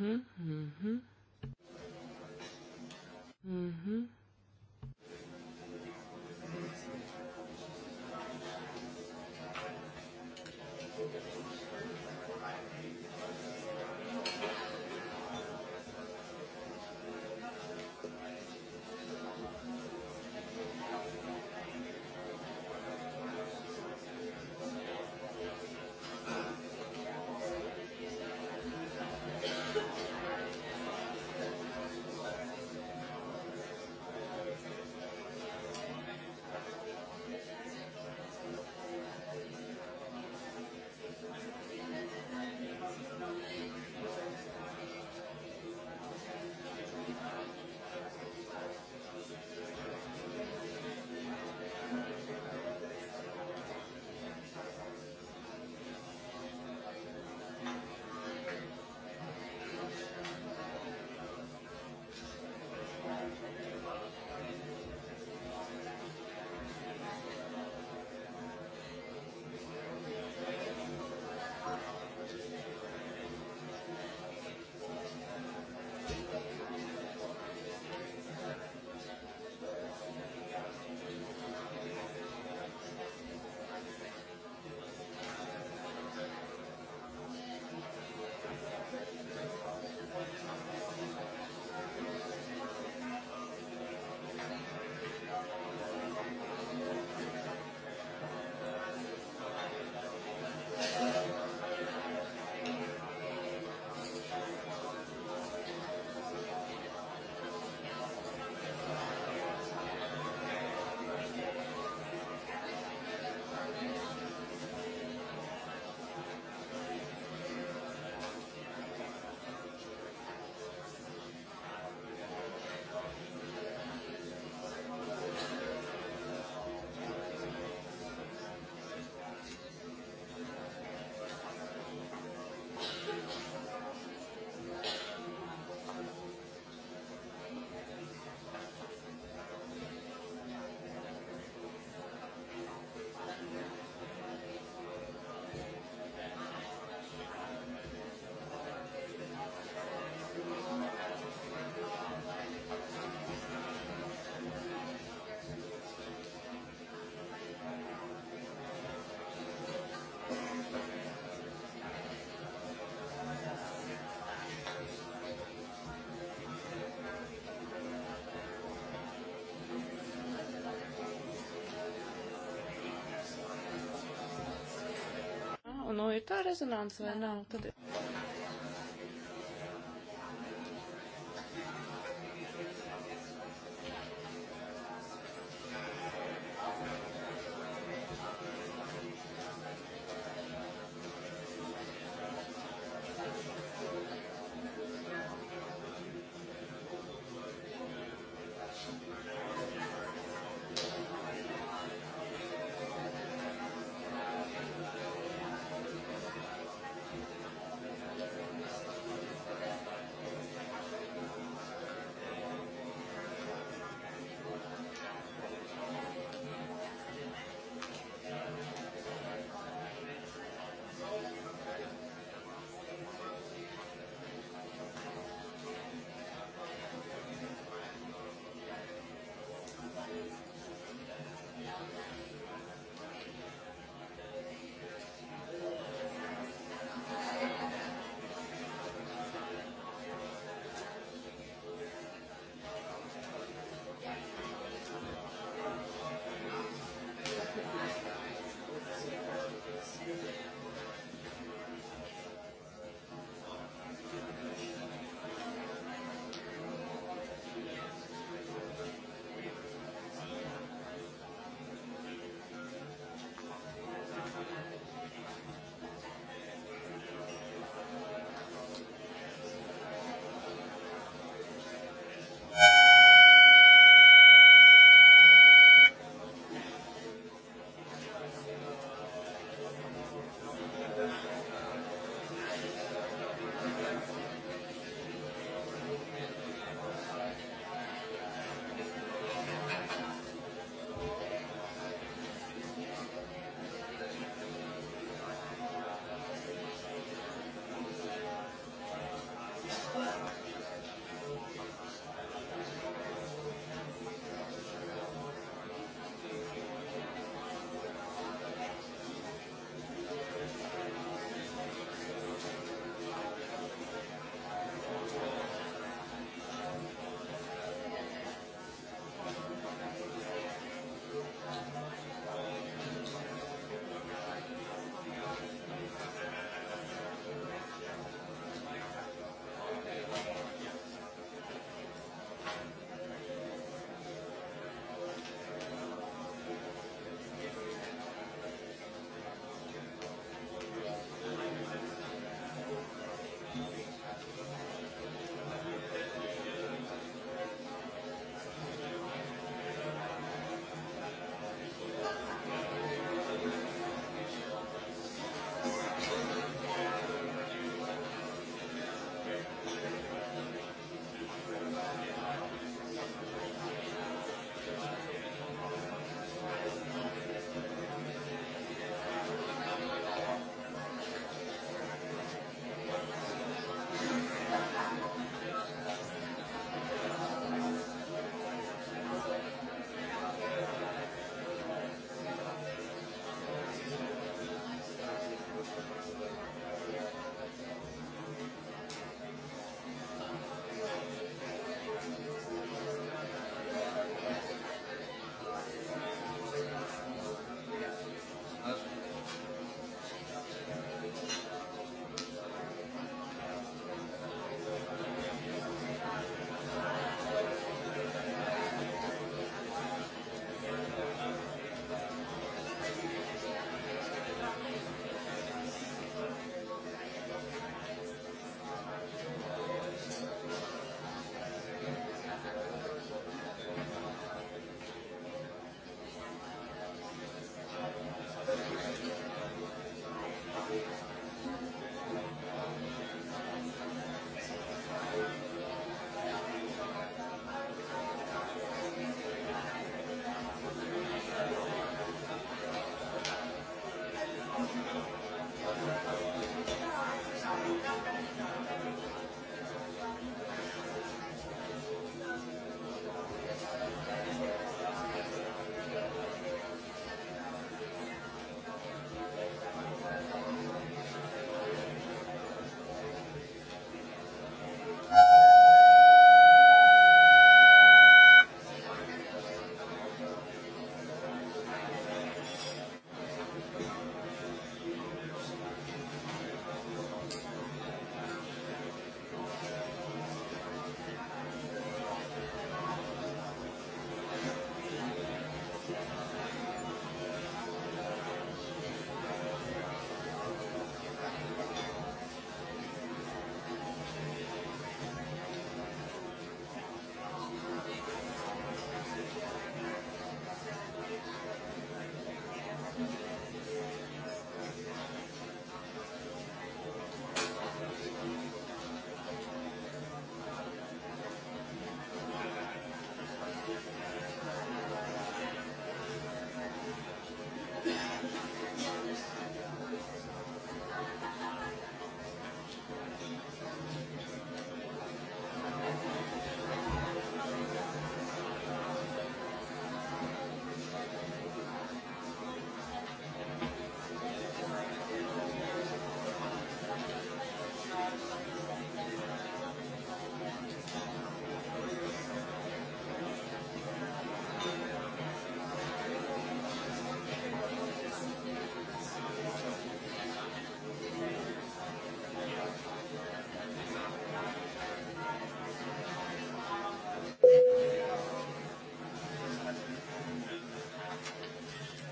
Mm-hmm. ta tā rezonants vai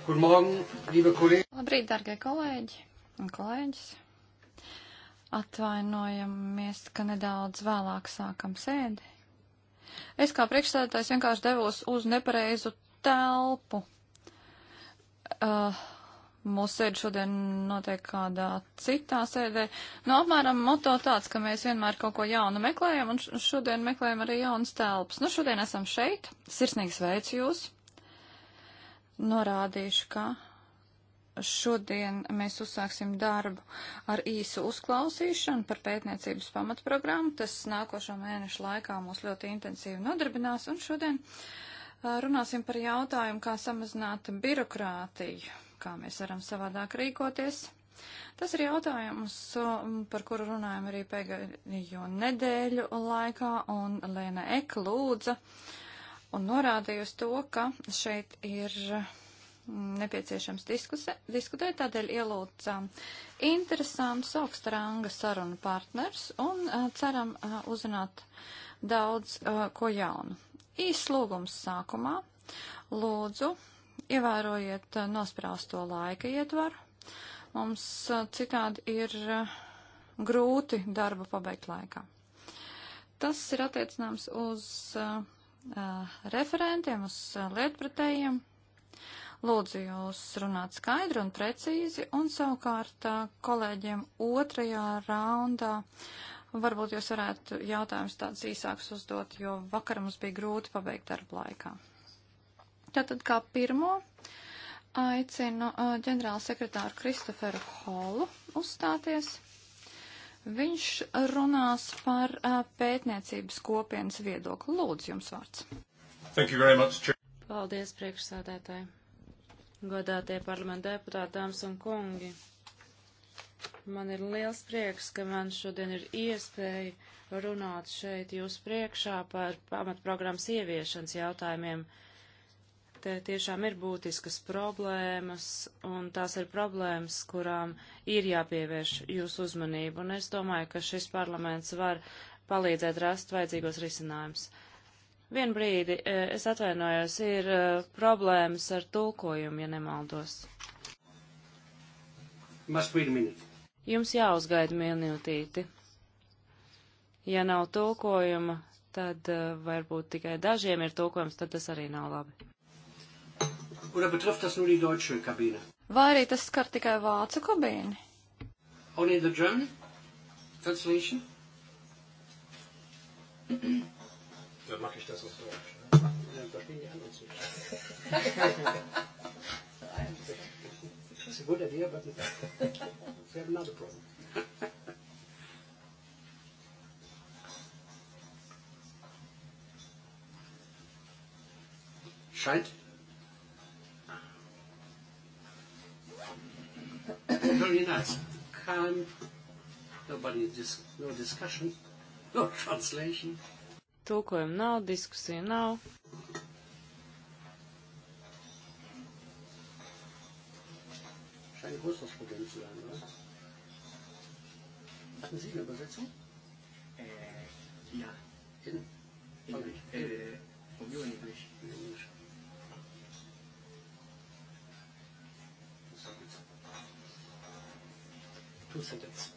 Guten Morgen, liebe Kollegen. Labrīt, darbie kolēģi un kolēģis. Atvainojamies, ka nedaudz vēlāk sākam sēdi. Es kā priekšstādātājs vienkārši devos uz nepareizu telpu. Uh, mūsu sēde šodien notiek kādā citā sēdē. Nu, apmēram moto tāds, ka mēs vienmēr kaut ko jaunu meklējam, un šodien meklējam arī jaunas telpas. Nu, šodien esam šeit. Sirsnīgi sveicu jūs! norādīšu, ka šodien mēs uzsāksim darbu ar īsu uzklausīšanu par pētniecības pamatprogrammu. Tas nākošo mēnešu laikā mūs ļoti intensīvi nodarbinās, un šodien runāsim par jautājumu, kā samazināt birokrātiju, kā mēs varam savādāk rīkoties. Tas ir jautājums, par kuru runājam arī pēdējo nedēļu laikā, un Lēna Eka lūdza un uz to, ka šeit ir nepieciešams diskuse, diskutēt, tādēļ ielūdzām interesants augsta ranga sarunu partners un ceram uh, uzzināt daudz ko jaunu. Īs lūgums sākumā. Lūdzu, ievērojiet nosprausto laika ietvaru. Mums citādi ir grūti darbu pabeigt laikā. Tas ir attiecināms uz uh, Eh, referentiem, uz eh, lietpratējiem. Lūdzu jūs runāt skaidri un precīzi, un savukārt eh, kolēģiem otrajā raundā varbūt jūs varētu jautājumus tāds īsāks uzdot, jo vakar mums bija grūti pabeigt darbu laikā. Tātad kā pirmo aicinu ģenerāla sekretāru Kristoferu Holu uzstāties. Viņš runās par pētniecības kopienas viedokli. Lūdzu, jums vārds. Paldies, priekšsādētāji. Godātie parlamenta deputāti, dāmas un kungi. Man ir liels prieks, ka man šodien ir iespēja runāt šeit jūs priekšā par pamatprogrammas ieviešanas jautājumiem. Te tiešām ir būtiskas problēmas, un tās ir problēmas, kurām ir jāpievērš jūsu uzmanību, un es domāju, ka šis parlaments var palīdzēt rast vajadzīgos risinājumus. Vienu brīdi, e, es atvainojos, ir e, problēmas ar tulkojumu, ja nemaldos. Jums jāuzgaida minūtīti. Ja nav tulkojuma, tad e, varbūt tikai dažiem ir tulkojums, tad tas arī nav labi. Oder betrifft das nur die deutsche Kabine? Vai arī tas skar tikai vācu kabīni? Only the German translation? Dann mache ich das auf Deutsch. Ne? Dann verstehen die anderen zu. It's a good idea, but we have another problem. Scheint Very nice. Calm. Nobody dis no discussion. No translation. Tūkojumu nav, diskusiju now. Scheint größeres Problem zu sein, oder? Hatten Sie eine Übersetzung? Äh, ja. In? in okay. äh, In two seconds.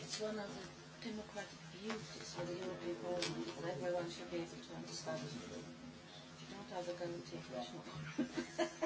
It's one of the democratic beauties of the European Parliament that everyone should be able to understand. you Not have the guarantee.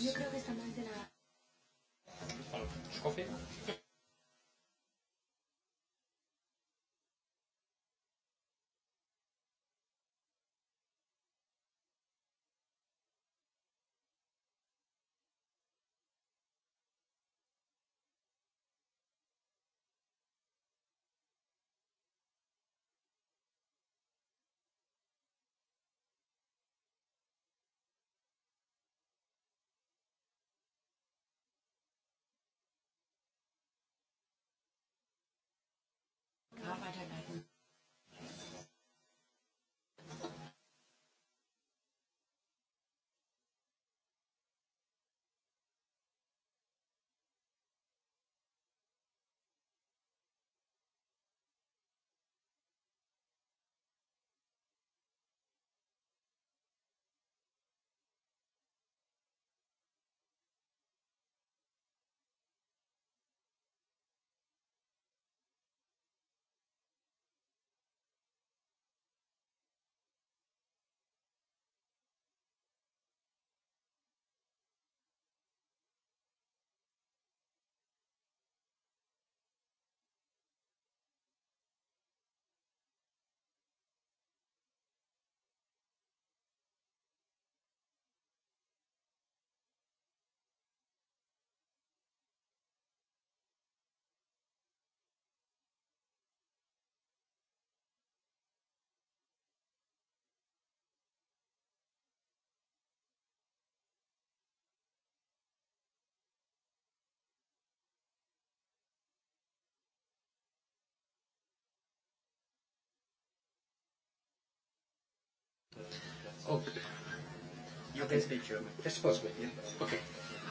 Yo creo que está mal. I don't know them.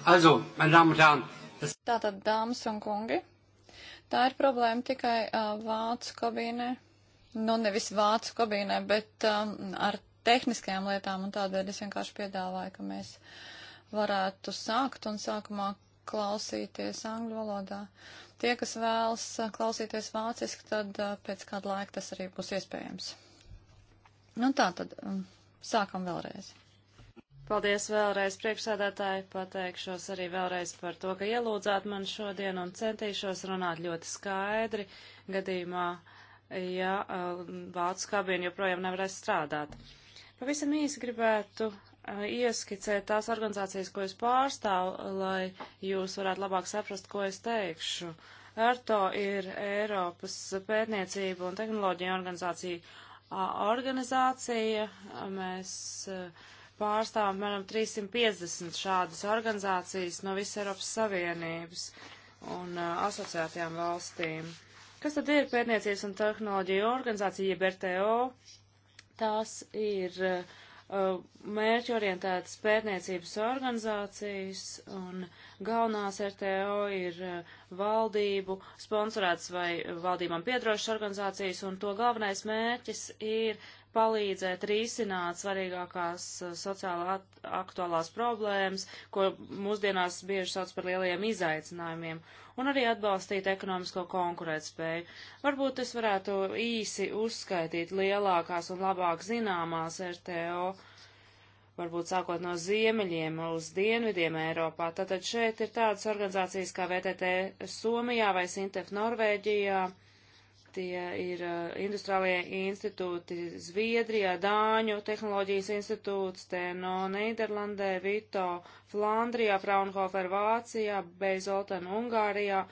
Also, meine Damen und Herren. Tātad, dāmas un kungi, tā ir problēma tikai uh, vācu kabīnē. Nu, nevis vācu kabīnē, bet um, ar tehniskajām lietām, un tādēļ es vienkārši piedāvāju, ka mēs varētu sākt un sākumā klausīties angļu valodā. Tie, kas vēlas klausīties vāciski, tad uh, pēc kāda laika tas arī būs iespējams. Nu tā tad, um, sākam vēlreiz. Paldies vēlreiz priekšsēdētāji, pateikšos arī vēlreiz par to, ka ielūdzāt man šodien un centīšos runāt ļoti skaidri gadījumā, ja uh, Vācu kabīna joprojām nevarēs strādāt. Pavisam īsi gribētu uh, ieskicēt tās organizācijas, ko es pārstāvu, lai jūs varētu labāk saprast, ko es teikšu. ERTO ir Eiropas pētniecība un tehnoloģija organizācija. Uh, organizācija mēs uh, pārstāv apmēram 350 šādas organizācijas no visas Eiropas Savienības un uh, asociētajām valstīm. Kas tad ir pētniecības un tehnoloģija organizācija, jeb RTO? Tās ir uh, mērķorientētas pētniecības organizācijas, un galvenās RTO ir uh, valdību sponsorētas vai valdībām piedrošas organizācijas, un to galvenais mērķis ir palīdzēt risināt svarīgākās eh, sociāli aktuālās problēmas, ko mūsdienās bieži sauc par lielajiem izaicinājumiem, un arī atbalstīt ekonomisko konkurētspēju. Varbūt es varētu īsi uzskaitīt lielākās un labāk zināmās RTO varbūt sākot no ziemeļiem uz dienvidiem Eiropā. Tātad šeit ir tādas organizācijas kā VTT Somijā vai Sintef Norvēģijā, tie ir eh, industriālajie institūti Zviedrijā, Dāņu tehnoloģijas institūts, Teno Nīderlandē, Vito Flandrijā, Fraunhofer Vācijā, Beizoltan Ungārijā,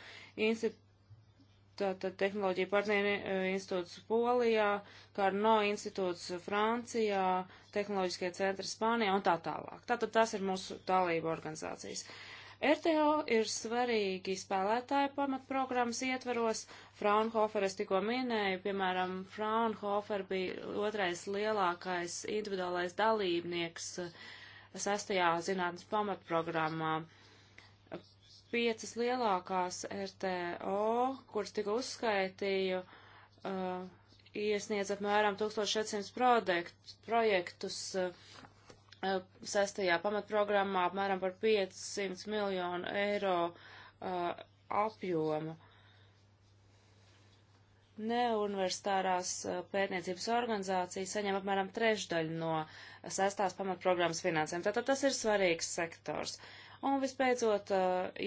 institūts tātad tehnoloģija partneri eh, institūts Polijā, Karno institūts Francijā, tehnoloģiskie centri Spānijā un tā tālāk. Tātad tas ir mūsu dalība organizācijas. Uh, RTO ir svarīgi spēlētāji pamatprogrammas ietvaros. Fraunhofer es tikko minēju, piemēram, Fraunhofer bija otrais lielākais individuālais dalībnieks eh, sastajā zinātnes pamatprogrammā. Piecas lielākās RTO, kuras tika uzskaitīju, eh, iesniedz apmēram 1600 projektus eh, sestajā pamatprogrammā apmēram par 500 miljonu eiro apjomu. Neuniversitārās pētniecības organizācijas saņem apmēram trešdaļu no sestās pamatprogrammas finansēm. Tātad tas ir svarīgs sektors. Un vispēcot,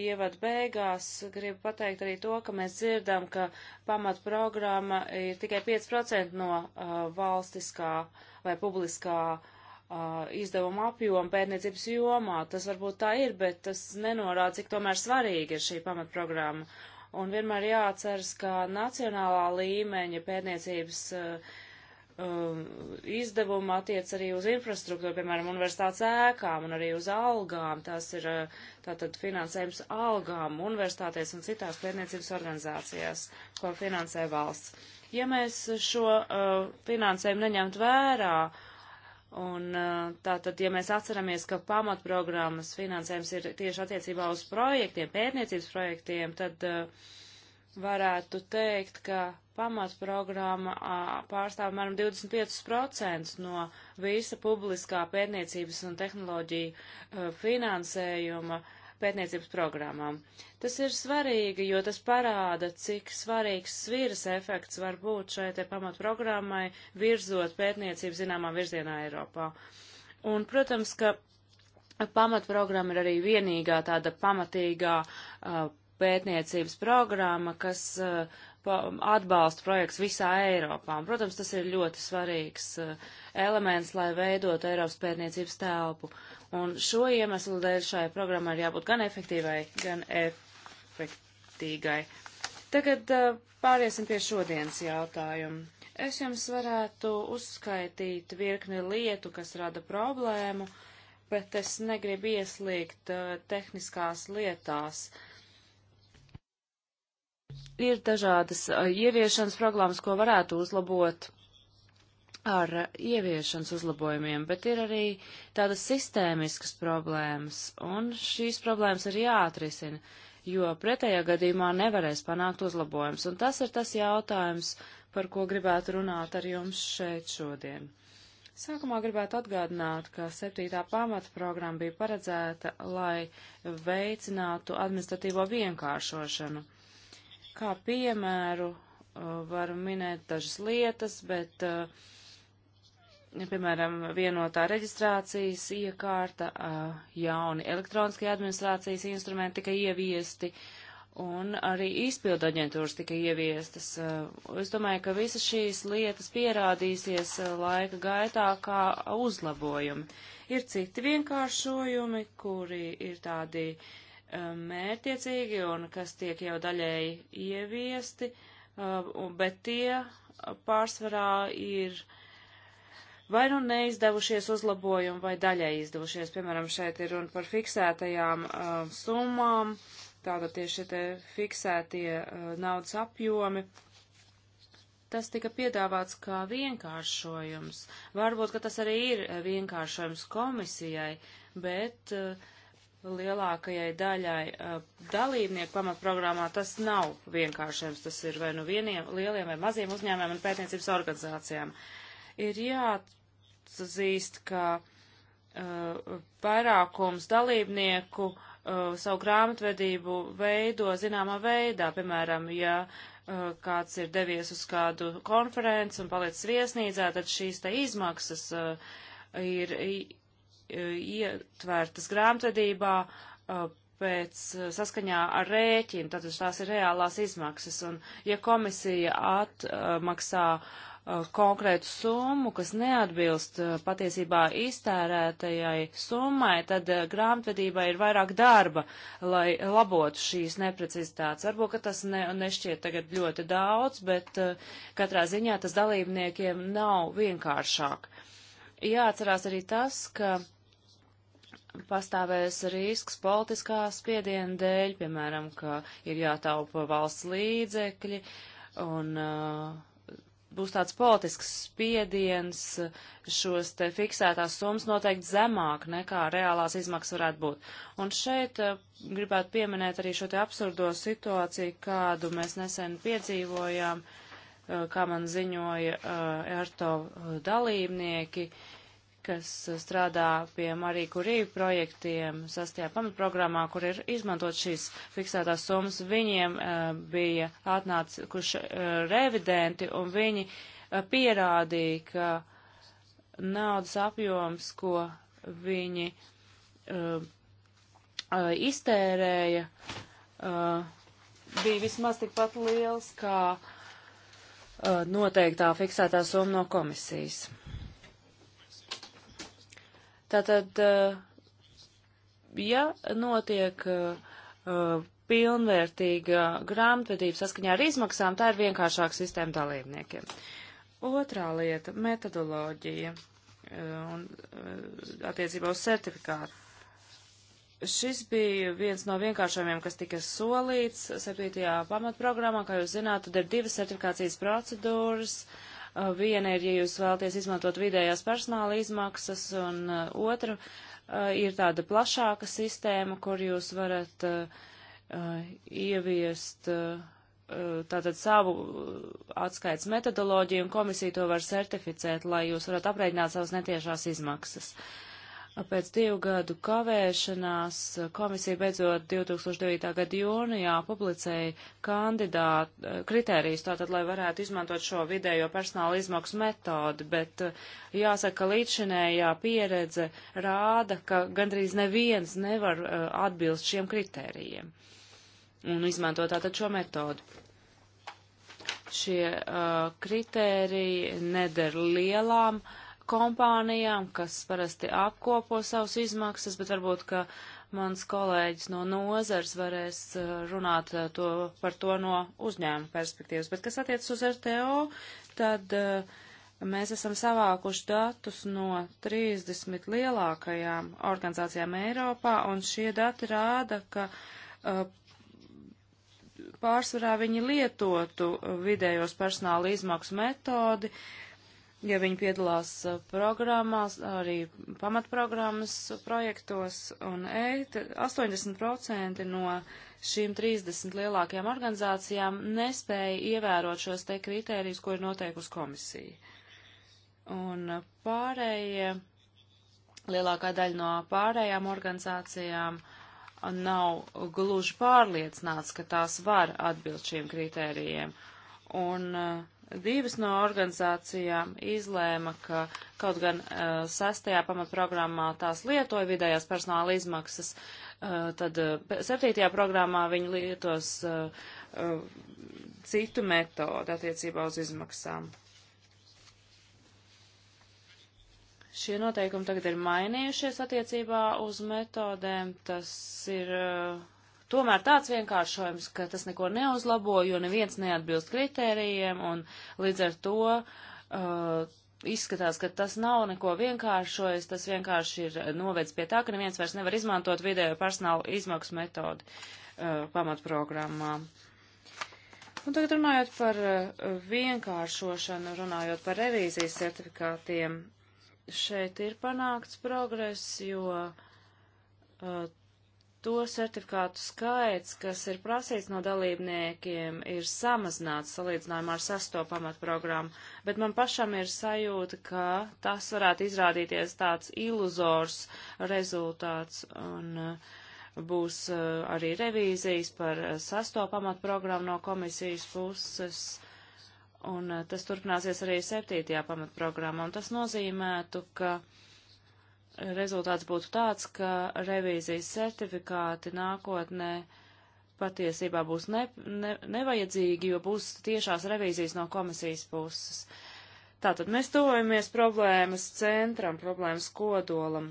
ievad beigās, gribu pateikt arī to, ka mēs dzirdam, ka pamatprogramma ir tikai 5% no valstiskā vai publiskā uh, izdevumu apjomu pētniecības jomā. Tas varbūt tā ir, bet tas nenorāda, cik tomēr svarīga ir šī pamatprogramma. Un vienmēr jāatceras, ka nacionālā līmeņa pētniecības um, izdevuma attiec arī uz infrastruktūru, piemēram, universitātes ēkām un arī uz algām. Tas ir tātad finansējums algām universitātēs un citās pētniecības organizācijās, ko finansē valsts. Ja mēs šo finansējumu neņemtu vērā, Un tātad, ja mēs atceramies, ka pamatprogrammas finansējums ir tieši attiecībā uz projektiem, pētniecības projektiem, tad varētu teikt, ka pamatprogramma pārstāv apmēram 25% no visa publiskā pētniecības un tehnoloģija finansējuma pētniecības programmām. Tas ir svarīgi, jo tas parāda, cik svarīgs svīras efekts var būt šai te pamatprogrammai, virzot pētniecību zināmā virzienā Eiropā. Un, protams, ka pamatprogramma ir arī vienīgā tāda pamatīgā uh, pētniecības programma, kas uh, atbalsta projekts visā Eiropā. Un, protams, tas ir ļoti svarīgs uh, elements, lai veidot Eiropas pētniecības telpu. Un šo iemeslu dēļ šai programmai ir jābūt gan efektīvai, gan efektīgai. Tagad pāriesim pie šodienas jautājumu. Es jums varētu uzskaitīt virkni lietu, kas rada problēmu, bet es negribu ieslīgt tehniskās lietās. Ir dažādas ieviešanas programmas, ko varētu uzlabot, ar ieviešanas uzlabojumiem, bet ir arī tādas sistēmiskas problēmas, un šīs problēmas ir jāatrisina, jo pretējā gadījumā nevarēs panākt uzlabojums, un tas ir tas jautājums, par ko gribētu runāt ar jums šeit šodien. Sākumā gribētu atgādināt, ka septītā pamata programma bija paredzēta, lai veicinātu administratīvo vienkāršošanu. Kā piemēru uh, varu minēt dažas lietas, bet uh, piemēram, vienotā reģistrācijas iekārta, jauni elektroniskie administrācijas instrumenti tika ieviesti un arī izpildu aģentūras tika ieviestas. Es domāju, ka visas šīs lietas pierādīsies laika gaitā kā uzlabojumi. Ir citi vienkāršojumi, kuri ir tādi mērtiecīgi un kas tiek jau daļēji ieviesti, bet tie pārsvarā ir uh, vai nu neizdevušies uzlabojumi, vai daļai izdevušies. Piemēram, šeit ir runa par fiksētajām uh, summām, tātad tieši te fiksētie uh, naudas apjomi. Tas tika piedāvāts kā vienkāršojums. Varbūt, ka tas arī ir vienkāršojums komisijai, bet uh, lielākajai daļai uh, dalībnieku pamatprogrammā tas nav vienkāršojums. Tas ir vai nu vieniem lieliem vai maziem uzņēmumiem un pētniecības organizācijām. Ir jā, atzīst, ka uh, vairākums dalībnieku uh, savu grāmatvedību veido zināmā veidā, piemēram, ja uh, kāds ir devies uz kādu konferenci un palicis viesnīcā, tad šīs te izmaksas uh, ir uh, ietvērtas grāmatvedībā uh, pēc saskaņā ar rēķinu, tad tās ir reālās izmaksas. Un ja komisija atmaksā uh, konkrētu summu, kas neatbilst eh, patiesībā iztērētajai summai, tad eh, grāmatvedībai ir vairāk darba, lai labotu šīs neprecizitātes. Varbūt, ka tas ne, nešķiet tagad ļoti daudz, bet eh, katrā ziņā tas dalībniekiem nav vienkāršāk. Jāatcerās arī tas, ka pastāvēs risks politiskā spiediena dēļ, piemēram, ka ir jātaupa valsts līdzekļi un uh, būs tāds politisks spiediens šos te fiksētās summas noteikti zemāk nekā reālās izmaksas varētu būt. Un šeit eh, gribētu pieminēt arī šo te absurdo situāciju, kādu mēs nesen piedzīvojām, eh, kā man ziņoja eh, ERTO dalībnieki, kas strādā pie Marija Kurija projektiem sastajā pamatprogrammā, kur ir izmantot šīs fiksētās summas, viņiem eh, bija atnācuši eh, revidenti un viņi eh, pierādīja, ka naudas apjoms, ko viņi iztērēja, bija vismaz tikpat liels kā noteiktā fiksētā summa no komisijas. Tātad, eh, ja notiek eh, pilnvērtīga grāmatvedība saskaņā ar izmaksām, tā ir vienkāršāka sistēma dalībniekiem. Otrā lieta metodoloģija eh, un attiecībā uz certifikātu. Šis bija viens no vienkāršajiem, kas tika solīts 7. pamatprogrammā, kā jūs zināt, tad ir divas certifikācijas procedūras. Uh, Uh, viena ir, ja jūs vēlaties izmantot vidējās personāla izmaksas, un uh, otra uh, ir tāda plašāka sistēma, kur jūs varat ieviest tātad savu atskaits metodoloģiju, un komisija to var certificēt, lai jūs varat aprēķināt savas netiešās izmaksas. Pēc divu gadu kavēšanās komisija beidzot 2009. gada jūnijā publicēja kandidātu eh, kritērijus, tātad, lai varētu izmantot šo vidējo personāla izmaksu metodi, bet eh, jāsaka, ka līdzšinējā pieredze rāda, ka gandrīz neviens nevar eh, atbilst šiem kritērijiem un izmantot tātad šo metodu šie uh, kritēriji neder lielām kompānijām, kas parasti apkopo savus izmaksas, bet varbūt, ka mans kolēģis no nozars varēs eh, runāt eh, to, par to no uzņēmuma perspektīvas. Bet kas attiecas uz RTO, tad eh, mēs esam savākuši datus no 30 lielākajām organizācijām Eiropā, un šie dati rāda, ka pārsvarā viņi lietotu vidējos personāla izmaksu metodi, uh, ja viņi piedalās uh, programmās, arī pamatprogrammas projektos, un eit, 80% no šīm 30 lielākajām organizācijām nespēja ievērot šos te kritērijus, ko ir noteikusi komisija. Un uh, pārējie, lielākā daļa no pārējām organizācijām nav gluži pārliecināts, ka tās var atbilst šiem kritērijiem. Un uh, Divas no organizācijām izlēma, ka kaut gan uh, sastajā pamatprogrammā tās lietoja vidējās personāla izmaksas, uh, tad uh, septītajā programmā viņi lietos uh, uh, citu metodu attiecībā uz izmaksām. Šie noteikumi tagad ir mainījušies attiecībā uz metodēm. Tas ir. Uh, Tomēr tāds vienkāršojums, ka tas neko neuzlabo, jo neviens neatbilst kritērijiem, un līdz ar to uh, izskatās, ka tas nav neko vienkāršojis, tas vienkārši ir novedis pie tā, ka neviens vairs nevar izmantot vidējo personālu izmaksu metodi uh, pamatprogrammā. Un tagad runājot par uh, vienkāršošanu, runājot par revīzijas certifikātiem, šeit ir panākts progress, jo uh, to sertifikātu skaits, kas ir prasīts no dalībniekiem, ir samazināts salīdzinājumā ar sesto pamatprogrammu, bet man pašam ir sajūta, ka tas varētu izrādīties tāds iluzors rezultāts un uh, būs uh, arī revīzijas par uh, sesto pamatprogrammu no komisijas puses. Un tas turpināsies arī septītajā pamatprogrammā, un tas nozīmētu, ka uh, rezultāts būtu tāds, ka revīzijas certifikāti nākotnē patiesībā būs ne, ne, nevajadzīgi, jo būs tiešās revīzijas no komisijas puses. Tātad mēs tuvojamies problēmas centram, problēmas kodolam.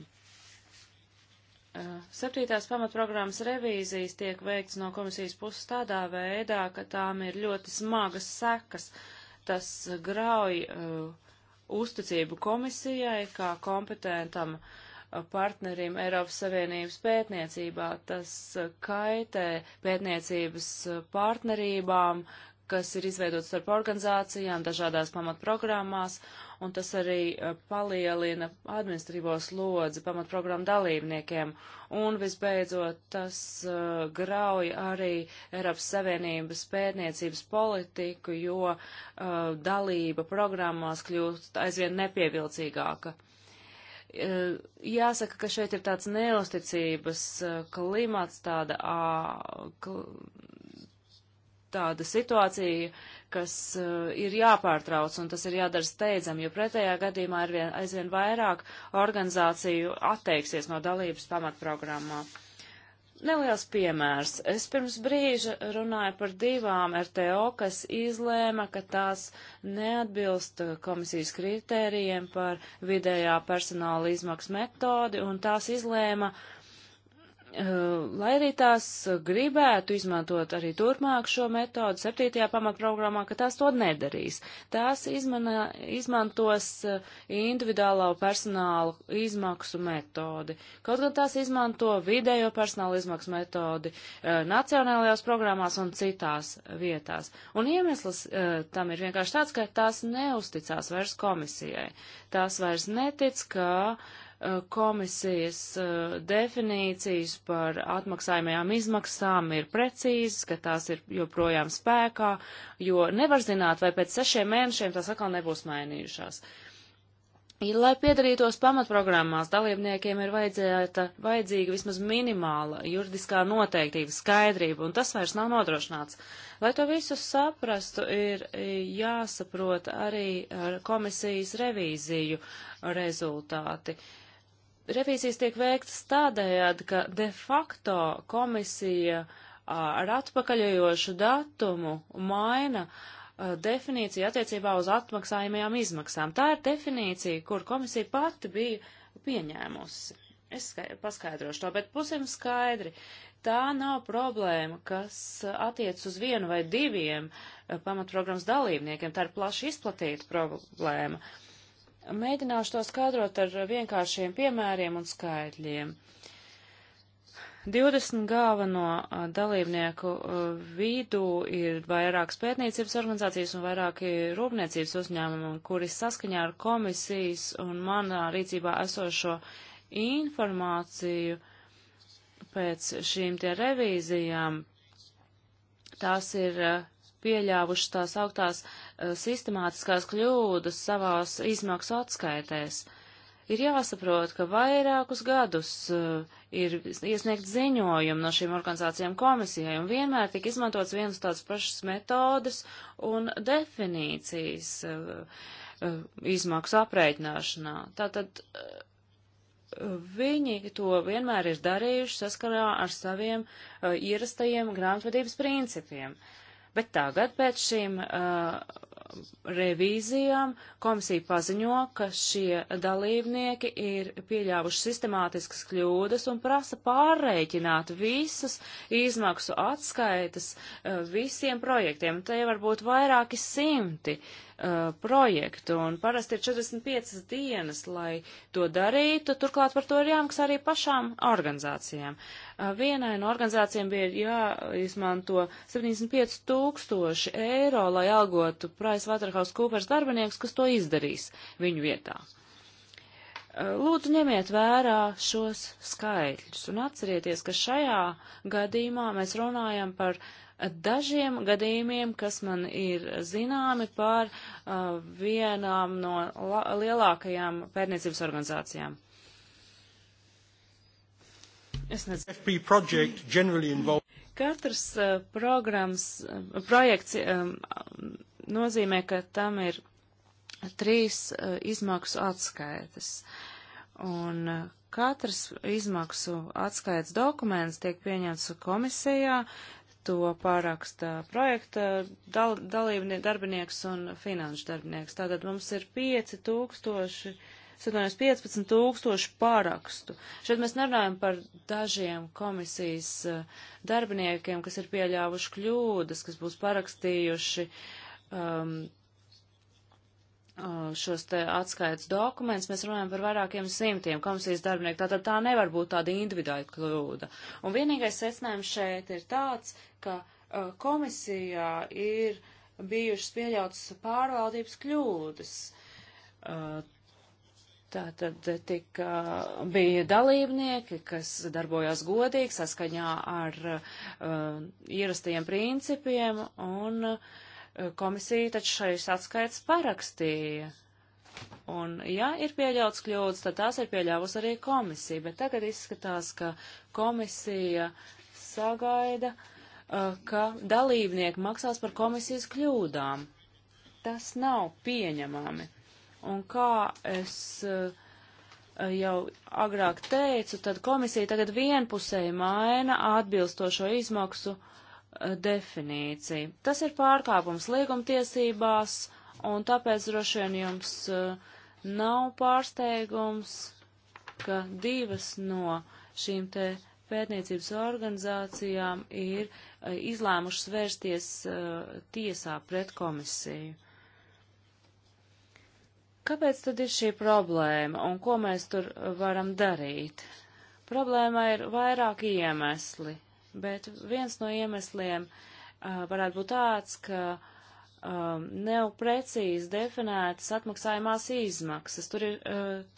Septītās pamatprogrammas revīzijas tiek veikts no komisijas puses tādā veidā, ka tām ir ļoti smagas sekas. Tas grauj uh, uzticību komisijai kā kompetentam partnerim Eiropas Savienības pētniecībā. Tas kaitē pētniecības partnerībām, uh, kas ir izveidots starp organizācijām, dažādās pamatprogrammās, un tas arī eh, palielina administratīvo lodzi pamatprogramma dalībniekiem. Un visbeidzot, tas uh, eh, grauja arī Eiropas Savienības pētniecības politiku, jo uh, dalība programmās kļūst aizvien nepievilcīgāka jāsaka, ka šeit ir tāds neusticības klimats, tāda tāda situācija, kas uh, ir jāpārtrauc, un tas ir jādara steidzam, jo pretējā gadījumā arvien, aizvien vairāk organizāciju atteiksies no dalības pamatprogrammā. Neliels piemērs. Es pirms brīža runāju par divām RTO, kas izlēma, ka tās neatbilst uh, komisijas kritērijiem par vidējā personāla izmaksu metodi, un tās izlēma uh, lai arī tās gribētu izmantot arī turpmāk šo metodu, septītajā pamatprogrammā, ka tās to nedarīs. Tās izmana, izmantos individuālo personālu izmaksu metodi. Kaut gan tās izmanto vidējo personālu izmaksu metodi nacionālajās programmās un citās vietās. Un iemesls tam ir vienkārši tāds, ka tās neusticās vairs komisijai. Tās vairs netic, ka uh, komisijas eh, definīcijas par atmaksājumajām izmaksām ir precīzas, ka tās ir joprojām spēkā, jo nevar zināt, vai pēc sešiem mēnešiem tās atkal nebūs mainījušās. lai piedarītos pamatprogrammās, dalībniekiem ir vajadzīga vismaz minimāla juridiskā noteiktība, skaidrība, un tas vairs nav nodrošināts. Lai to visu saprastu, ir eh, jāsaprot arī ar komisijas revīziju rezultāti. Uh, Revīzijas tiek veikts tādējādi, ka de facto komisija ar atpakaļojošu datumu maina definīciju attiecībā uz atmaksājumajām izmaksām. Tā ir definīcija, kur komisija pati bija pieņēmusi. Es paskaidrošu to, bet pusim skaidri. Tā nav problēma, kas attiec uz vienu vai diviem pamatprogrammas dalībniekiem. Tā ir plaši izplatīta problēma. Uh, Mēģināšu to skaidrot ar vienkāršiem piemēriem un skaidļiem. 20 galveno dalībnieku vidū ir vairākas pētniecības organizācijas un vairāki rūpniecības uzņēmumi, kuri saskaņā ar komisijas un manā rīcībā esošo informāciju pēc šīm tie revīzijām, tās ir pieļāvušas tās augtās uh, Eh, sistemātiskās kļūdas savās izmaksu atskaitēs. Ir jāsaprot, ka vairākus gadus eh, ir iesniegt ziņojumu no šīm organizācijām komisijai, un vienmēr tika izmantots viens tāds pašas metodas un definīcijas eh, izmaksu aprēķināšanā. Tātad viņi to vienmēr ir darījuši saskarā ar saviem ierastajiem grāmatvedības principiem. Bet tagad pēc šīm uh, revīzijām komisija paziņo, ka šie dalībnieki ir pieļāvuši sistemātiskas kļūdas un prasa pārreikināt visas izmaksu atskaitas uh, visiem projektiem. Te jau varbūt vairāki simti. Uh, projektu, un parasti ir 45 dienas, lai to darītu, turklāt par to ir jāmaksā arī pašām organizācijām. Uh, vienai no organizācijām bija jāizmanto 75 tūkstoši eiro, lai algotu PricewaterhouseCoopers darbinieks, kas to izdarīs viņu vietā. Uh, lūdzu, ņemiet vērā šos skaitļus un atcerieties, ka šajā gadījumā mēs runājam par dažiem gadījumiem, kas man ir zināmi par uh, vienām no lielākajām pērniecības organizācijām. Katrs uh, programmas, uh, projekts um, nozīmē, ka tam ir trīs uh, izmaksu atskaites. Un katrs izmaksu atskaites dokuments tiek pieņemts komisijā, to pāraksta projekta dal, dalībnie, darbinieks un finanšu darbinieks. Tātad mums ir 5000, 715 tūkstoši pārakstu. Šeit mēs nerunājam par dažiem komisijas eh, darbiniekiem, kas ir pieļāvuši kļūdas, kas būs parakstījuši um, Oh, šos te atskaits dokumentus, mēs runājam par vairākiem simtiem komisijas darbinieku, tātad tā nevar būt tāda individuāla kļūda. Un vienīgais secinājums šeit ir tāds, ka uh, komisijā ir bijušas pieļautas pārvaldības kļūdas. Uh, tātad tika, uh, bija dalībnieki, kas darbojās godīgi saskaņā ar uh, ierastajiem principiem un uh, komisija taču šais atskaits parakstīja. Un, ja ir pieļauts kļūdas, tad tās ir pieļāvusi arī komisija, bet tagad izskatās, ka komisija sagaida, uh, ka dalībnieki maksās par komisijas kļūdām. Tas nav pieņemami. Un kā es uh, jau agrāk teicu, tad komisija tagad vienpusēji maina atbilstošo izmaksu uh, definīciju. Tas ir pārkāpums līgumtiesībās, un tāpēc droši vien jums eh, nav pārsteigums, ka divas no šīm te pētniecības organizācijām ir eh, izlēmušas vērsties eh, tiesā pret komisiju. Kāpēc tad ir šī problēma un ko mēs tur varam darīt? Problēma ir vairāki iemesli bet viens no iemesliem uh, varētu būt tāds, ka um, nav precīzi definētas atmaksājumās izmaksas. Tur ir uh,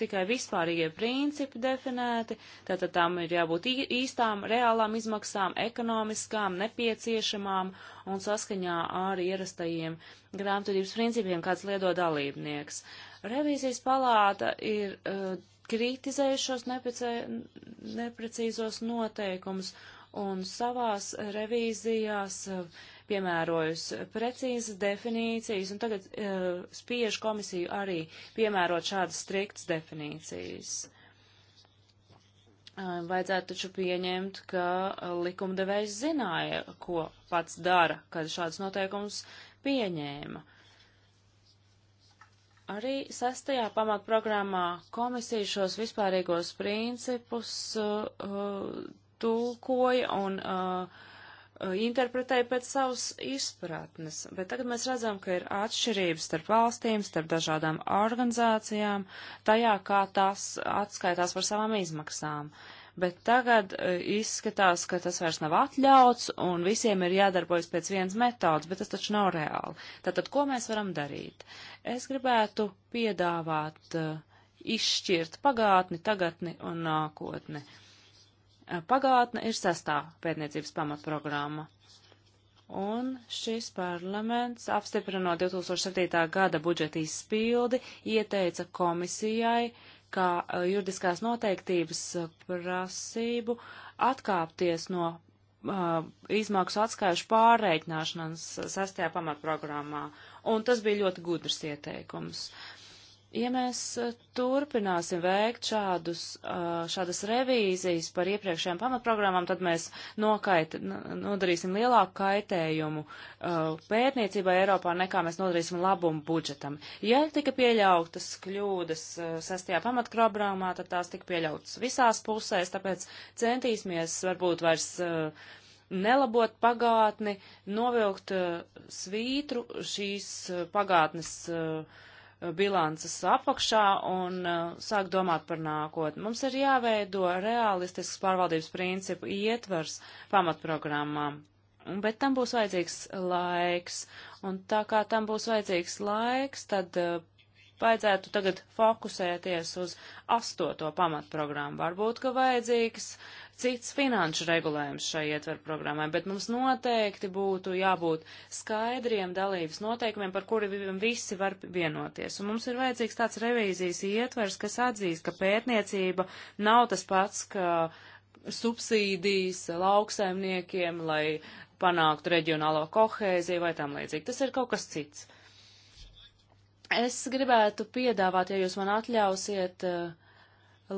tikai vispārīgie principi definēti, tātad tām ir jābūt īstām, reālām izmaksām, ekonomiskām, nepieciešamām un saskaņā ar ierastajiem grāmatvedības principiem, kāds liedo dalībnieks. Revīzijas palāta ir uh, kritizējušos neprecīzos noteikumus un savās revīzijās piemērojas precīzas definīcijas, un tagad eh, spiež komisiju arī piemērot šādas striktas definīcijas. Eh, vajadzētu taču pieņemt, ka eh, likumdevējs zināja, ko pats dara, kad šādas noteikumus pieņēma. Arī sestajā pamatprogrammā komisija šos vispārīgos principus uh, tulkoja un uh, uh, interpretēja pēc savas izpratnes, bet tagad mēs redzam, ka ir atšķirības starp valstīm, starp dažādām organizācijām, tajā, kā tās atskaitās par savām izmaksām. Bet tagad uh, izskatās, ka tas vairs nav atļauts un visiem ir jādarbojas pēc vienas metodas, bet tas taču nav reāli. Tātad, ko mēs varam darīt? Es gribētu piedāvāt uh, izšķirt pagātni, tagadni un nākotni. Uh, pagātne ir sastā pētniecības pamatprogramma. Un šis parlaments, apstiprinot 2007. gada budžeta izpildi, ieteica komisijai, kā juridiskās noteiktības prasību atkāpties no uh, izmaksu atskaišu pārreikināšanas sastajā pamatprogrammā. Un tas bija ļoti gudrs ieteikums. Ja mēs uh, turpināsim veikt šādus, uh, šādas revīzijas par iepriekšējām pamatprogrammām, tad mēs nokait, nodarīsim lielāku kaitējumu uh, pētniecībai Eiropā, nekā mēs nodarīsim labumu budžetam. Ja tika pieļautas kļūdas sestajā pamatprogrammā, tad tās tika pieļautas visās pusēs, tāpēc centīsimies varbūt vairs nelabot pagātni, novilkt svītru šīs pagātnes uh, bilances apakšā un uh, sāk domāt par nākotni. Mums ir jāveido realistisks pārvaldības principu ietvars pamatprogrammām, bet tam būs vajadzīgs laiks, un tā kā tam būs vajadzīgs laiks, tad uh, vajadzētu tagad fokusēties uz astoto pamatprogrammu. Varbūt, ka vajadzīgs cits finanšu regulējums šai ietveru programmai, bet mums noteikti būtu jābūt skaidriem dalības noteikumiem, par kuriem visi var vienoties. Un mums ir vajadzīgs tāds revīzijas ietvers, kas atzīst, ka pētniecība nav tas pats, ka subsīdijas lauksaimniekiem, lai panāktu reģionālo kohēziju vai tam līdzīgi. Tas ir kaut kas cits. Es gribētu piedāvāt, ja jūs man atļausiet, eh,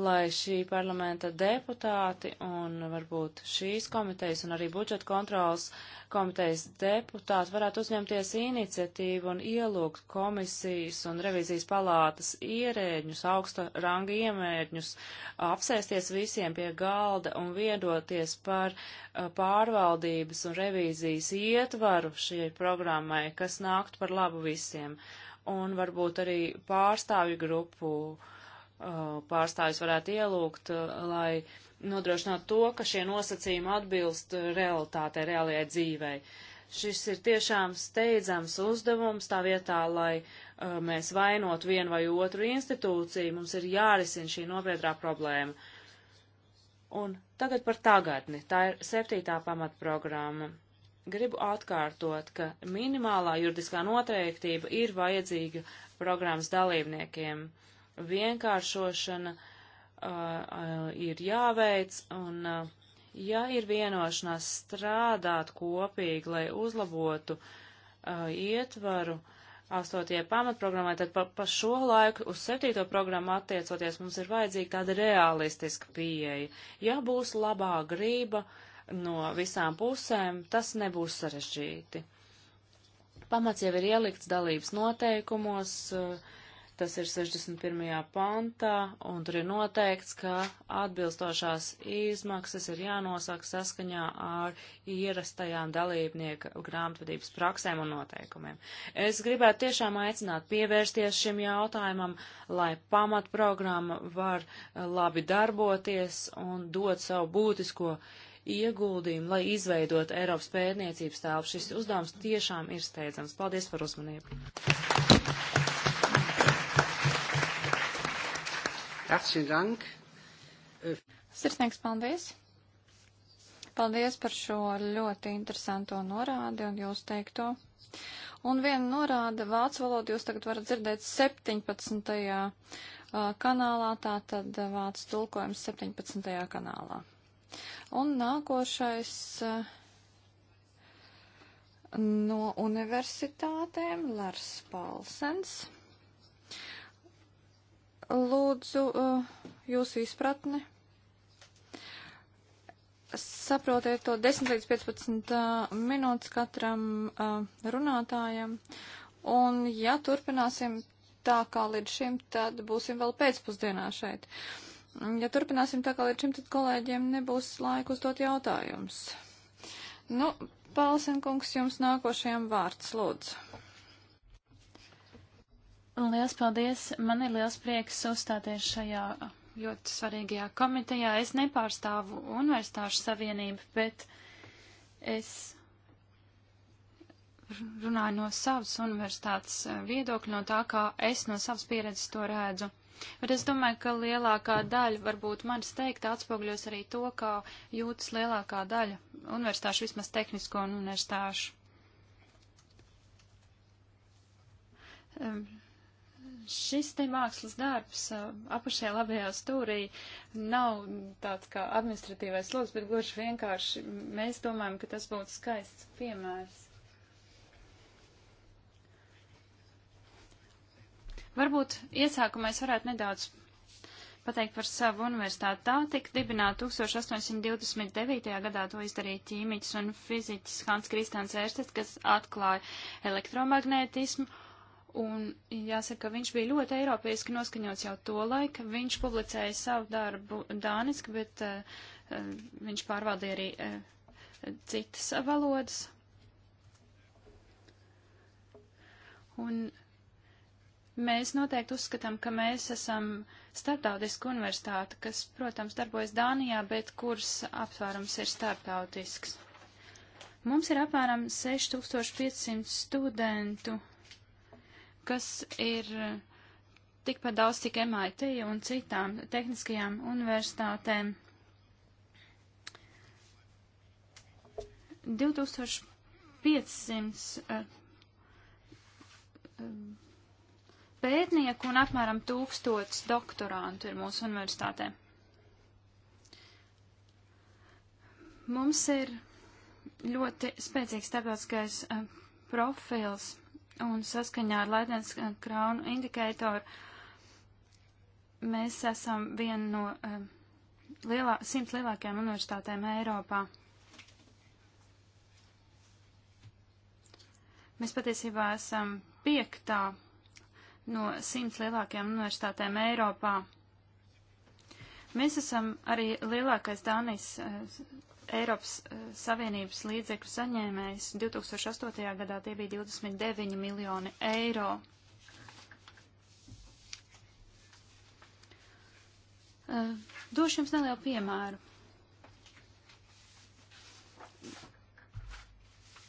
lai šī parlamenta deputāti un varbūt šīs komitejas un arī budžeta kontrolas komitejas deputāti varētu uzņemties iniciatīvu un ielūgt komisijas un revizijas palātas ierēģņus, augsta ranga iemērģņus, apsēsties visiem pie galda un viedoties par eh, pārvaldības un revizijas ietvaru šai programmai, kas nāktu par labu visiem un varbūt arī pārstāvju grupu pārstāvis varētu ielūgt, lai nodrošinātu to, ka šie nosacījumi atbilst realitātei, reālajai dzīvei. Šis ir tiešām steidzams uzdevums tā vietā, lai mēs vainot vienu vai otru institūciju, mums ir jārisina šī nopietnā problēma. Un tagad par tagadni. Tā ir septītā pamatprogramma gribu atkārtot, ka minimālā juridiskā noteiktība ir vajadzīga programmas dalībniekiem. Vienkāršošana uh, uh, ir jāveic, un uh, ja ir vienošanās strādāt kopīgi, lai uzlabotu uh, ietvaru, astotie pamatprogrammai, tad pa, pa šo laiku uz septīto programmu attiecoties mums ir vajadzīga tāda realistiska pieeja. Ja būs labā grība, uh, no visām pusēm, tas nebūs sarežģīti. Pamats jau ir ielikts dalības noteikumos, eh, tas ir 61. pantā, un tur ir noteikts, ka atbilstošās izmaksas ir jānosaka saskaņā ar ierastajām dalībnieka grāmatvedības praksēm un noteikumiem. Es gribētu tiešām aicināt pievērsties šim jautājumam, lai pamatprogramma var eh, labi darboties un dot savu būtisko ieguldījumu, lai izveidotu Eiropas pētniecības telpu. Šis uzdevums tiešām ir steidzams. Paldies par uzmanību. Sirsnīgs paldies! Paldies par šo ļoti interesanto norādi un jūs teikto. Un viena norāda vācu valodu jūs tagad varat dzirdēt 17. Uh, kanālā, tātad uh, vācu tulkojums 17. kanālā. Un nākošais eh, no universitātēm Lars Palsens. Lūdzu, eh, jūsu izpratni. Saprotiet to 10 līdz 15 eh, minūtes katram runātājam. Un ja turpināsim tā kā līdz šim, tad būsim vēl pēcpusdienā šeit. Uh, ja turpināsim tā kā līdz šim, tad kolēģiem nebūs laika uzdot jautājumus. Nu, Pālsenkungs, jums nākošajam vārds, lūdzu. Lielas paldies! Man ir liels prieks uzstāties šajā ļoti svarīgajā komitejā. Es nepārstāvu universitāšu savienību, bet es runāju no savas universitātes viedokļa, no tā, kā es no savas pieredzes to redzu. Bet es domāju, ka lielākā daļa, varbūt manis teikt, atspogļos arī to, kā jūtas lielākā daļa universitāšu, vismaz tehnisko un universitāšu. Um, šis te mākslas darbs apašajā labajā stūrī nav tāds kā administratīvais sloks, bet gluži vienkārši mēs domājam, ka tas būtu skaists piemērs. Varbūt iesākumā es varētu nedaudz pateikt par savu universitāti. Tā tika dibināta 1829. gadā, to izdarīja ķīmiķis un fiziķis Hans Kristāns Ērstes, kas atklāja elektromagnētismu. Un jāsaka, viņš bija ļoti eiropeiski noskaņots jau to laiku. Viņš publicēja savu darbu dāniski, bet uh, viņš pārvaldīja arī uh, citas valodas. Un Mēs noteikti uzskatām, ka mēs esam starptautiska universitāte, kas, protams, darbojas Dānijā, bet kurs apsvērums ir starptautisks. Mums ir apmēram 6500 studentu, kas ir tikpat daudz tik MIT un citām tehniskajām universitātēm. 2500 uh, uh, pētnieku un apmēram tūkstots doktorantu ir mūsu universitātē. Mums ir ļoti spēcīgs starptautiskais eh, profils un saskaņā ar Latvijas uh, eh, kraunu indikatoru mēs esam viena no eh, lielā, simt lielākajām universitātēm Eiropā. Mēs patiesībā esam piektā no simts lielākajām universitātēm Eiropā. Mēs esam arī lielākais Dānijas eh, Eiropas eh, Savienības līdzekļu saņēmējs. 2008. gadā tie bija 29 miljoni eiro. Eh, došu jums nelielu piemēru.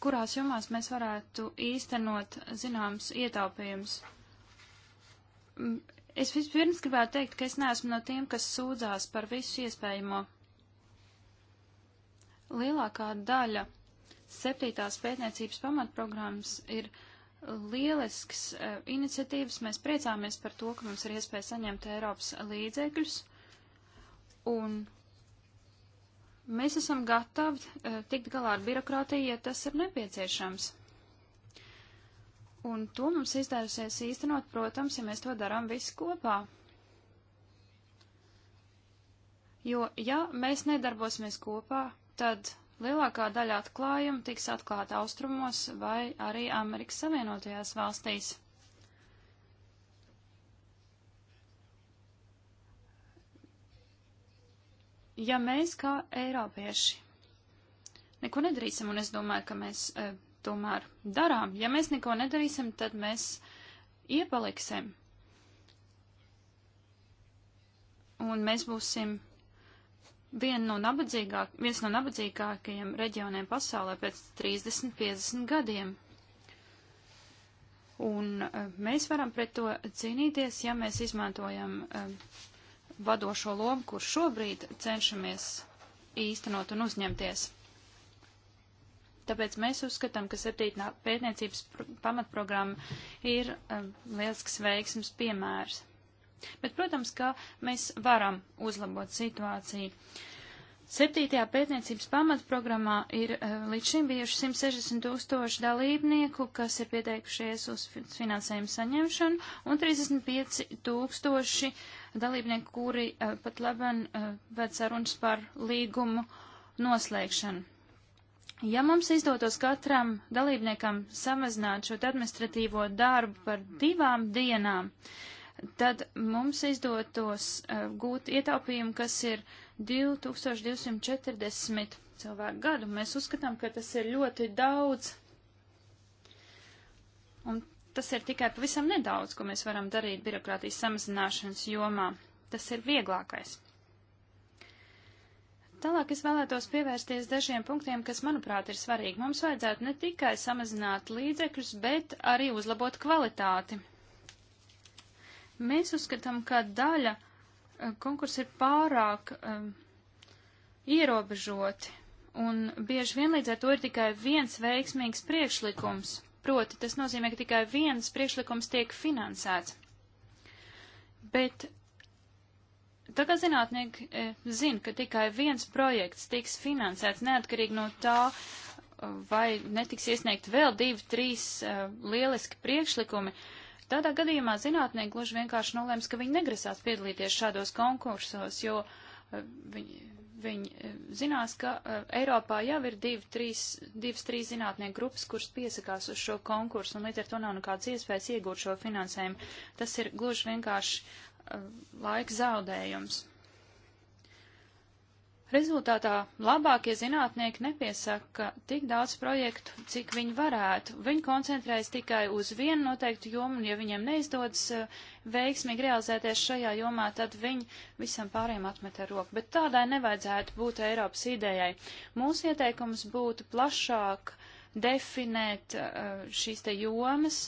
kurās jomās mēs varētu īstenot zināms ietaupījums. Es vispirms gribētu teikt, ka es neesmu no tiem, kas sūdzās par visu iespējamo. Lielākā daļa septītās pētniecības pamatprogrammas ir lielisks uh, iniciatīvas. Mēs priecāmies par to, ka mums ir iespēja saņemt Eiropas līdzekļus. Un mēs esam gatavi uh, tikt galā ar birokrātiju, ja tas ir nepieciešams. Un to mums izdevusies īstenot, protams, ja mēs to darām visi kopā. Jo, ja mēs nedarbosimies kopā, tad lielākā daļa atklājumu tiks atklāta austrumos vai arī Amerikas Savienotajās valstīs. Ja mēs kā eiropieši neko nedarīsim, un es domāju, ka mēs eh, tomēr darām. Ja mēs neko nedarīsim, tad mēs iepaliksim. Un mēs būsim vien no nabadzīgāk, no nabadzīgākajiem reģioniem pasaulē pēc 30-50 gadiem. Un eh, mēs varam pret to cīnīties, ja mēs izmantojam eh, vadošo lomu, kur šobrīd cenšamies īstenot un uzņemties. Tāpēc mēs uzskatām, ka septītā pētniecības pamatprogramma ir um, lielsks veiksmes piemērs. Bet, protams, ka mēs varam uzlabot situāciju. Septītajā pētniecības pamatprogrammā ir uh, līdz šim bijuši 160 tūkstoši dalībnieku, kas ir pieteikušies uz finansējumu saņemšanu, un 35 tūkstoši dalībnieku, kuri uh, pat labam uh, sarunas par līgumu noslēgšanu. Ja mums izdotos katram dalībniekam samazināt šo administratīvo darbu par divām dienām, tad mums izdotos eh, gūt ietaupījumu, kas ir 2240 cilvēku gadu. Mēs uzskatām, ka tas ir ļoti daudz. Un tas ir tikai pavisam nedaudz, ko mēs varam darīt birokrātijas samazināšanas jomā. Tas ir vieglākais. Tālāk es vēlētos pievērsties dažiem punktiem, kas, manuprāt, ir svarīgi. Mums vajadzētu ne tikai samazināt līdzekļus, bet arī uzlabot kvalitāti. Mēs uzskatām, ka daļa eh, konkursa ir pārāk um, ierobežoti, un bieži vien līdz ar to ir tikai viens veiksmīgs priekšlikums, proti tas nozīmē, ka tikai viens priekšlikums tiek finansēts. Bet Tā kā zinātnieki e, zina, ka tikai viens projekts tiks finansēts neatkarīgi no tā, e, vai netiks iesniegt vēl divi, trīs e, lieliski priekšlikumi, tādā gadījumā zinātnieki gluži vienkārši nolēms, ka viņi negrasās piedalīties šādos konkursos, jo viņi, viņi zinās, ka Eiropā jau ir divi, trīs, divas, trīs zinātnieku grupas, kuras piesakās uz šo konkursu, un līdz ar to nav nekāds iespējas iegūt šo finansējumu. Tas ir gluži vienkārši laika zaudējums. Rezultātā labākie zinātnieki nepiesaka tik daudz projektu, cik viņi varētu. Viņi koncentrējas tikai uz vienu noteiktu jomu, un ja viņiem neizdodas eh, veiksmīgi realizēties šajā jomā, tad viņi visam pārējiem atmet ar roku. Bet tādai nevajadzētu būt Eiropas idejai. Mūsu ieteikums būtu plašāk definēt eh, šīs te jomas,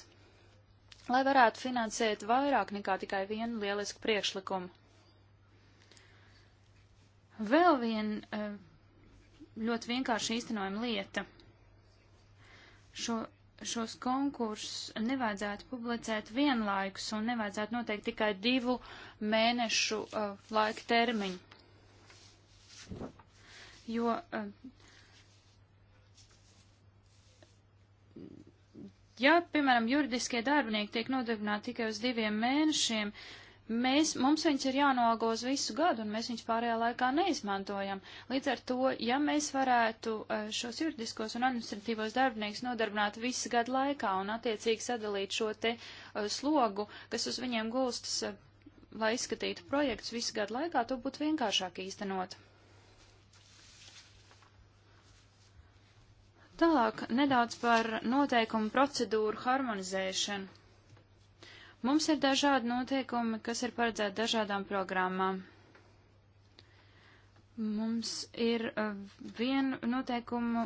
lai varētu finansēt vairāk nekā tikai vienu lielisku priekšlikumu. Vēl viena e, ļoti vienkārša īstenojuma lieta. Šo, šos konkursus nevajadzētu publicēt vienlaikus un nevajadzētu noteikt tikai divu mēnešu e, laika termiņu. Jo uh, Ja, piemēram, juridiskie darbinieki tiek nodarbināti tikai uz diviem mēnešiem, mēs, mums viņus ir jānolgo uz visu gadu, un mēs viņus pārējā laikā neizmantojam. Līdz ar to, ja mēs varētu eh, šos juridiskos un administratīvos darbiniekus nodarbināt visu gadu laikā un attiecīgi sadalīt šo te eh, slogu, kas uz viņiem gulstas, eh, lai izskatītu projektus visu gadu laikā, to būtu vienkāršāk īstenot. Tālāk nedaudz par noteikumu procedūru harmonizēšanu. Mums ir dažādi noteikumi, kas ir paredzēti dažādām programmām. Mums ir eh, vien noteikumu,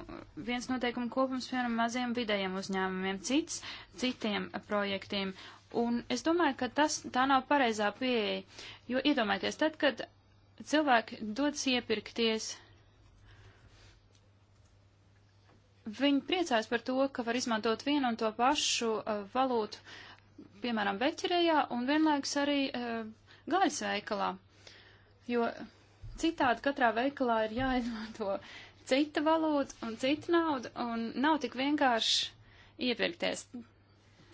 viens noteikumu kopums, piemēram, maziem vidējiem uzņēmumiem, cits citiem projektiem. Un es domāju, ka tas, tā nav pareizā pieeja, jo iedomājieties, tad, kad cilvēki dodas iepirkties Viņi priecājas par to, ka var izmantot vienu un to pašu uh, valūtu, piemēram, veķerējā un vienlaiks arī uh, gaļas veikalā, jo citādi katrā veikalā ir jāizmanto cita valūta un cita nauda, un nav tik vienkārši iepirkties.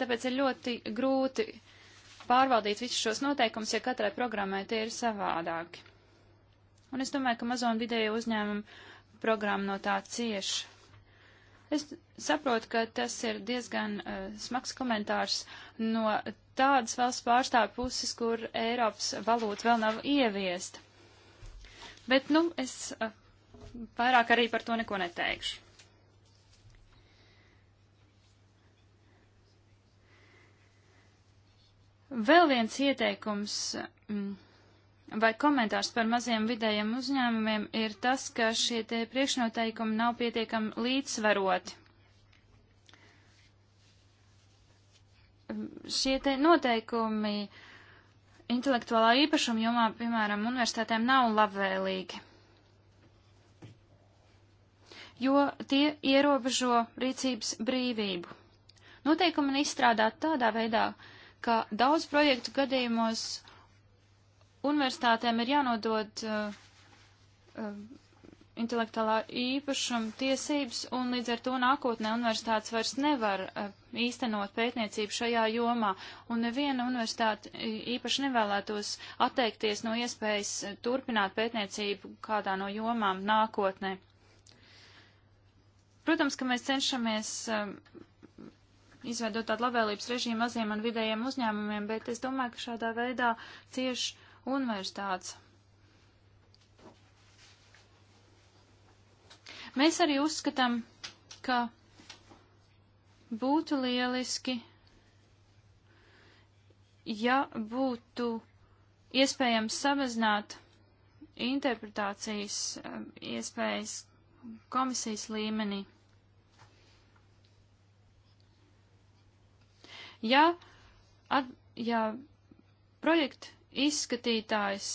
Tāpēc ir ļoti grūti pārvaldīt visus šos noteikumus, ja katrai programmai tie ir savādāki. Un es domāju, ka mazo un vidējo uzņēmumu programma no tā cieši. Es saprotu, ka tas ir diezgan uh, smags komentārs no tādas valsts pārstāvja puses, kur Eiropas valūta vēl nav ieviesta. Bet, nu, es uh, vairāk arī par to neko neteikšu. Vēl viens ieteikums. Mm, vai komentārs par maziem vidējiem uzņēmumiem ir tas, ka šie te priekšnoteikumi nav pietiekami līdzsvaroti. Šie te noteikumi intelektuālā īpašuma jomā, piemēram, universitātēm nav labvēlīgi, jo tie ierobežo rīcības brīvību. Noteikumi ir izstrādāti tādā veidā, ka daudz projektu gadījumos universitātē ir jānodod uh, uh, intelektuālā īpašuma tiesības, un līdz ar to nākotnē universitātes vairs nevar uh, īstenot pētniecību šajā jomā, un neviena universitāte īpaši nevēlētos atteikties no iespējas turpināt pētniecību kādā no jomām nākotnē. Protams, ka mēs cenšamies uh, izveidot tādu labvēlības režīmu maziem un vidējiem uzņēmumiem, bet es domāju, ka šādā veidā cieši uh, tāds. Mēs arī uzskatām, ka būtu lieliski, ja būtu iespējams samazināt interpretācijas um, iespējas komisijas līmenī. Ja, ja projekta izskatītājs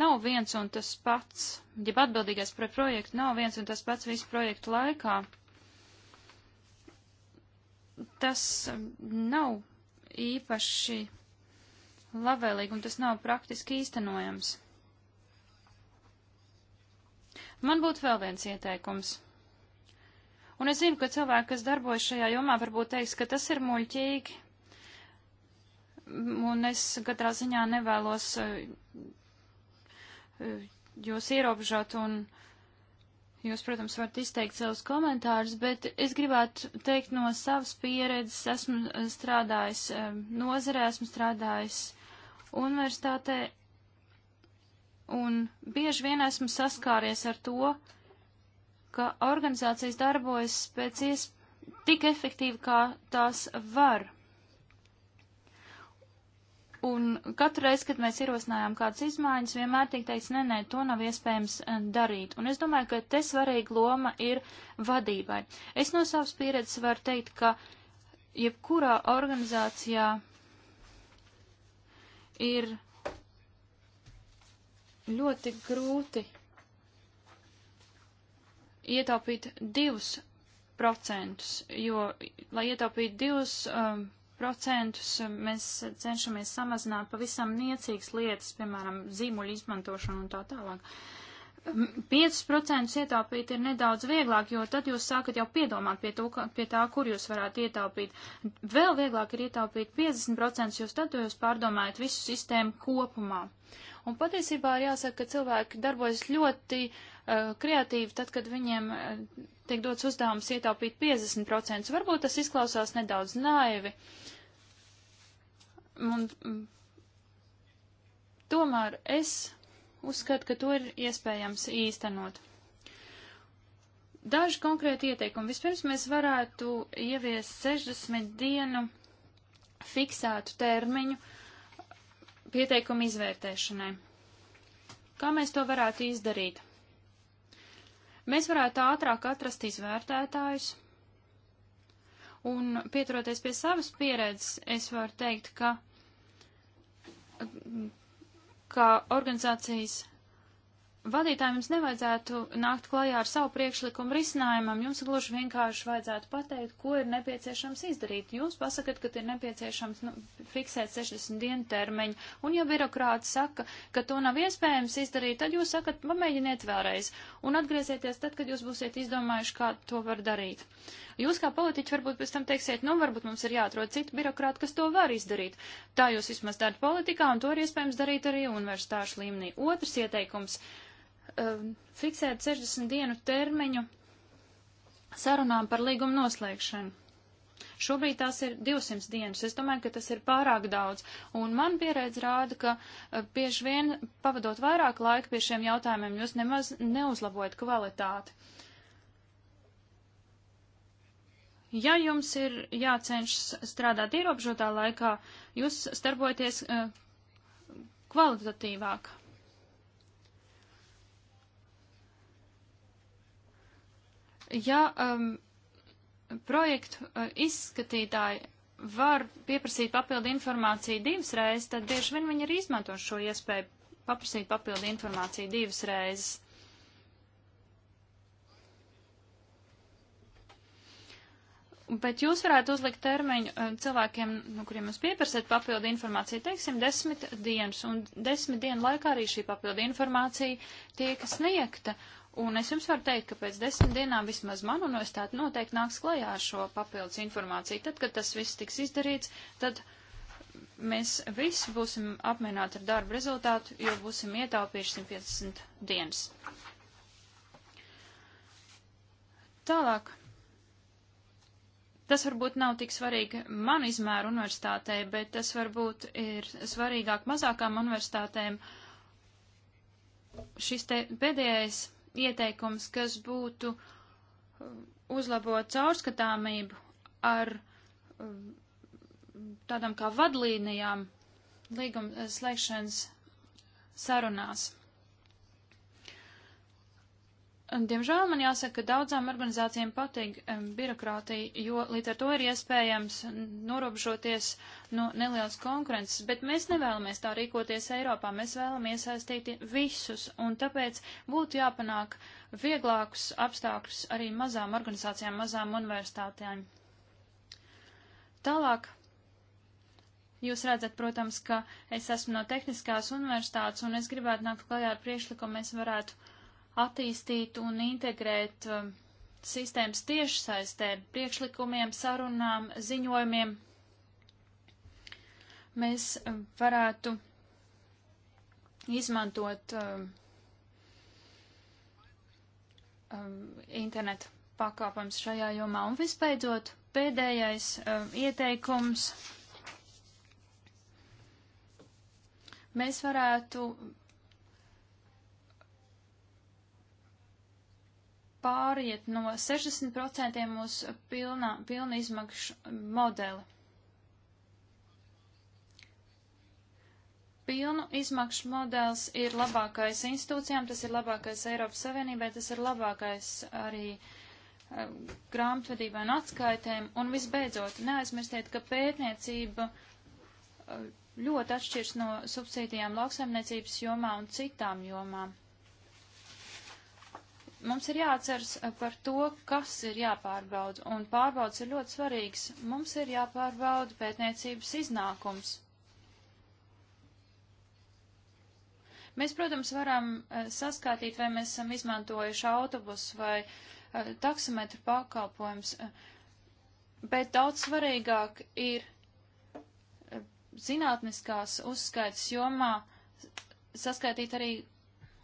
nav viens un tas pats, ja atbildīgais par projektu nav viens un tas pats visu projektu laikā. Tas um, nav īpaši labvēlīgi un tas nav praktiski īstenojams. Man būtu vēl viens ieteikums. Un es zinu, ka cilvēki, kas darbojas šajā jomā, varbūt teiks, ka tas ir muļķīgi, un es katrā ziņā nevēlos eh, jūs ierobežot un jūs, protams, varat izteikt savus komentārus, bet es gribētu teikt no savas pieredzes, esmu strādājis eh, nozarē, esmu strādājis universitātē un bieži vien esmu saskāries ar to, ka organizācijas darbojas pēc iespējas tik efektīvi, kā tās var. Un katru reizi, kad mēs ierosinājām kādas izmaiņas, vienmēr tiek teikts, nē, nē, to nav iespējams eh, darīt. Un es domāju, ka te svarīga loma ir vadībai. Es no savas pieredzes varu teikt, ka jebkurā organizācijā ir ļoti grūti ietaupīt divus procentus, jo, lai ietaupītu divus um, procentus mēs cenšamies samazināt pavisam niecīgas lietas, piemēram, zīmuļu izmantošanu un tā tālāk. 5% ietaupīt ir nedaudz vieglāk, jo tad jūs sākat jau piedomāt pie, to, pie tā, kur jūs varētu ietaupīt. Vēl vieglāk ir ietaupīt 50%, jo tad jūs pārdomājat visu sistēmu kopumā. Un patiesībā ir jāsaka, ka cilvēki darbojas ļoti eh, kreatīvi, tad, kad viņiem eh, tiek dots uzdevums ietaupīt 50%. Varbūt tas izklausās nedaudz naivi. Un, mm, tomēr es uzskatu, ka to ir iespējams īstenot. Daži konkrēti ieteikumi. Vispirms mēs varētu ieviest 60 dienu fiksētu termiņu uh, pieteikumu izvērtēšanai. Kā mēs to varētu izdarīt? Mēs varētu ātrāk atrast izvērtētājus, un pieturoties pie savas pieredzes, es varu teikt, ka, ka organizācijas vadītājiem jums nevajadzētu nākt klajā ar savu priekšlikumu risinājumam, jums gluži vienkārši vajadzētu pateikt, ko ir nepieciešams izdarīt. Jūs pasakat, ka ir nepieciešams nu, fiksēt 60 dienu termiņu, un ja birokrāts saka, ka to nav iespējams izdarīt, tad jūs sakat, pamēģiniet vēlreiz, un atgriezieties tad, kad jūs būsiet izdomājuši, kā to var darīt. Jūs kā politiķi varbūt pēc tam teiksiet, nu varbūt mums ir jāatrod citu birokrātu, kas to var izdarīt. Tā jūs vismaz darat politikā, un to ir iespējams darīt arī universitāšu līmenī. Otrs ieteikums. Ehm, fiksēt 60 dienu termiņu sarunām par līgumu noslēgšanu. Šobrīd tās ir 200 dienas. Es domāju, ka tas ir pārāk daudz. Un man pieredze rāda, ka uh, bieži vien pavadot vairāk laika pie šiem jautājumiem, jūs nemaz neuzlabojat kvalitāti. Ja jums ir jācenšas strādāt ierobežotā laikā, jūs starpojaties eh, kvalitatīvāk. Ja um, projektu uh, izskatītāji var pieprasīt papildu informāciju divas reizes, tad bieži vien viņi arī izmanto šo iespēju paprasīt papildu informāciju divas reizes. Bet jūs varētu uzlikt termiņu uh, cilvēkiem, no kuriem jūs pieprasat papildu informāciju, teiksim, desmit dienas, un desmit dienu laikā arī šī papildu informācija tiek sniegta. Uh, Un es jums varu teikt, ka pēc desmit dienām vismaz man universitāte noteikti nāks klajā ar šo papildus informāciju. Tad, kad tas viss tiks izdarīts, tad mēs visi būsim apmienāti ar darbu rezultātu, jo būsim ietaupījuši 150 dienas. Tālāk. Tas varbūt nav tik svarīgi man izmēru universitātē, bet tas varbūt ir svarīgāk mazākām universitātēm. Šis te pēdējais ieteikums, kas būtu um, uzlabot caurskatāmību ar um, tādām kā vadlīnijām līguma eh, slēgšanas sarunās. Diemžēl man jāsaka, ka daudzām organizācijām patīk um, birokrātija, jo līdz ar to ir iespējams norobžoties no nelielas konkurences, bet mēs nevēlamies tā rīkoties Eiropā, mēs vēlamies aizstīt visus, un tāpēc būtu jāpanāk vieglākus apstākļus arī mazām organizācijām, mazām universitātēm. Tālāk. Jūs redzat, protams, ka es esmu no tehniskās universitātes, un es gribētu nākt klajā ar priešlikumu, mēs varētu attīstīt un integrēt uh, sistēmas tiešsaistē, priekšlikumiem, sarunām, ziņojumiem. Mēs um, varētu izmantot um, internetu pakāpams šajā jomā. Un vispēdzot, pēdējais uh, ieteikums. Mēs varētu pāriet no 60% uz pilnā, pilna izmakšu modeli. Pilnu izmakšu modelis ir labākais institūcijām, tas ir labākais Eiropas Savienībai, tas ir labākais arī uh, grāmatvedībai un atskaitēm. Un visbeidzot, neaizmirstiet, ka pētniecība uh, ļoti atšķirs no subsīdijām lauksaimniecības jomā un citām jomām. Mums ir jāatceras eh, par to, kas ir jāpārbaud, un pārbaudas ir ļoti svarīgs. Mums ir jāpārbauda pētniecības iznākums. Mēs, protams, varam eh, saskatīt, vai mēs esam izmantojuši autobusu vai eh, taksometru pakalpojums, bet daudz svarīgāk ir zinātniskās uzskaitas jomā saskaitīt arī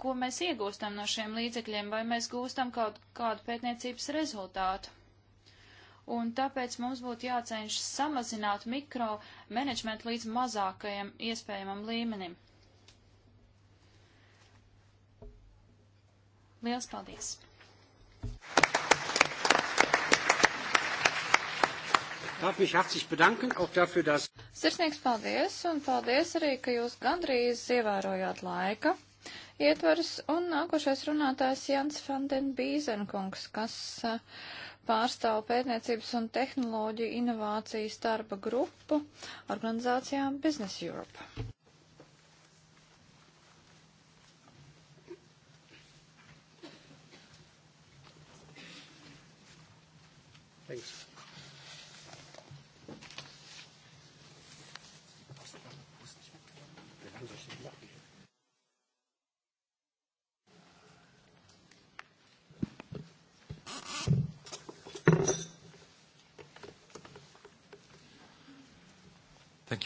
ko mēs iegūstam no šiem līdzekļiem, vai mēs gūstam kaut kādu pētniecības rezultātu. Un tāpēc mums būtu jācenšas samazināt mikro menedžmentu līdz mazākajam iespējamam līmenim. Lielas paldies! Sirsnīgs paldies, un paldies arī, ka jūs gandrīz ievērojāt laika ietvars. Un nākošais runātājs Jans Fanden Bīzenkungs, kas pārstāv pētniecības un tehnoloģiju inovācijas darba grupu organizācijām Business Europe. Thanks.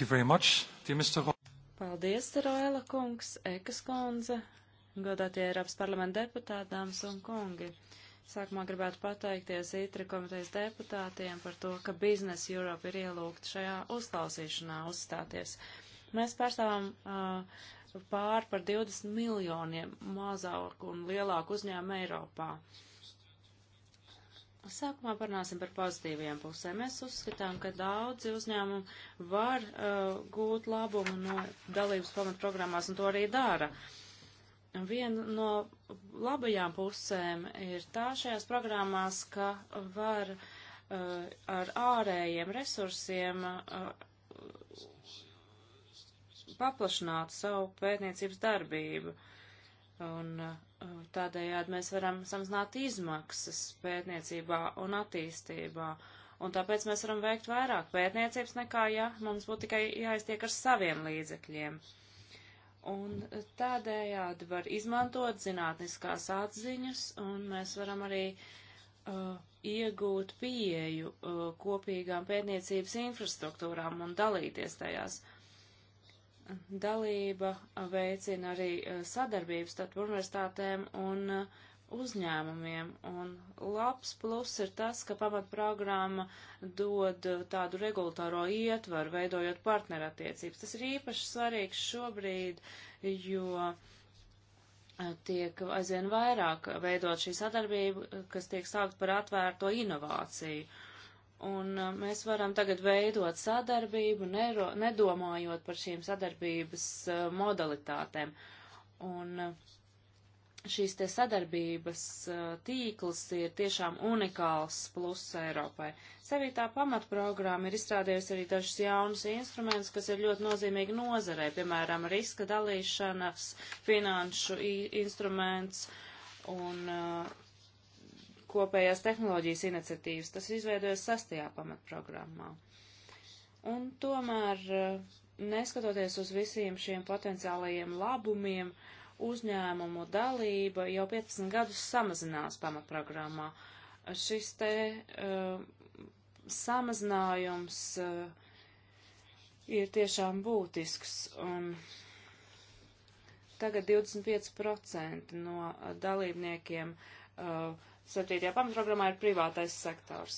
you very much, dear Mr. Ro Paldies, Roela kungs, Ekas kundze, godātie Eiropas parlamenta deputāti, dāmas un kungi. Sākumā gribētu pateikties ITRI komitejas deputātiem par to, ka Biznes Europe ir ielūgt šajā uzklausīšanā uzstāties. Mēs pārstāvam uh, pār par 20 miljoniem mazāku un lielāku uzņēmumu Eiropā. Uh, Sākumā parunāsim par pozitīvajām pusēm. Mēs uzskatām, ka daudzi uzņēmumi var uh, gūt labumu no dalības pamatprogrammās un to arī dara. Viena no labajām pusēm ir tā šajās programmās, ka var uh, ar ārējiem resursiem uh, paplašināt savu pētniecības darbību. Un uh, Tādējādi mēs varam samazināt izmaksas pētniecībā un attīstībā. Un tāpēc mēs varam veikt vairāk pētniecības nekā, ja mums būtu tikai jāiztiek ar saviem līdzekļiem. Un tādējādi var izmantot zinātniskās atziņas, un mēs varam arī uh, iegūt pieeju uh, kopīgām pētniecības infrastruktūrām un dalīties tajās. Uh, dalība veicina arī e, sadarbības starp universitātēm un e, uzņēmumiem. Un labs plus ir tas, ka pamatprogramma dod e, tādu regulatoro ietvaru, veidojot partnerattiecības. Tas ir īpaši svarīgs šobrīd, jo tiek aizvien vairāk veidot šī sadarbība, kas tiek saukt par atvērto inovāciju. Un uh, mēs varam tagad veidot sadarbību, nero, nedomājot par šīm sadarbības uh, modalitātēm. Un uh, šīs te sadarbības tīkls ir tiešām unikāls pluss Eiropai. tā pamatprogramma ir izstrādījusi arī dažus jaunus instrumentus, kas ir ļoti nozīmīgi nozarē, piemēram, riska dalīšanas, finanšu instruments un kopējās tehnoloģijas iniciatīvas. Tas izveidojas sastajā pamatprogrammā. Un tomēr, eh, neskatoties uz visiem šiem potenciālajiem labumiem, uzņēmumu dalība jau 15 gadus samazinās pamatprogrammā. Šis te uh, samazinājums uh, ir tiešām būtisks. Un, tagad 25% no dalībniekiem uh, Septītajā pamatprogrammā ir privātais sektors.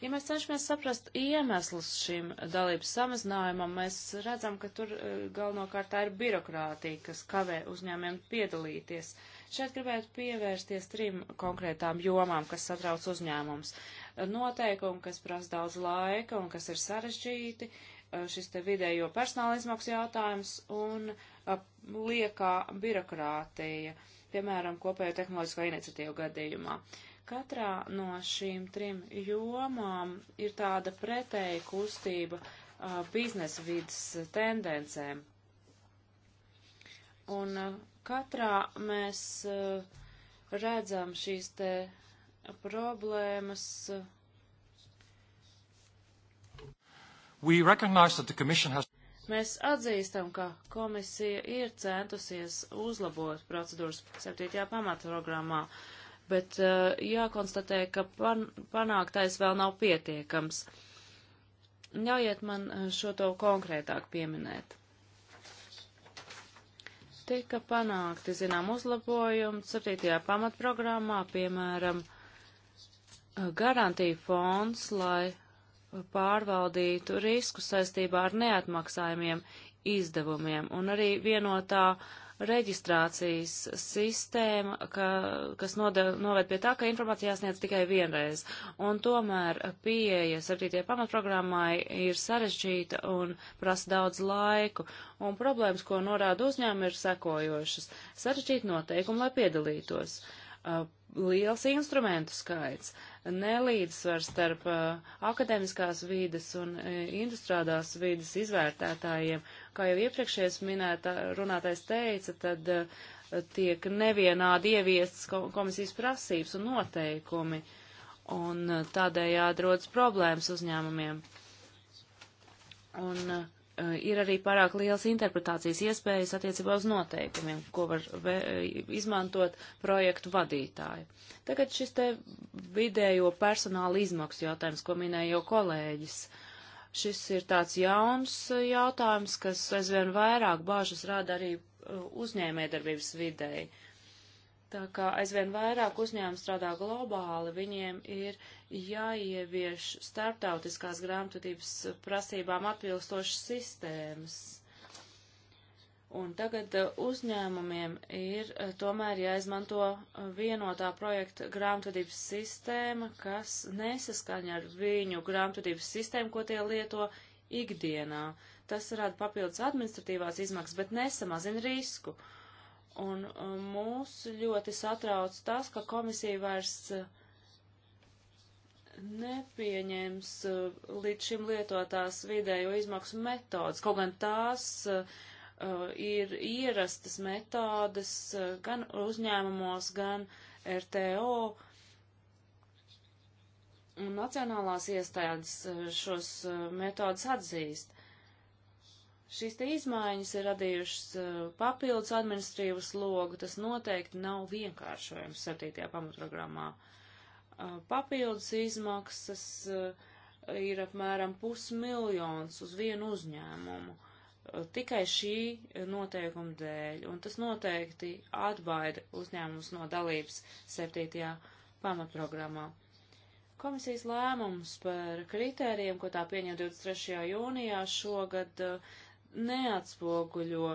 Ja mēs cenšamies saprast iemeslus šim dalības samazinājumam, mēs redzam, ka tur e, galvenokārt tā ir birokrātija, kas kavē uzņēmiem piedalīties. Šeit gribētu pievērsties trim konkrētām jomām, kas satrauc uzņēmums. E, noteikumi, kas prasa daudz laika un kas ir sarežģīti, e, šis te vidējo personāla izmaksu jautājums un liekā birokrātija, piemēram, kopējo tehnoloģisko iniciatīvu gadījumā. Katrā no šīm trim jomām ir tāda pretēja kustība biznesa vidas tendencēm. Un katrā mēs redzam šīs te problēmas. Has... Mēs atzīstam, ka komisija ir centusies uzlabot procedūras 7. pamatprogrammā. programmā bet eh, jākonstatē, ka pan, panāktais vēl nav pietiekams. Ļaujiet man eh, šo to konkrētāk pieminēt. Tika panākti, zinām, uzlabojumi 7. pamatprogrammā, piemēram, eh, garantija fonds, lai pārvaldītu risku saistībā ar neatmaksājumiem izdevumiem un arī vienotā uh, reģistrācijas sistēma, ka, kas noved pie tā, ka informācija jāsniedz tikai vienreiz. Un tomēr pieeja 7. pamatprogrammai ir sarežģīta un prasa daudz laiku. Un problēmas, ko norāda uzņēmumi, ir sekojošas. Sarežģīta noteikuma, lai piedalītos. Uh, liels instrumentu skaits, nelīdzsvars starp uh, akadēmiskās vīdes un uh, industrādās vīdes izvērtētājiem. Kā jau iepriekšējais minēta runātais teica, tad uh, tiek nevienādi ieviestas komisijas prasības un noteikumi, un uh, tādējādi rodas problēmas uzņēmumiem. Un uh, ir arī pārāk liels interpretācijas iespējas attiecībā uz noteikumiem, ko var izmantot projektu vadītāji. Tagad šis te vidējo personāla izmaksu jautājums, ko minēja jau kolēģis. Šis ir tāds jauns jautājums, kas aizvien vairāk bāžas rāda arī uh, uzņēmējdarbības videi. Uh, Tā kā aizvien vairāk uzņēmumi strādā globāli, viņiem ir jāievieš starptautiskās grāmatvedības prasībām atbilstošas sistēmas. Un tagad eh, uzņēmumiem ir eh, tomēr jāizmanto eh, vienotā projekta grāmatvedības sistēma, kas nesaskaņa ar viņu grāmatvedības sistēmu, ko tie lieto ikdienā. Tas rada papildus administratīvās izmaksas, bet nesamazina risku un uh, mūs ļoti satrauc tas, ka komisija vairs uh, nepieņems uh, līdz šim lietotās vidējo izmaksu metodas, kaut gan tās ir ierastas metodas gan uzņēmumos, gan RTO. Un nacionālās iestādes šos metodus atzīst. Šīs te izmaiņas ir radījušas uh, papildus administrīvas logu, tas noteikti nav vienkāršojums 7. pamatprogrammā. Uh, papildus izmaksas uh, ir apmēram pusmiljons uz vienu uzņēmumu tikai šī noteikuma dēļ, un tas noteikti atbaida uzņēmumus no dalības 7. pamatprogrammā. Komisijas lēmums par kritērijiem, ko tā pieņem 23. jūnijā šogad, uh, neatspoguļo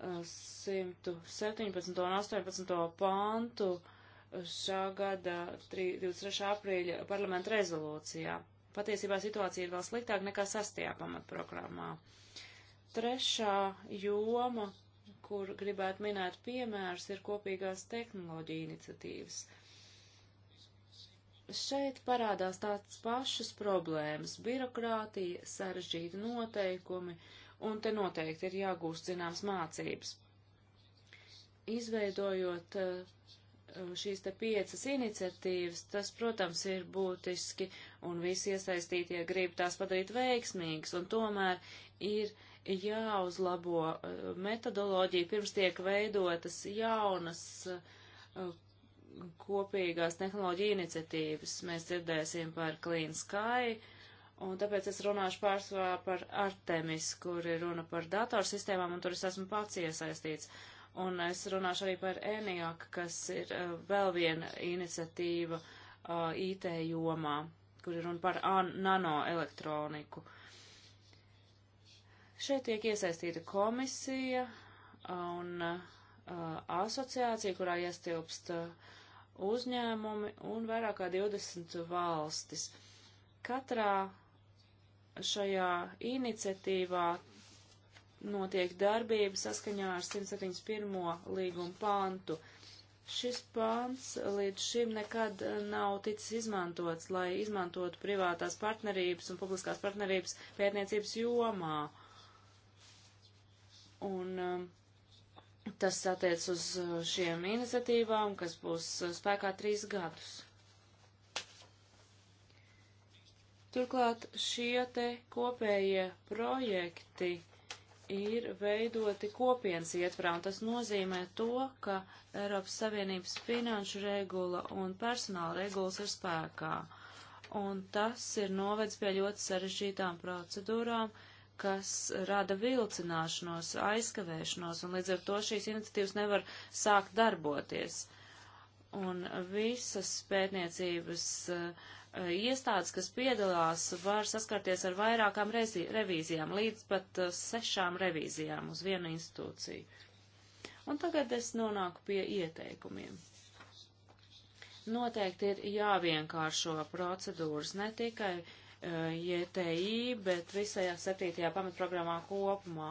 117. Uh, un 18. pantu šā gada 23. aprīļa parlamenta rezolūcijā. Patiesībā situācija ir vēl sliktāka nekā sastajā pamatprogrammā. Trešā joma, kur gribētu minēt piemērs, ir kopīgās tehnoloģija iniciatīvas. Šeit parādās tāds pašas problēmas birokrātija, sarežģīti noteikumi, uh, un te noteikti ir jāgūst zināms mācības. Izveidojot eh, šīs te piecas iniciatīvas, tas, protams, ir būtiski, un visi iesaistītie grib tās padarīt veiksmīgas, un tomēr ir jāuzlabo eh, metodoloģija, pirms tiek veidotas jaunas eh, kopīgās tehnoloģija iniciatīvas. Mēs dzirdēsim par Clean Sky, Un tāpēc es runāšu pārsvarā par Artemis, kur ir runa par datorsistēmām, un tur es esmu pats iesaistīts. Un es runāšu arī par ENIAC, kas ir uh, vēl viena iniciatīva uh, IT jomā, kur ir runa par nanoelektroniku. Šeit tiek iesaistīta komisija un uh, asociācija, kurā iestilpst uh, uzņēmumi un vairāk kā 20 valstis. Katrā šajā iniciatīvā notiek darbība saskaņā ar 171. līguma pantu. Šis pants līdz šim nekad nav ticis izmantots, lai izmantotu privātās partnerības un publiskās partnerības pētniecības jomā. Un um, tas attiec uz uh, šiem iniciatīvām, kas būs uh, spēkā trīs gadus. Turklāt šie te kopējie projekti ir veidoti kopienas ietvarā, un tas nozīmē to, ka Eiropas Savienības finanšu regula un personāla regulas ir spēkā. Un tas ir novedis pie ļoti sarežģītām procedūrām, kas rada vilcināšanos, aizkavēšanos, un līdz ar to šīs iniciatīvas nevar sākt darboties. Un visas pētniecības uh, Eh, iestādes, kas piedalās, var saskarties ar vairākām revīzijām, līdz pat eh, sešām revīzijām uz vienu institūciju. Un tagad es nonāku pie ieteikumiem. Noteikti ir jāvienkāršo procedūras ne tikai uh, eh, JTI, bet visajā septītajā pamatprogrammā kopumā.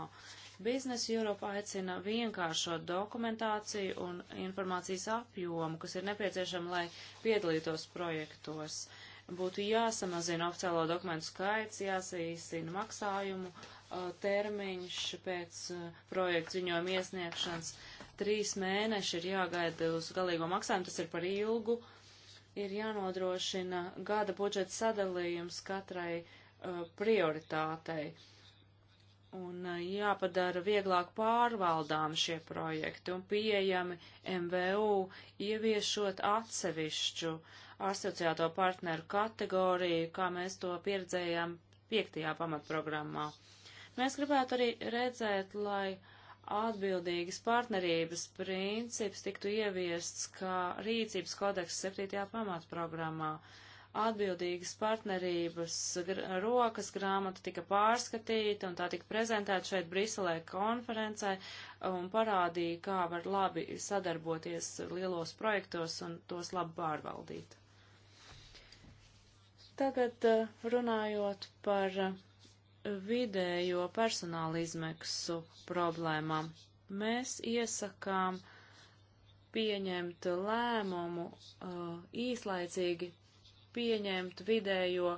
Biznes Europa aicina vienkāršot dokumentāciju un informācijas apjomu, kas ir nepieciešama, lai piedalītos projektos. Uh, būtu jāsamazina oficiālo dokumentu skaits, jāsaīsina maksājumu termiņš pēc projekta ziņojuma iesniegšanas. Trīs mēneši ir jāgaida uz galīgo maksājumu, tas ir par ilgu. Ir jānodrošina gada budžeta sadalījums katrai prioritātei. Un jāpadara vieglāk pārvaldām šie projekti un pieejami MVU ieviešot atsevišķu uh, asociēto partneru kategoriju, kā mēs to pieredzējām piektajā pamatprogrammā. Mēs gribētu arī redzēt, lai atbildīgas partnerības princips tiktu ieviests kā rīcības kodeks septītajā pamatprogrammā. Atbildīgas partnerības rokas grāmata tika pārskatīta un tā tika prezentēta šeit Briselē konferencē un parādīja, kā var labi sadarboties lielos projektos un tos labi pārvaldīt. Tagad eh, runājot par eh, vidējo personāla izmaksu problēmām, mēs iesakām pieņemt lēmumu eh, īslaicīgi pieņemt vidējo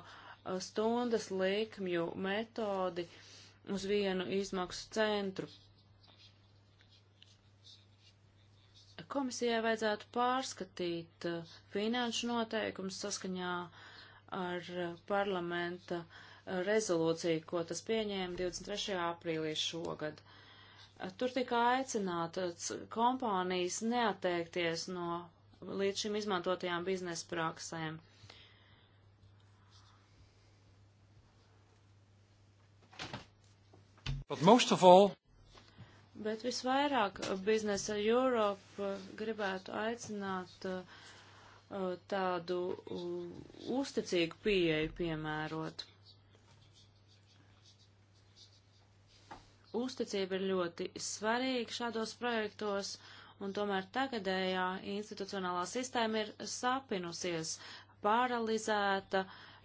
stundas likmju metodi uz vienu izmaksu centru. Komisijai vajadzētu pārskatīt finanšu noteikumus saskaņā uh, ar parlamenta rezolūciju, ko tas pieņēma 23. aprīlī šogad. Tur tika aicināts kompānijas neatteikties no līdz šim izmantotajām biznesa praksēm. All... Bet visvairāk biznesa Eiropa gribētu aicināt uh, tādu uzticīgu pieeju piemērot. Uzticība ir ļoti svarīga šādos projektos, un tomēr tagadējā institucionālā sistēma ir sapinusies, paralizēta,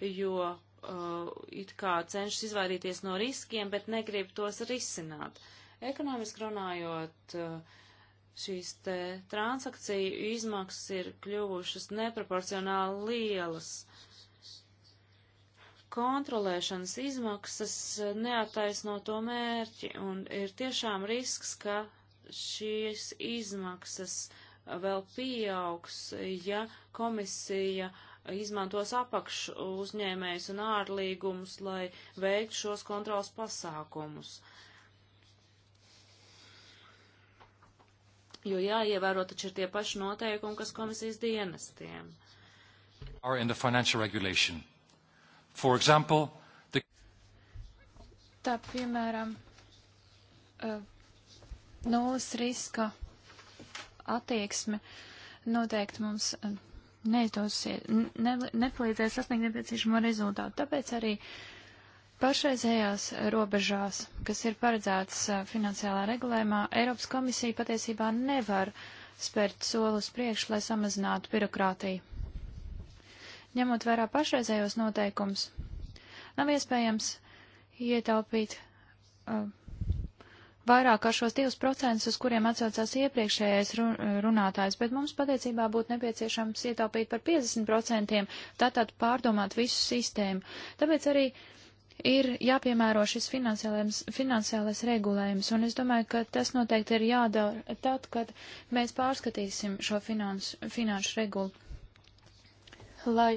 jo uh, it kā cenšas izvairīties no riskiem, bet negrib tos risināt. Ekonomiski runājot, uh, šīs te transakciju izmaksas ir kļuvušas neproporcionāli lielas. Kontrolēšanas izmaksas neataisno to mērķi un ir tiešām risks, ka šīs izmaksas vēl pieaugs, ja komisija izmantos apakšu uzņēmējus un ārlīgumus, lai veiktu šos kontrols pasākumus. jo jāievēro taču ir tie paši noteikumi, kas komisijas dienestiem. example, the... Tā piemēram, uh, nulles riska attieksme noteikti mums eh, neizdosies, ne, nepalīdzēs sasniegt nepieciešamo rezultātu. Tāpēc arī uh, Pašreizējās robežās, kas ir paredzētas eh, finansiālā regulējumā, Eiropas komisija patiesībā nevar spērt solus priekš, lai samazinātu birokrātiju. Ņemot vērā pašreizējos noteikums, nav iespējams ietaupīt eh, vairāk ar šos divus procentus, uz kuriem atsaucās iepriekšējais runātājs, bet mums patiecībā būtu nepieciešams ietaupīt par 50%, procentiem, tātad pārdomāt visu sistēmu. Tāpēc arī uh, ir jāpiemēro šis finansiālais, regulējums, un es domāju, ka tas noteikti ir jādara tad, kad mēs pārskatīsim šo finans, finanšu regulu, lai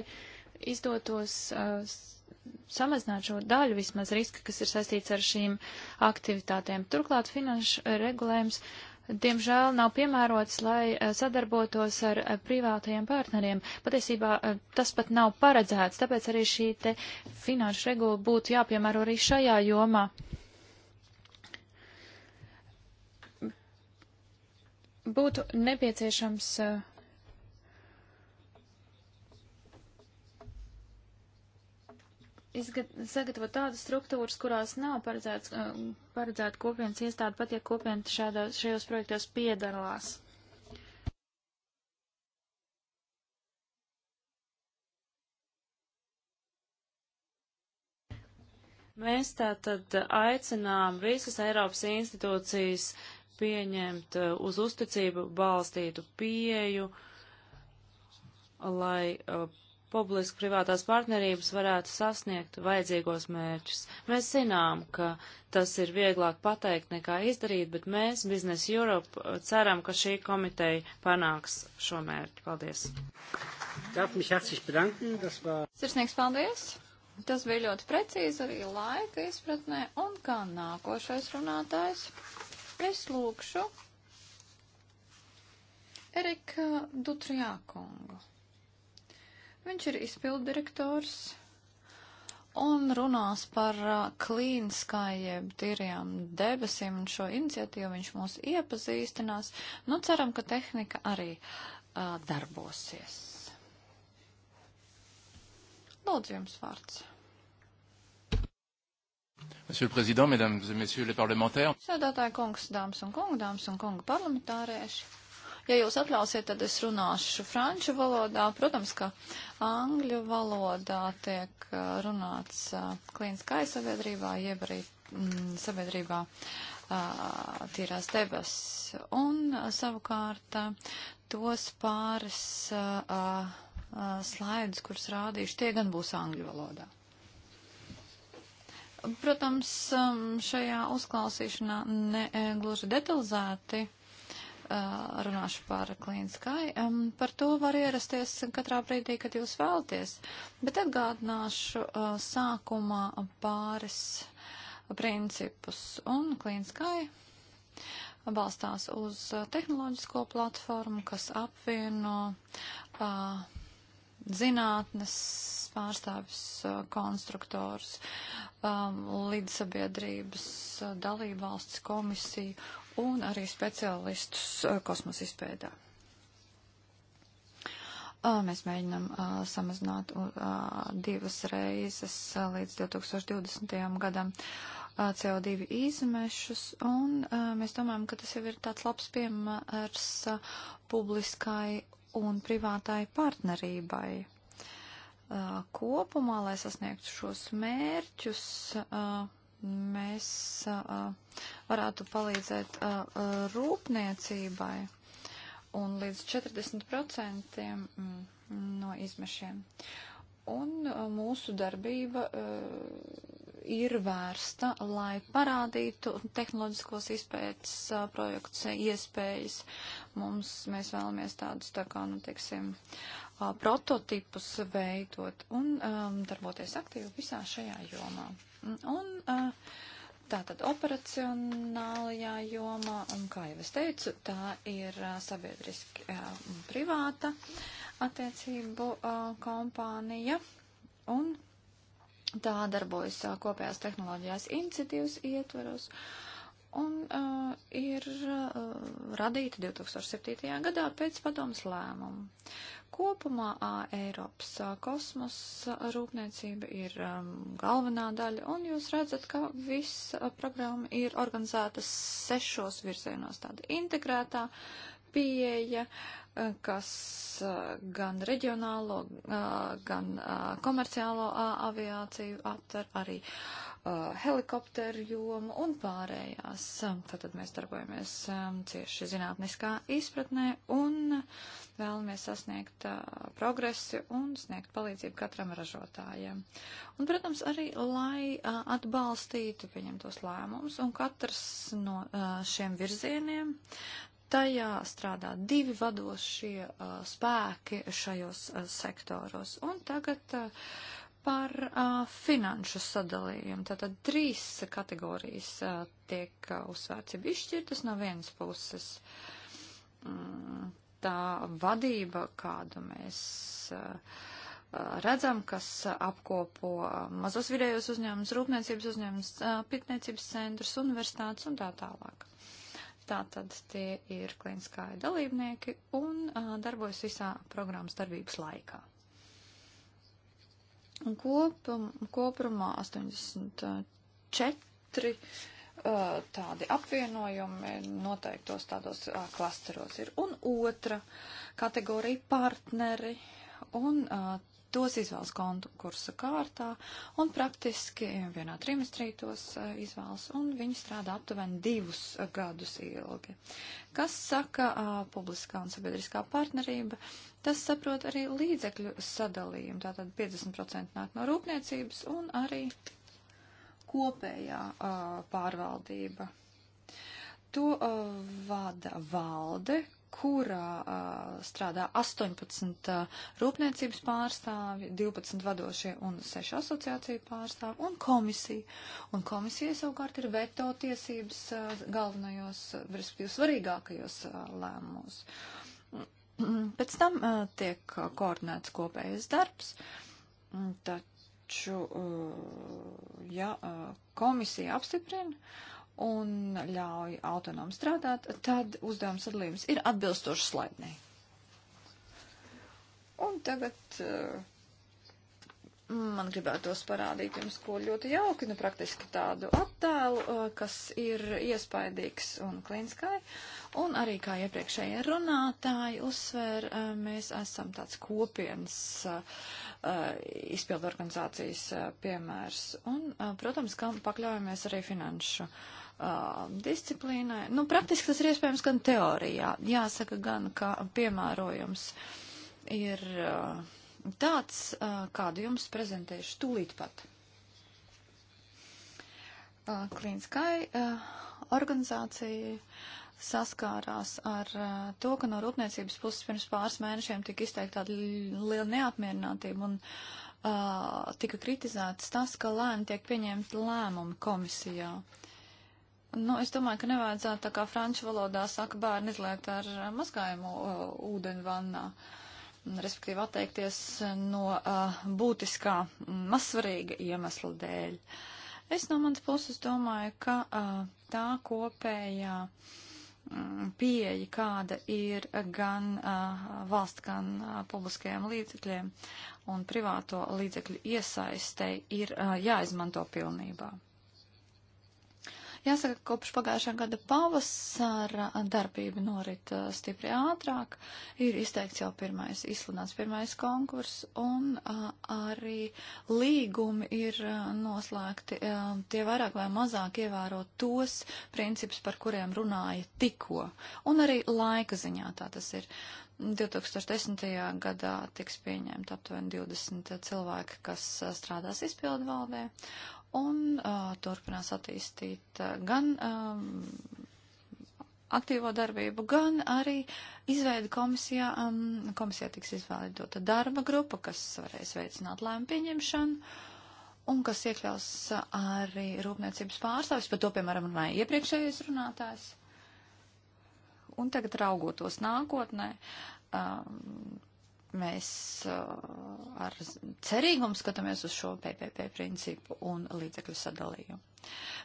izdotos uh, samazināt šo daļu vismaz riska, kas ir saistīts ar šīm aktivitātēm. Turklāt finanšu regulējums diemžēl nav piemērots, lai eh, sadarbotos ar eh, privātajiem partneriem. Patiesībā eh, tas pat nav paredzēts, tāpēc arī šī te finanšu regula būtu jāpiemēro arī šajā jomā. Būtu nepieciešams uh, sagatavot tādas struktūras, kurās nav paredzēts, uh, paredzēta kopienas iestāde, pat ja kopiena šādos, šajos projektos piedalās. Mēs tātad aicinām visas Eiropas institūcijas pieņemt uh, uz uzticību balstītu pieju, lai uh, publiski-privātās partnerības varētu sasniegt vajadzīgos mērķus. Mēs zinām, ka tas ir vieglāk pateikt nekā izdarīt, bet mēs, Biznes Europe, ceram, ka šī komiteja panāks šo mērķu. Paldies! Sirsnīgs paldies! Tas bija ļoti precīzi arī laika izpratnē, un kā nākošais runātājs es lūkšu Erika Dutrijākungu. Viņš ir izpildirektors un runās par Clean Sky, jeb tīriem debesīm un šo iniciatīvu viņš mūs iepazīstinās. Nu, ceram, ka tehnika arī uh, darbosies. Lūdzu, jums vārds. Monsieur le Président, Mesdames et Messieurs les parlementaires. Sēdētāji kungs, dāmas un kungi, dāmas un kungi parlamentārieši. Ja jūs atļausiet, tad es runāšu franču valodā. Protams, ka angļu valodā tiek uh, runāts uh, klīniskai sabiedrībā, jeb arī mm, sabiedrībā uh, tīrās debes. Un savukārt tos pāris slaidus, kurus rādīšu, tie gan būs angļu valodā. Protams, um, šajā uzklausīšanā ne eh, gluži detalizēti Uh, runāšu par klīniskai. Um, par to var ierasties katrā brīdī, kad jūs vēlaties. Bet atgādināšu uh, sākumā pāris principus. Un klīniskai balstās uz uh, tehnoloģisko platformu, kas apvieno uh, zinātnes pārstāvis, uh, konstruktors, um, līdzsabiedrības, dalībvalsts komisiju un arī speciālistus eh, kosmosa izpēdā. Mēs mēģinām samazināt divas reizes līdz 2020. gadam CO2 izmešus, un mēs domājam, ka tas jau ir tāds labs piemērs publiskai un privātai partnerībai kopumā, lai sasniegtu šos mērķus. Uh, mēs varētu palīdzēt rūpniecībai un līdz 40% mm, no izmešiem. Un uh, mūsu darbība uh, ir vērsta, lai parādītu tehnoloģiskos izpētes uh, projekts iespējas. Mums, mēs vēlamies tādus, tā kā, nu, teiksim, prototipus veidot un um, darboties aktīvi visā šajā jomā. Un uh, tātad operacionālajā jomā, un kā jau es teicu, tā ir uh, sabiedriski uh, privāta attiecību kompānija un tā darbojas kopējās tehnoloģijās iniciatīvas ietveros un uh, ir uh, radīta 2007. gadā pēc padomas lēmumu. Kopumā uh, Eiropas uh, kosmosa rūpniecība ir um, galvenā daļa, un jūs redzat, ka visa uh, programma ir organizēta sešos virzienos, tāda integrētā uh, pieeja, eh, kas eh, gan reģionālo, eh, gan komerciālo aviāciju atver arī helikopteru jomu un pārējās. Tātad mēs darbojamies cieši zinātniskā izpratnē un vēlamies sasniegt progresi un sniegt palīdzību katram ražotājiem. Un, protams, arī, lai atbalstītu pieņemtos lēmumus un katrs no šiem virzieniem tajā strādā divi vadošie uh, spēki šajos uh, sektoros. Un tagad uh, par uh, finanšu sadalījumu. Tātad trīs kategorijas uh, tiek uh, uzsvērts, ir izšķirtas no vienas puses. Mm, tā vadība, kādu mēs. Uh, redzam, kas apkopo mazos vidējos uzņēmumus, rūpniecības uzņēmumus, pētniecības centrus, universitātes un tā tālāk. Tātad tie ir klīniskāji dalībnieki un uh, darbojas visā programmas darbības laikā. Un kopum, kopumā 84 uh, tādi apvienojumi noteiktos tādos uh, klasteros ir. Un otra kategorija partneri un uh, tos izvēlas konkursa kārtā un praktiski vienā trimestrī tos eh, izvēlas, un viņi strādā aptuveni divus eh, gadus ilgi. Kas saka a, eh, publiskā un sabiedriskā partnerība? Tas saprot arī līdzekļu sadalījumu, tātad 50% nāk no rūpniecības un arī kopējā a, pārvaldība. To a, vada valde, kurā strādā 18 rūpniecības pārstāvi, 12 vadošie un 6 asociāciju pārstāvi un komisija. Un komisija savukārt ir veto tiesības galvenajos, respektīvi svarīgākajos lēmumos. Pēc tam tiek koordinēts kopējais darbs. Taču, ja komisija apstiprina, un ļauj autonom strādāt, tad uzdevums sadalījums ir atbilstošs slaidnē. Un tagad uh, man gribētos parādīt jums ko ļoti jauki, nu praktiski tādu attēlu, eh, kas ir iespaidīgs un kliniskai. Un arī kā iepriekšējie runātāji uzsver, eh, mēs esam tāds kopienas izpildu organizācijas piemērs. Un, protams, kam pakļaujamies arī finanšu uh, Uh, disciplīnai. Nu, praktiski tas ir iespējams gan teorijā. Jāsaka gan, ka piemērojums ir uh, tāds, uh, kādu jums prezentēšu tūlīt pat. Klīnskai organizācija saskārās ar to, ka no rūpniecības puses pirms pāris mēnešiem tika izteikta tāda liela neapmierinātība un tika kritizēts tas, ka lēni tiek pieņemti lēmumi komisijā. Uh, Nu, es domāju, ka nevajadzētu tā kā franču valodā saka bērni izliet ar eh, mazgājumu uh, eh, ūdeni vannā, respektīvi atteikties no uh, būtiskā, mm, mazsvarīga iemesla dēļ. Es no manas puses domāju, ka uh, tā kopējā mm, pieeja, kāda ir gan uh, valsts, gan uh, publiskajiem līdzekļiem un privāto līdzekļu iesaistei, ir uh, jāizmanto pilnībā. Jāsaka, kopš pagājušā gada pavasara darbība norit uh, stipri ātrāk. Ir izteikts jau pirmais, izsludināts pirmais konkurss, un uh, arī līgumi ir uh, noslēgti. Um, tie vairāk vai mazāk ievēro tos principus, par kuriem runāja tikko. Un arī laika ziņā tā tas ir. 2010. gadā tiks pieņemta aptuveni 20 cilvēki, kas strādās izpildu valdē, un uh, turpinās attīstīt uh, gan um, aktīvo darbību, gan arī izveidu komisijā, um, komisijā tiks izveidota darba grupa, kas varēs veicināt lēmu pieņemšanu un kas iekļaus arī rūpniecības pārstāvis, par to, piemēram, runāja iepriekšējais runātājs. Un tagad raugotos nākotnē, um, mēs uh, ar cerīgumu skatāmies uz šo PPP principu un līdzekļu sadalījumu.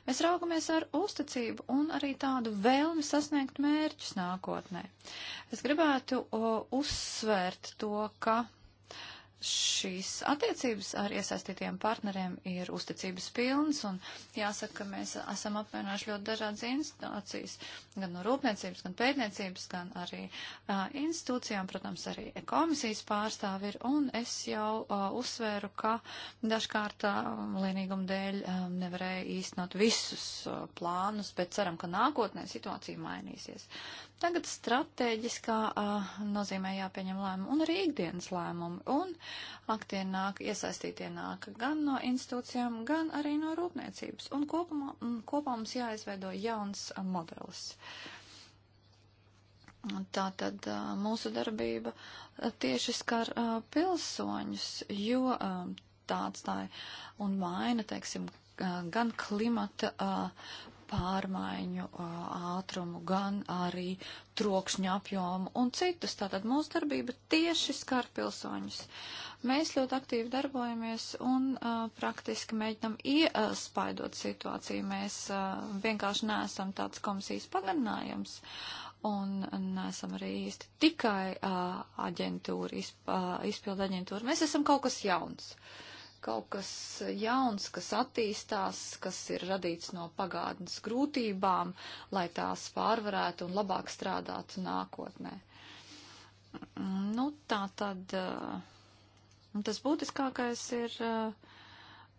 Mēs raugamies ar uzticību un arī tādu vēlmi sasniegt mērķus nākotnē. Es gribētu uh, uzsvērt to, ka šīs attiecības ar iesaistītiem partneriem ir uzticības pilnas, un jāsaka, ka mēs esam apvienojuši ļoti dažādas institūcijas, gan no rūpniecības, gan pētniecības, gan arī uh, institūcijām, protams, arī komisijas pārstāvi ir, un es jau uh, uzsvēru, ka dažkārt uh, lienīguma dēļ uh, nevarēja īstenot visus uh, plānus, bet ceram, ka nākotnē situācija mainīsies. Uh, Tagad strateģiskā uh, nozīmē jāpieņem lēmumu un arī ikdienas lēmumu. Un aktie nāk, iesaistītie nāk gan no institūcijām, gan arī no rūpniecības. Un kopumā, kopā mums jāizveido jauns uh, modelis. Tā tad uh, mūsu darbība tieši skar uh, pilsoņus, jo uh, tāds tā un maina, teiksim, gan klimata pārmaiņu ātrumu, gan arī trokšņu apjomu un citus. Tātad mūsu darbība tieši skar pilsoņus. Mēs ļoti aktīvi darbojamies un uh, praktiski mēģinam iespaidot situāciju. Mēs uh, vienkārši neesam tāds komisijas pagarinājums un neesam arī īsti tikai uh, aģentūra, izp, uh, izpildu aģentūra. Mēs esam kaut kas jauns. Uh, kaut kas jauns, kas attīstās, kas ir radīts no pagātnes grūtībām, lai tās pārvarētu un labāk strādātu nākotnē. Nu, tā tad eh, tas būtiskākais ir uh,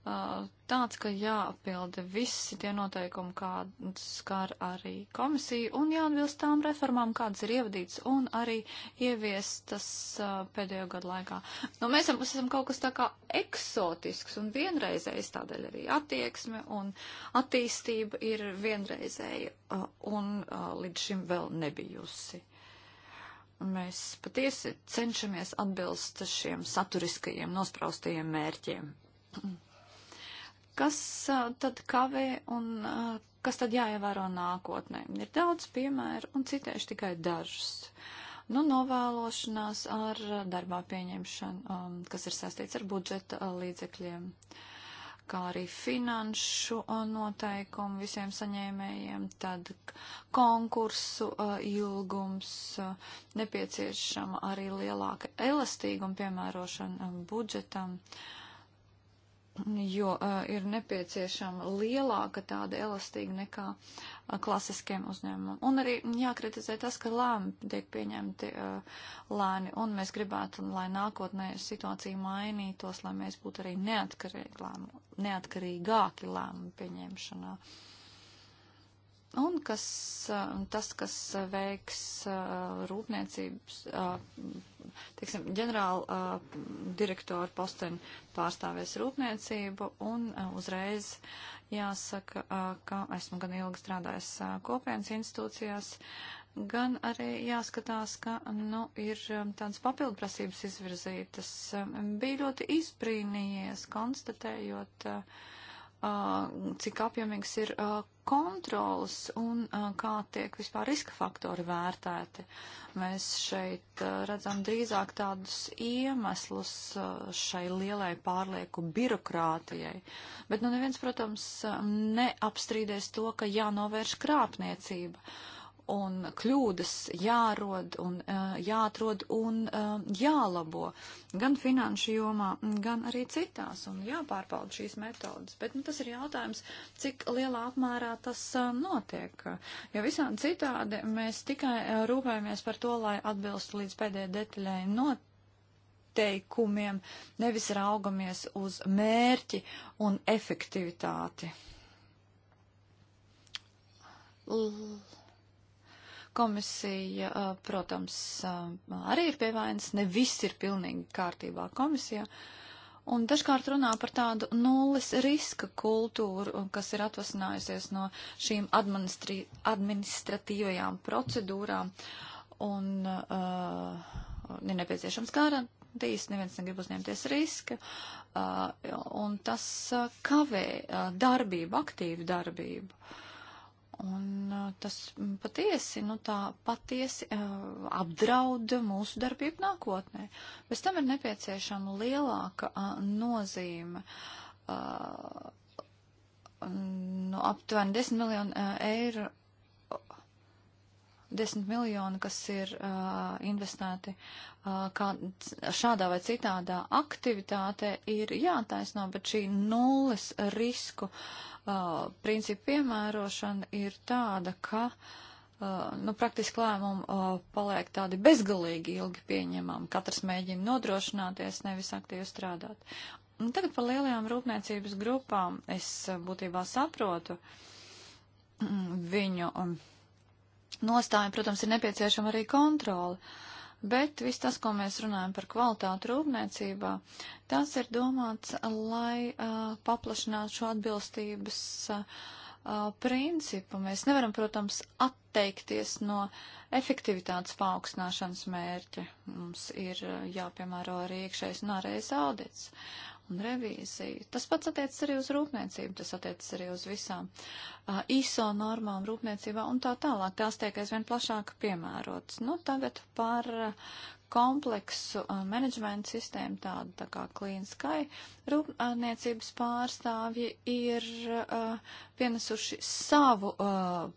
Uh, tāds, ka jāapbilda visi tie noteikumi, kādas skar arī komisija, un jāatbilst tām reformām, kādas ir ievadīts un arī ieviestas uh, pēdējo gadu laikā. Nu, mēs esam, kaut kas tā kā eksotisks un vienreizējs, tādēļ arī attieksme un attīstība ir vienreizēja uh, un līdz šim vēl nebijusi. Mēs patiesi cenšamies atbilst šiem saturiskajiem nospraustajiem mērķiem. Mm. Kas tad kavē un kas tad jāievēro nākotnē? Ir daudz piemēru un citēšu tikai dažus nu, novēlošanās ar darbā pieņemšanu, kas ir saistīts ar budžeta līdzekļiem, kā arī finanšu noteikumu visiem saņēmējiem, tad konkursu ilgums, nepieciešama arī lielāka elastīguma piemērošana budžetam jo uh, ir nepieciešama lielāka tāda elastīga nekā uh, klasiskiem uzņēmumam. Un arī jākritizē tas, ka lēmumi tiek pieņemti uh, lēni, un mēs gribētu, lai nākotnē situācija mainītos, lai mēs būtu arī neatkarīgi lēmumi, neatkarīgāki lēmumi pieņemšanā. Uh, Un kas, tas, kas uh, veiks uh, rūpniecības, uh, teiksim, ģenerāla direktora posteni pārstāvēs rūpniecību un uzreiz jāsaka, ka esmu gan ilgi strādājis kopienas institūcijās, gan arī jāskatās, ka, nu, ir um, tādas papildprasības izvirzītas. Um, bija ļoti izbrīnījies, konstatējot, cik apjomīgs ir kontrols un uh, kā tiek vispār riska faktori vērtēti. Mēs šeit uh, redzam drīzāk tādus iemeslus uh, šai lielai pārlieku birokrātijai. Bet nu neviens, protams, neapstrīdēs to, ka jānovērš krāpniecība un kļūdas jārod un eh, jāatrod un eh, jālabo gan finanšu jomā, gan arī citās un jāpārbauda šīs metodas. Bet nu, tas ir jautājums, cik lielā apmērā tas eh, notiek. Jo visādi citādi mēs tikai rūpējamies par to, lai atbilstu līdz pēdējai detaļai not teikumiem, nevis raugamies uz mērķi un efektivitāti. L Komisija, protams, arī ir pievainas, ne viss ir pilnīgi kārtībā komisijā. Un dažkārt runā par tādu nulles riska kultūru, kas ir atvasinājusies no šīm administratīvajām procedūrām. Un uh, ir nepieciešams garantijas, neviens negrib uzņemties riska. Uh, un tas uh, kavē uh, darbību, aktīvu darbību. Uh, Un uh, tas patiesi, nu tā patiesi uh, apdraud mūsu darbību nākotnē. Bez tam ir nepieciešama lielāka uh, nozīme nu, aptuveni 10 miljonu eiro 10 miljoni, kas ir uh, investēti uh, kā, šādā vai citādā aktivitātē, ir jātaisno, bet šī nulles risku uh, principu piemērošana ir tāda, ka uh, nu, praktiski lēmumi uh, paliek tādi bezgalīgi ilgi pieņemami. Katrs mēģina nodrošināties, nevis aktīvi strādāt. Un tagad par lielajām rūpniecības grupām es būtībā saprotu viņu. Um, nostājiem, protams, ir nepieciešama arī kontrola. Bet viss tas, ko mēs runājam par kvalitātu rūpniecībā, tas ir domāts, lai uh, paplašinātu šo atbilstības uh, principu. Mēs nevaram, protams, atteikties no efektivitātes paaugstināšanas mērķa. Mums ir uh, jāpiemēro arī iekšējais un ārējais audits un revīziju. Tas pats attiecas arī uz rūpniecību, tas attiecas arī uz visām uh, ISO normām rūpniecībā un tā tālāk. Tās tiek aizvien plašāk piemērotas. Nu, tagad par kompleksu uh, menedžmenta sistēmu, tādu tā kā Clean Sky, rūpniecības pārstāvji ir uh, pienesuši savu uh,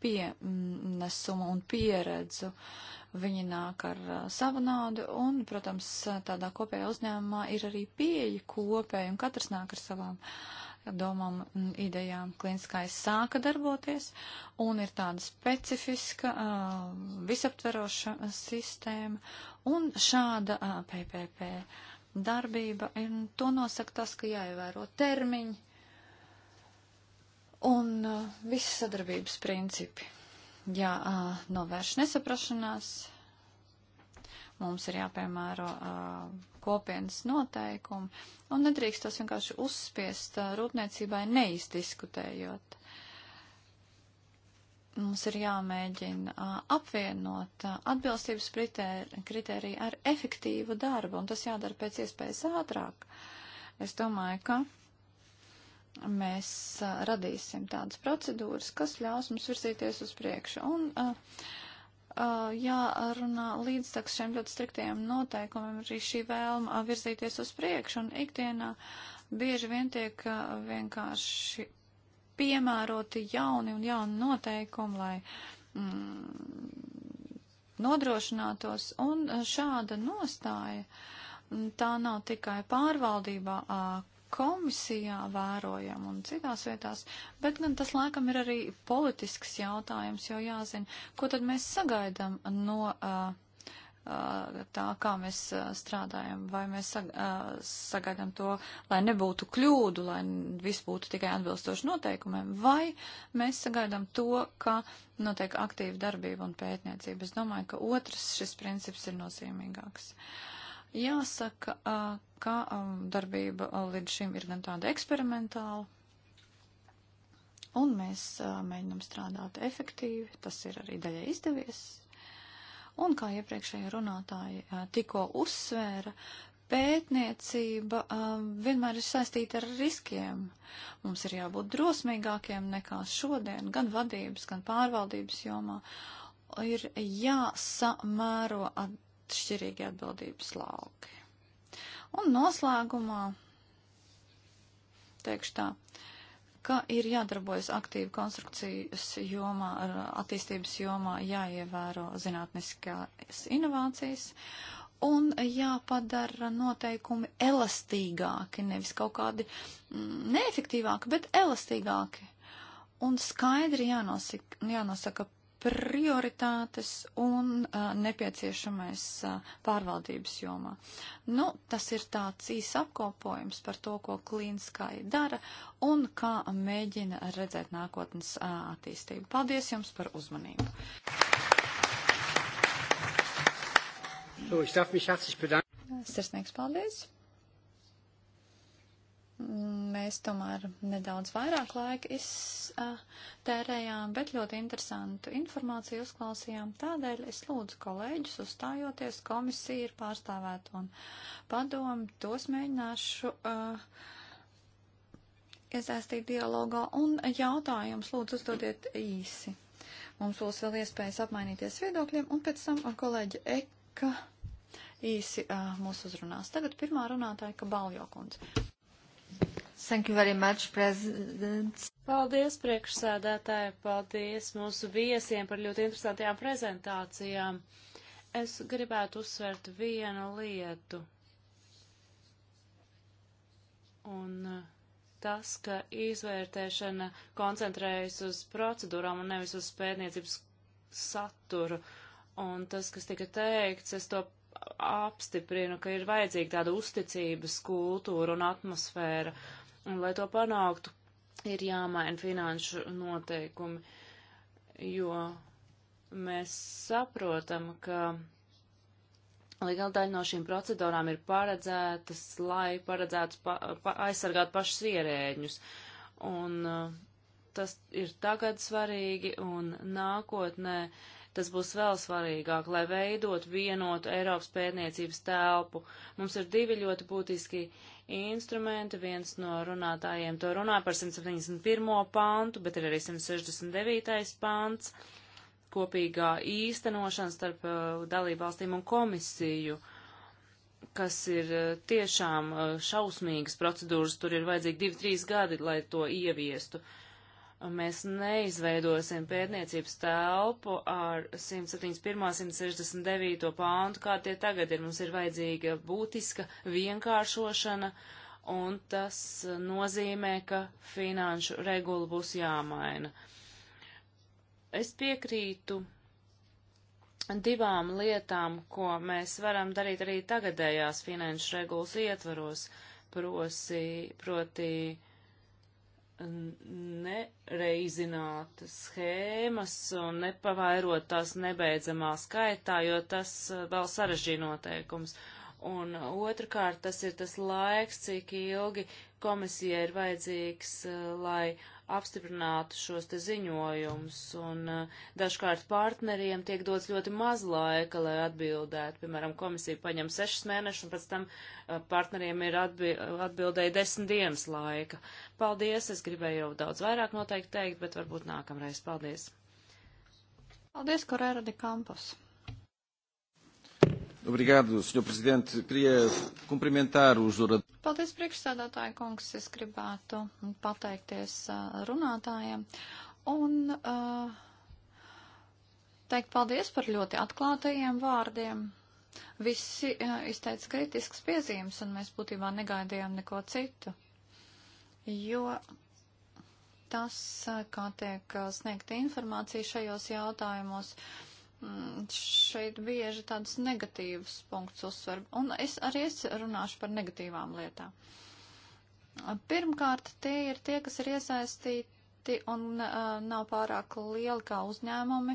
pienesumu un pieredzu. Uh, Viņi nāk ar savu naudu un, protams, tādā kopējā uzņēmumā ir arī pieeja kopēja un katrs nāk ar savām domām un idejām. Kliniskais sāka darboties un ir tāda specifiska, visaptveroša sistēma un šāda PPP darbība. Un to nosaka tas, ka jāievēro termiņi un uh, visi sadarbības principi jānovērš nesaprašanās. Mums ir jāpiemēro uh, kopienas noteikumi un nedrīkst tos vienkārši uzspiest uh, rūpniecībai neizdiskutējot. Mums ir jāmēģina uh, apvienot uh, atbilstības kritēriju ar efektīvu darbu, un tas jādara pēc iespējas ātrāk. Es domāju, ka mēs a, radīsim tādas procedūras, kas ļaus mums virzīties uz priekšu. Un a, a, jārunā līdz tak šiem ļoti striktiem noteikumiem arī šī vēlma virzīties uz priekšu. Un ikdienā bieži vien tiek vienkārši piemēroti jauni un jauni noteikumi, lai mm, nodrošinātos. Un šāda nostāja. Mm, tā nav tikai pārvaldībā, komisijā vērojam un citās vietās, bet gan tas laikam ir arī politisks jautājums, jo jāzina, ko tad mēs sagaidām no uh, uh, tā, kā mēs strādājam, vai mēs sag, sagaidām to, lai nebūtu kļūdu, lai viss būtu tikai atbilstoši noteikumiem, vai mēs sagaidām to, ka notiek aktīva darbība un pētniecība. Es domāju, ka otrs šis princips ir nozīmīgāks. Uh, Jāsaka, ka darbība līdz šim ir gan tāda eksperimentāla, un mēs mēģinam strādāt efektīvi, tas ir arī daļai izdevies. Un kā iepriekšējie runātāji tikko uzsvēra, pētniecība vienmēr ir saistīta ar riskiem. Mums ir jābūt drosmīgākiem nekā šodien, gan vadības, gan pārvaldības jomā. Ir jāsamēro atšķirīgi atbildības lauki. Un noslēgumā teikšu tā, ka ir jādarbojas aktīvi konstrukcijas jomā, attīstības jomā, jāievēro zinātniskās inovācijas un jāpadara noteikumi elastīgāki, nevis kaut kādi mm, neefektīvāki, bet elastīgāki. Un skaidri jānosaka, jānosaka prioritātes un uh, nepieciešamais uh, pārvaldības jomā. Nu, tas ir tāds īs apkopojums par to, ko klīniskai dara un kā mēģina redzēt nākotnes uh, attīstību. Paldies jums par uzmanību. So, Sirsnīgs paldies mēs tomēr nedaudz vairāk laika iztērējām, bet ļoti interesantu informāciju uzklausījām. Tādēļ es lūdzu kolēģus uzstājoties, komisija ir pārstāvēta un padomu, tos mēģināšu uh, iesaistīt dialogā un jautājums lūdzu uzdodiet īsi. Mums būs vēl iespējas apmainīties viedokļiem un pēc tam ar kolēģi Eka īsi uh, mūs uzrunās. Tagad pirmā runātāja ka kundze. Thank you very much, President. Paldies, priekšsēdētāji, paldies mūsu viesiem par ļoti interesantajām prezentācijām. Es gribētu uzsvērt vienu lietu. Un uh, tas, ka izvērtēšana koncentrējas uz procedūrām un nevis uz pētniecības saturu. Un tas, kas tika teikts, es to apstiprinu, ka ir vajadzīga tāda uzticības kultūra un atmosfēra lai to panāktu, ir jāmaina finanšu noteikumi, jo mēs saprotam, ka liela daļa no šīm procedūrām ir paredzētas, lai paredzētu pa, pa, aizsargāt pašus ierēģņus. Un uh, tas ir tagad svarīgi, un nākotnē tas būs vēl svarīgāk, lai veidot vienotu Eiropas pētniecības telpu. Mums ir divi ļoti būtiski instrumenti. Viens no runātājiem to runā par 171. pantu, bet ir arī 169. pants kopīgā īstenošana starp uh, dalībvalstīm un komisiju kas ir uh, tiešām uh, šausmīgas procedūras, tur ir vajadzīgi 2-3 gadi, lai to ieviestu mēs neizveidosim pētniecības telpu ar 171. 169. pāntu, kā tie tagad ir. Mums ir vajadzīga būtiska vienkāršošana, un tas nozīmē, ka finanšu regula būs jāmaina. Es piekrītu divām lietām, ko mēs varam darīt arī tagadējās finanšu regulas ietvaros, prosi, proti nereizināt schēmas un nepavairot tās nebeidzamā skaitā, jo tas eh, vēl sarežģīja noteikums. Un otrkārt, tas ir tas laiks, cik ilgi komisija ir vajadzīgs, eh, lai uh, apstiprināt šos te ziņojumus, un eh, dažkārt partneriem tiek dots ļoti maz laika, lai atbildētu. Piemēram, komisija paņem sešas mēnešus, un pēc tam eh, partneriem ir atbildēja desmit dienas laika. Paldies, es gribēju jau daudz vairāk noteikti teikt, bet varbūt nākamreiz. Paldies! Paldies, Korēra de Kampos! Obrigado, Sr. Presidente. Queria cumprimentar os oradores. Paldies, priekšsēdētāji kungs. Es gribētu pateikties runātājiem un teikt paldies par ļoti atklātajiem vārdiem. Visi izteica kritisks piezīmes, un mēs būtībā negaidījām neko citu. Jo tas, kā tiek sniegta informācija šajos jautājumos, Mm, šeit bieži tādas negatīvas punktus uzsver, un es arī es runāšu par negatīvām lietām. Pirmkārt, tie ir tie, kas ir iesaistīti un uh, nav pārāk lieli kā uzņēmumi.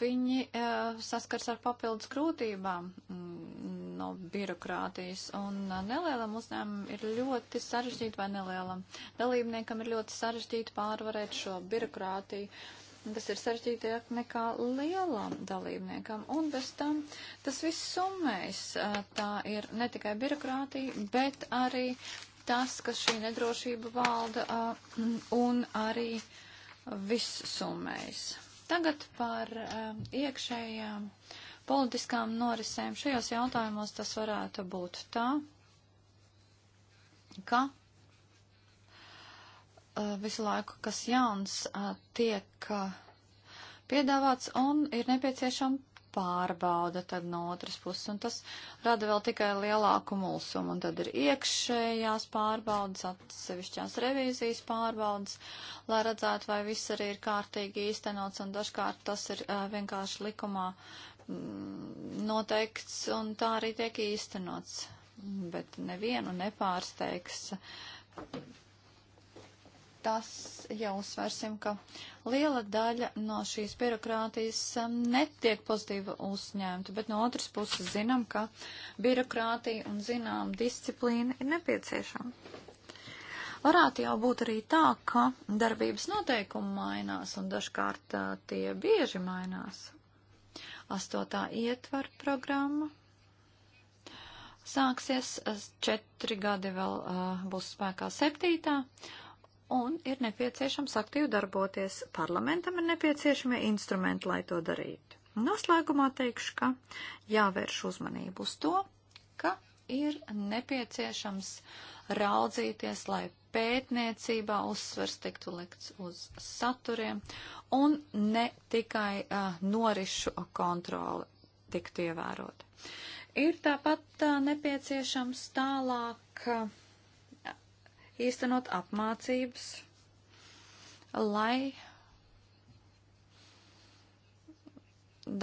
Viņi uh, saskars ar papildus grūtībām mm, no birokrātijas, un uh, nelielam uzņēmumam ir ļoti sarežģīti vai nelielam dalībniekam ir ļoti sarežģīti pārvarēt šo birokrātiju. Uh, Tas ir sarežģītāk nekā lielam dalībniekam, un bez tam tas viss summējas. Tā ir ne tikai birokrātija, bet arī tas, kas šī nedrošība valda, un arī viss summējas. Tagad par iekšējām politiskām norisēm. Šajos jautājumos tas varētu būt tā, ka Uh, visu laiku, kas jauns uh, tiek uh, piedāvāts un ir nepieciešama pārbauda tad no otras puses, un tas rada vēl tikai lielāku mulsumu, un tad ir iekšējās pārbaudas, atsevišķās revīzijas pārbaudas, lai redzētu, vai viss arī ir kārtīgi īstenots, un dažkārt tas ir vienkārši likumā mm, noteikts, un tā arī tiek īstenots, bet nevienu nepārsteigts tas, jau uzsversim, ka liela daļa no šīs birokrātijas um, netiek pozitīvi uzņemta, bet no otras puses zinām, ka birokrātija un zinām disciplīna ir nepieciešama. Varētu jau būt arī tā, ka darbības noteikumi mainās un dažkārt uh, tie bieži mainās. Astotā ietvar programma sāksies, četri gadi vēl uh, būs spēkā septītā, un ir nepieciešams aktīvi darboties. Parlamentam ir nepieciešamie instrumenti, lai to darītu. Noslēgumā teikšu, ka jāvērš uzmanību uz to, ka ir nepieciešams raudzīties, lai pētniecībā uzsvers tiktu likts uz saturiem un ne tikai uh, norišu kontroli tiktu ievērot. Ir tāpat uh, nepieciešams tālāk. Uh, īstenot apmācības, lai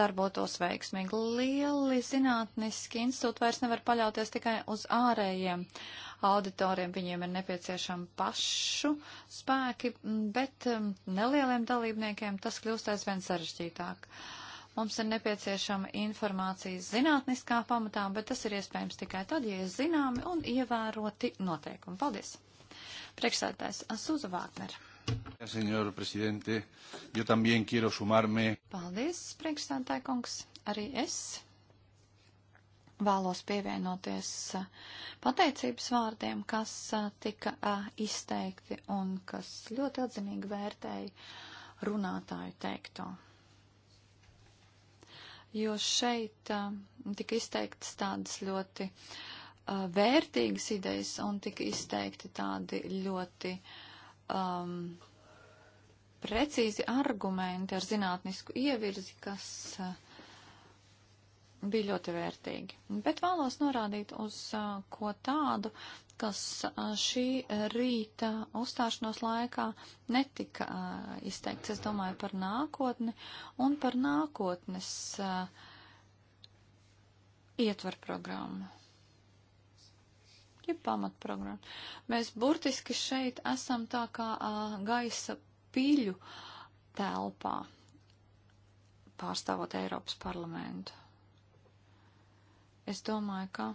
darbotos veiksmīgi. Lieli zinātniski institūti vairs nevar paļauties tikai uz ārējiem auditoriem. Viņiem ir nepieciešama pašu spēki, bet um, nelieliem dalībniekiem tas kļūst aizvien sarežģītāk. Mums ir nepieciešama informācija zinātniskā pamatā, bet tas ir iespējams tikai tad, ja ir zināmi un ievēroti noteikumi. Paldies! Priekšsēdētājs Asūza Vātner. Senjor prezidente, jo también quiero sumarme. Paldies, priekšsēdētāji kungs. Arī es vēlos pievienoties pateicības vārdiem, kas tika izteikti un kas ļoti atzinīgi vērtēja runātāju teikto. Jo šeit tika izteiktas tādas ļoti uh, vērtīgas idejas un tika izteikti tādi ļoti um, precīzi argumenti ar zinātnisku ievirzi, kas bija ļoti vērtīgi. Bet vēlos norādīt uz ko tādu, kas šī rīta uzstāšanos laikā netika izteikts, es domāju, par nākotni un par nākotnes uh, programmu ir pamatprogramma. Mēs burtiski šeit esam tā kā gaisa piļu telpā, pārstāvot Eiropas parlamentu. Es domāju, ka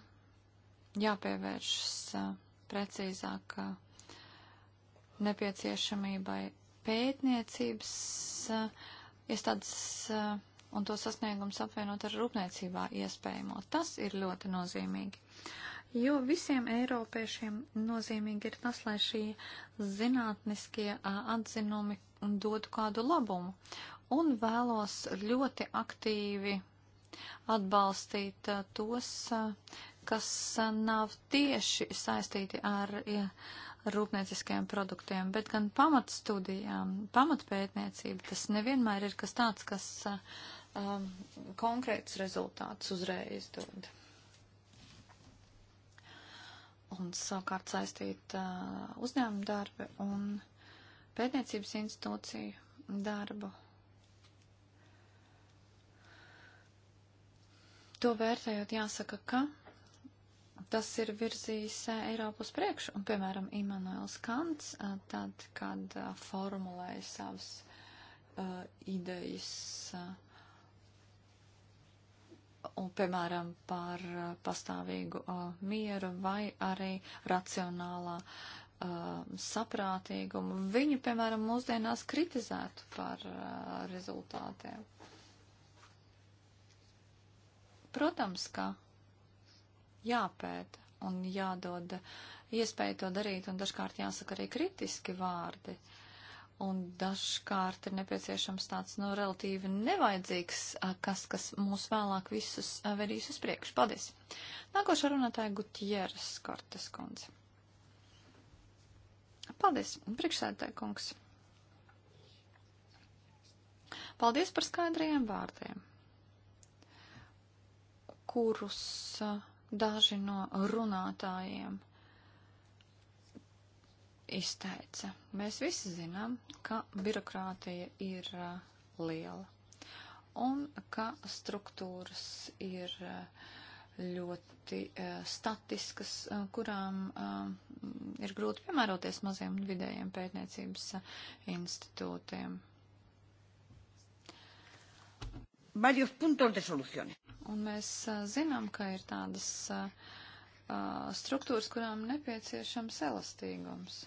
jāpievēršas precīzāk nepieciešamībai pētniecības iestādes. un to sasniegums apvienot ar rūpniecībā iespējamo. Tas ir ļoti nozīmīgi jo visiem eiropiešiem nozīmīgi ir tas, lai šī zinātniskie atzinumi dotu kādu labumu. Un vēlos ļoti aktīvi atbalstīt tos, kas nav tieši saistīti ar rūpnieciskajiem produktiem, bet gan pamatstudijām, pamatpētniecība. Tas nevienmēr ir kas tāds, kas um, konkrēts rezultāts uzreiz dod un savukārt saistīt uzņēmumu darbi un pētniecības institūciju darbu. To vērtējot jāsaka, ka tas ir virzījis Eiropu uz priekšu, un, piemēram, Immanuels Kants, tad, kad formulēja savas uh, idejas, uh, un, piemēram, par eh, pastāvīgu uh, mieru vai arī racionālā uh, saprātīgumu. Viņu, piemēram, mūsdienās kritizētu par uh, rezultātiem. Protams, ka jāpēta un jādod iespēja to darīt, un dažkārt jāsaka arī kritiski vārdi. Uh, Un dažkārt ir nepieciešams tāds, no relatīvi nevajadzīgs, kas, kas mūs vēlāk visus vedīs uz priekšu. Paldies! Nākošā runātāja Gutieres Kortes kundze. Paldies, priekšsēdētāja kungs! Paldies par skaidrajiem vārdiem, kurus daži no runātājiem izteica. Mēs visi zinām, ka birokrātija ir uh, liela un ka struktūras ir uh, ļoti uh, statiskas, kurām ir grūti piemēroties maziem un vidējiem pētniecības institūtiem. Un mēs zinām, ka ir tādas struktūras, kurām nepieciešams elastīgums.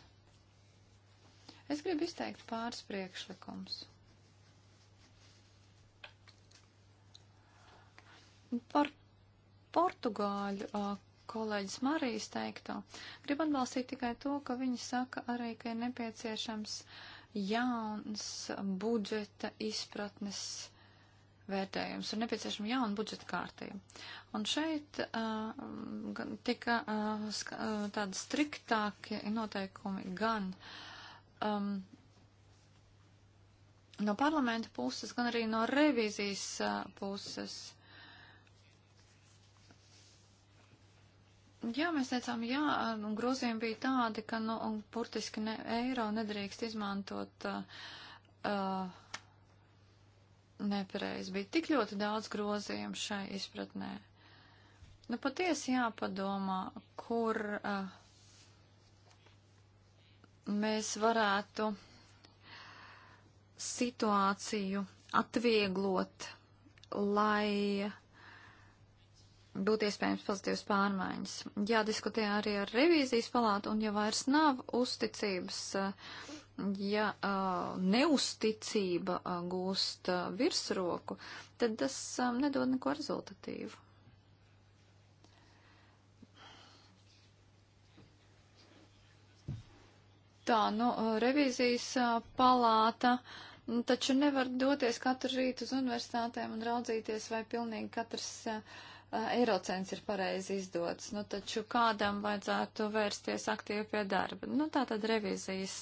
Es gribu izteikt pāris priekšlikums. Par portugāļu kolēģis Marijas teikto gribu atbalstīt tikai to, ka viņi saka arī, ka ir nepieciešams jauns budžeta izpratnes vērtējums, ir nepieciešama jauna budžeta kārtība. Un šeit uh, tika uh, tādi striktāki noteikumi gan uh, um, no parlamenta puses, gan arī no revizijas uh, puses. Jā, mēs teicām, jā, un grozījumi bija tādi, ka, nu, un purtiski ne, eiro nedrīkst izmantot uh, uh, nepareizi. Bija tik ļoti daudz grozījumu šai izpratnē. Nu, patiesi jāpadomā, kur. Uh, mēs varētu situāciju atvieglot, lai būtu iespējams pozitīvas pārmaiņas. Jādiskutē arī ar revīzijas palātu, un ja vairs nav uzticības, ja uh, neusticība gūst virsroku, tad tas um, nedod neko rezultatīvu. Tā, nu, revīzijas palāta taču nevar doties katru rītu uz universitātēm un raudzīties, vai pilnīgi katrs eirocents ir pareizi izdots. Nu, taču kādam vajadzētu vērsties aktīvi pie darba. Nu, tā tad revīzijas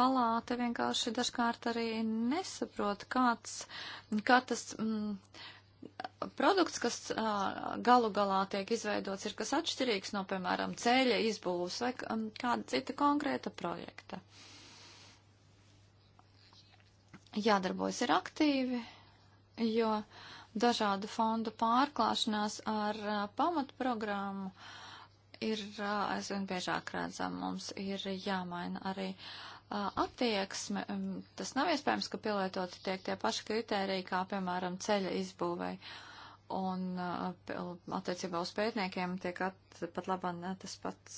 palāta vienkārši dažkārt arī nesaprot, kāds, kā tas. Mm, produkts, kas galu galā tiek izveidots, ir kas atšķirīgs no, piemēram, ceļa izbūves vai um, kāda cita konkrēta projekta. Jādarbojas ir aktīvi, jo dažādu fondu pārklāšanās ar pamatprogrammu ir es vien biežāk redzam, Mums ir jāmaina arī uh, attieksme, um, tas nav iespējams, ka pielietoti tiek tie paši kritēriji, kā, piemēram, ceļa izbūvai. Un attiecībā uz pētniekiem tiek at, pat labāk tas pats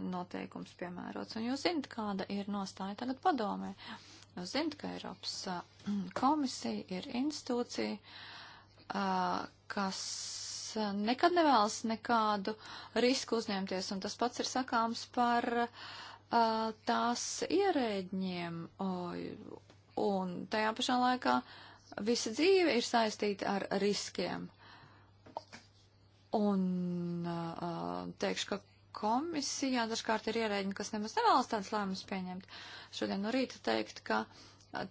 noteikums piemērots. Un jūs zinat, kāda ir nostāja tagad padomē. Jūs zinat, ka Eiropas komisija ir institūcija, kas nekad nevēlas nekādu risku uzņemties. Un tas pats ir sakāms par uh, tās ierēģiem un tajā pašā laikā visa dzīve ir saistīta ar riskiem. Un teikšu, ka komisijā dažkārt ir ierēģi, kas nemaz nevēlas tādas lēmumus pieņemt. Šodien no rīta teikt, ka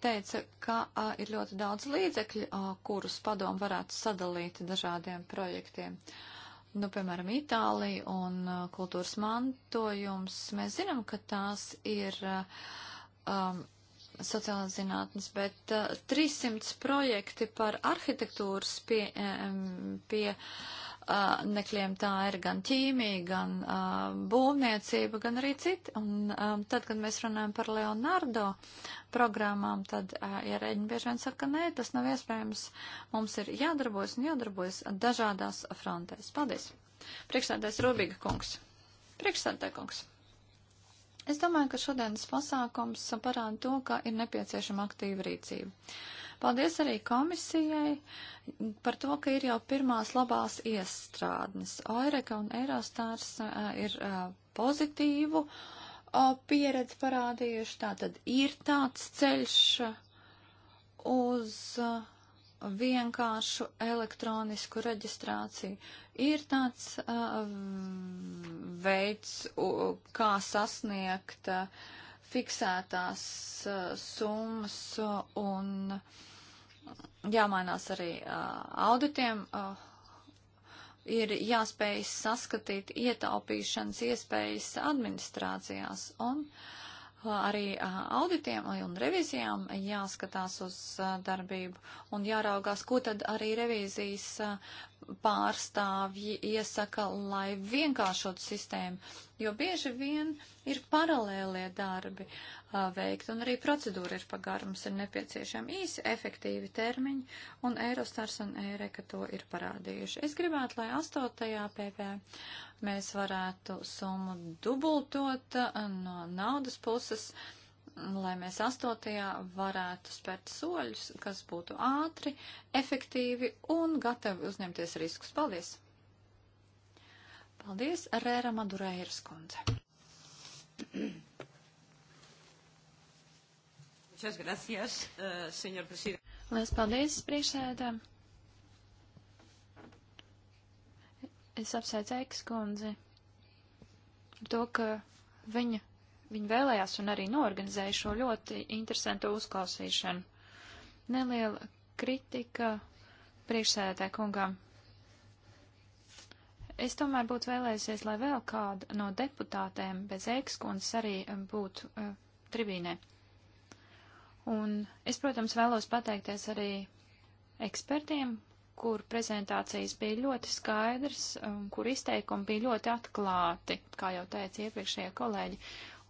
teica, ka ir ļoti daudz līdzekļu, kurus padomu varētu sadalīt dažādiem projektiem nu, piemēram, Itālija un uh, kultūras mantojums, mēs zinām, ka tās ir uh, um, sociālās zinātnes, bet uh, 300 projekti par arhitektūras pie, um, pie uh, nekliem tā ir gan ķīmija, gan uh, būvniecība, gan arī citi. Un um, tad, kad mēs runājam par Leonardo programmām, tad uh, ierēģi bieži vien saka, ka nē, tas nav iespējams. Mums ir jādarbojas un jādarbojas dažādās frontēs. Paldies! Priekšsēdēs Rubiga kungs. Priekšsēdē kungs. Es domāju, ka šodienas pasākums parāda to, ka ir nepieciešama aktīva rīcība. Uh, Paldies arī komisijai par to, ka ir jau pirmās labās iestrādnes. Oireka un Eirostārs ir pozitīvu pieredzi parādījuši. Tātad ir tāds ceļš uz vienkāršu elektronisku reģistrāciju. Ir tāds veids, kā sasniegt fiksētās summas un jāmainās arī auditiem. Ir jāspēj saskatīt ietaupīšanas iespējas administrācijās un arī auditiem un revizijām jāskatās uz darbību un jāraugās, ko tad arī revīzijas pārstāvji iesaka, lai vienkāršotu sistēmu, jo bieži vien ir paralēlie darbi uh, veikt, un arī procedūra ir pagarums, ir nepieciešami īsi, efektīvi termiņi, un Eurostars un Eireka to ir parādījuši. Es gribētu, lai 8. PP mēs varētu summu dubultot uh, no naudas puses lai mēs astotajā varētu spērt soļus, kas būtu ātri, efektīvi un gatavi uzņemties riskus. Paldies! Paldies, Rēra Madureiras kundze. Muchas eh, Lielas paldies, priekšsēdā. Es apsveicu Eikas kundzi ar to, ka viņa Viņi vēlējās un arī norganizēja šo ļoti interesantu uzklausīšanu. Neliela kritika priekšsēdētē kungam. Es tomēr būtu vēlējusies, lai vēl kāda no deputātēm bez ekskundas arī um, būtu uh, tribīnē. Un es, protams, vēlos pateikties arī ekspertiem, kur prezentācijas bija ļoti skaidrs, um, kur izteikumi bija ļoti atklāti, kā jau teica iepriekšējie kolēģi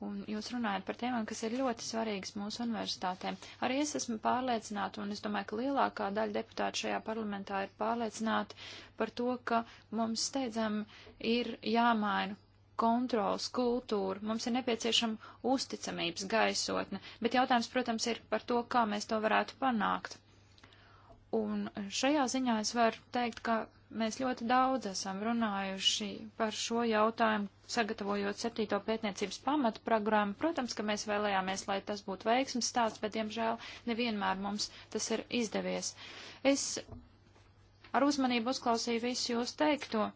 un jūs runājat par tēmām, kas ir ļoti svarīgas mūsu universitātēm. Arī es esmu pārliecināta, un es domāju, ka lielākā daļa deputātu šajā parlamentā ir pārliecināta par to, ka mums steidzam ir jāmaina kontrols, kultūra, mums ir nepieciešama uzticamības gaisotne, bet jautājums, protams, ir par to, kā mēs to varētu panākt. Un šajā ziņā es varu teikt, ka Mēs ļoti daudz esam runājuši par šo jautājumu, sagatavojot septīto pētniecības pamatu programmu. Protams, ka mēs vēlējāmies, lai tas būtu veiksmes stāsts, bet, diemžēl, nevienmēr mums tas ir izdevies. Es ar uzmanību uzklausīju visu jūs teikto.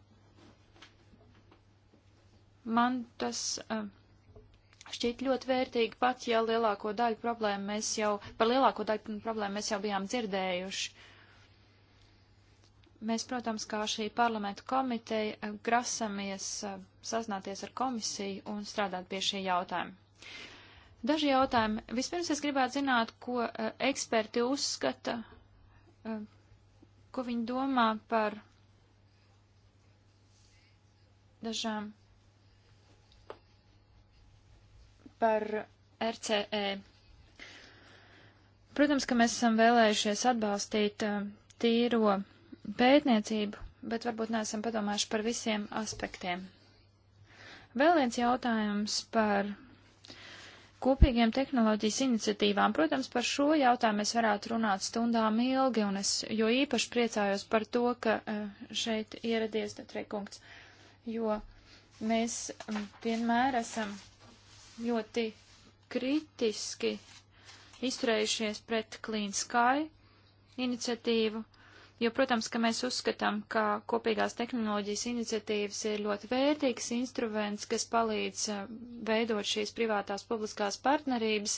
Man tas. Uh, šķiet ļoti vērtīgi, pat ja lielāko daļu problēmu mēs jau, par lielāko daļu problēmu mēs jau bijām dzirdējuši. Mēs, protams, kā šī parlamenta komiteja, grasamies eh, sazināties ar komisiju un strādāt pie šī jautājuma. Daži jautājumi. Vispirms es gribētu zināt, ko eh, eksperti uzskata, eh, ko viņi domā par dažām par RCE. Protams, ka mēs esam vēlējušies atbalstīt tīro pētniecību, bet varbūt neesam padomājuši par visiem aspektiem. Vēl viens jautājums par kopīgiem tehnoloģijas iniciatīvām. Protams, par šo jautājumu mēs varētu runāt stundām ilgi, un es jo īpaši priecājos par to, ka eh, šeit ieradies Trekungs, jo mēs mm, vienmēr esam ļoti kritiski izturējušies pret Clean Sky iniciatīvu. Jo, protams, ka mēs uzskatām, ka kopīgās tehnoloģijas iniciatīvas ir ļoti vērtīgs instruments, kas palīdz eh, veidot šīs privātās publiskās partnerības.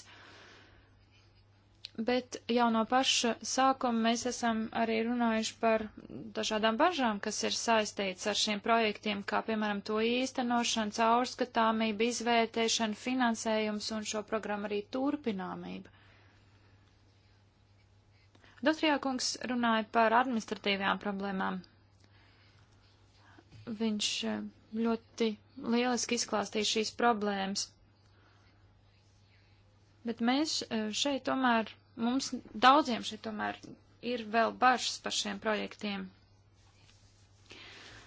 Bet jau no paša sākuma mēs esam arī runājuši par dažādām bažām, kas ir saistīts ar šiem projektiem, kā piemēram to īstenošana, caurskatāmība, izvērtēšana, finansējums un šo programmu arī turpināmība. Dotrijā kungs runāja par administratīvajām problēmām. Viņš eh, ļoti lieliski izklāstīja šīs problēmas. Bet mēs eh, šeit tomēr, mums daudziem šeit tomēr ir vēl bažas par šiem projektiem.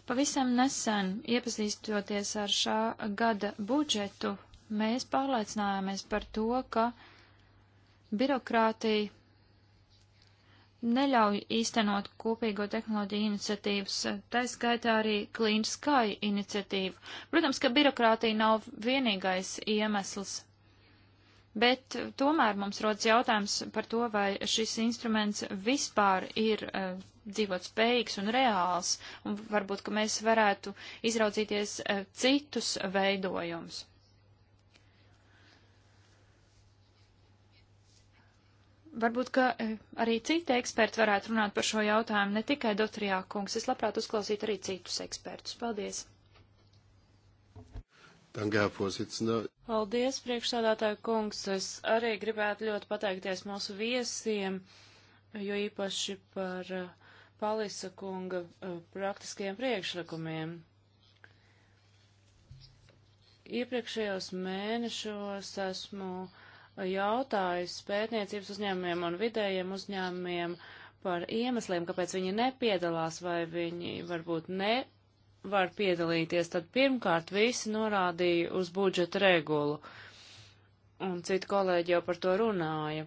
Pavisam nesen, iepazīstoties ar šā gada budžetu, mēs pārliecinājāmies par to, ka birokrātija neļauj īstenot kopīgo tehnoloģiju iniciatīvas, tā skaitā arī Clean Sky iniciatīvu. Protams, ka birokrātija nav vienīgais iemesls, Bet tomēr mums rodas jautājums par to, vai šis instruments vispār ir uh, dzīvot spējīgs un reāls, un varbūt, ka mēs varētu izraudzīties uh, citus veidojumus. Varbūt, ka eh, arī citi eksperti varētu runāt par šo jautājumu, ne tikai Dotrijā kungs. Es labprāt uzklausītu arī citus ekspertus. Paldies! Paldies, priekšsādātāju kungs. Es arī gribētu ļoti pateikties mūsu viesiem, jo īpaši par eh, Palisa kunga eh, praktiskajiem priekšlikumiem. Iepriekšējos mēnešos esmu jautājis pētniecības uzņēmumiem un vidējiem uzņēmumiem par iemesliem, kāpēc viņi nepiedalās vai viņi varbūt var piedalīties, tad pirmkārt visi norādīja uz budžeta regulu. Un citi kolēģi jau par to runāja.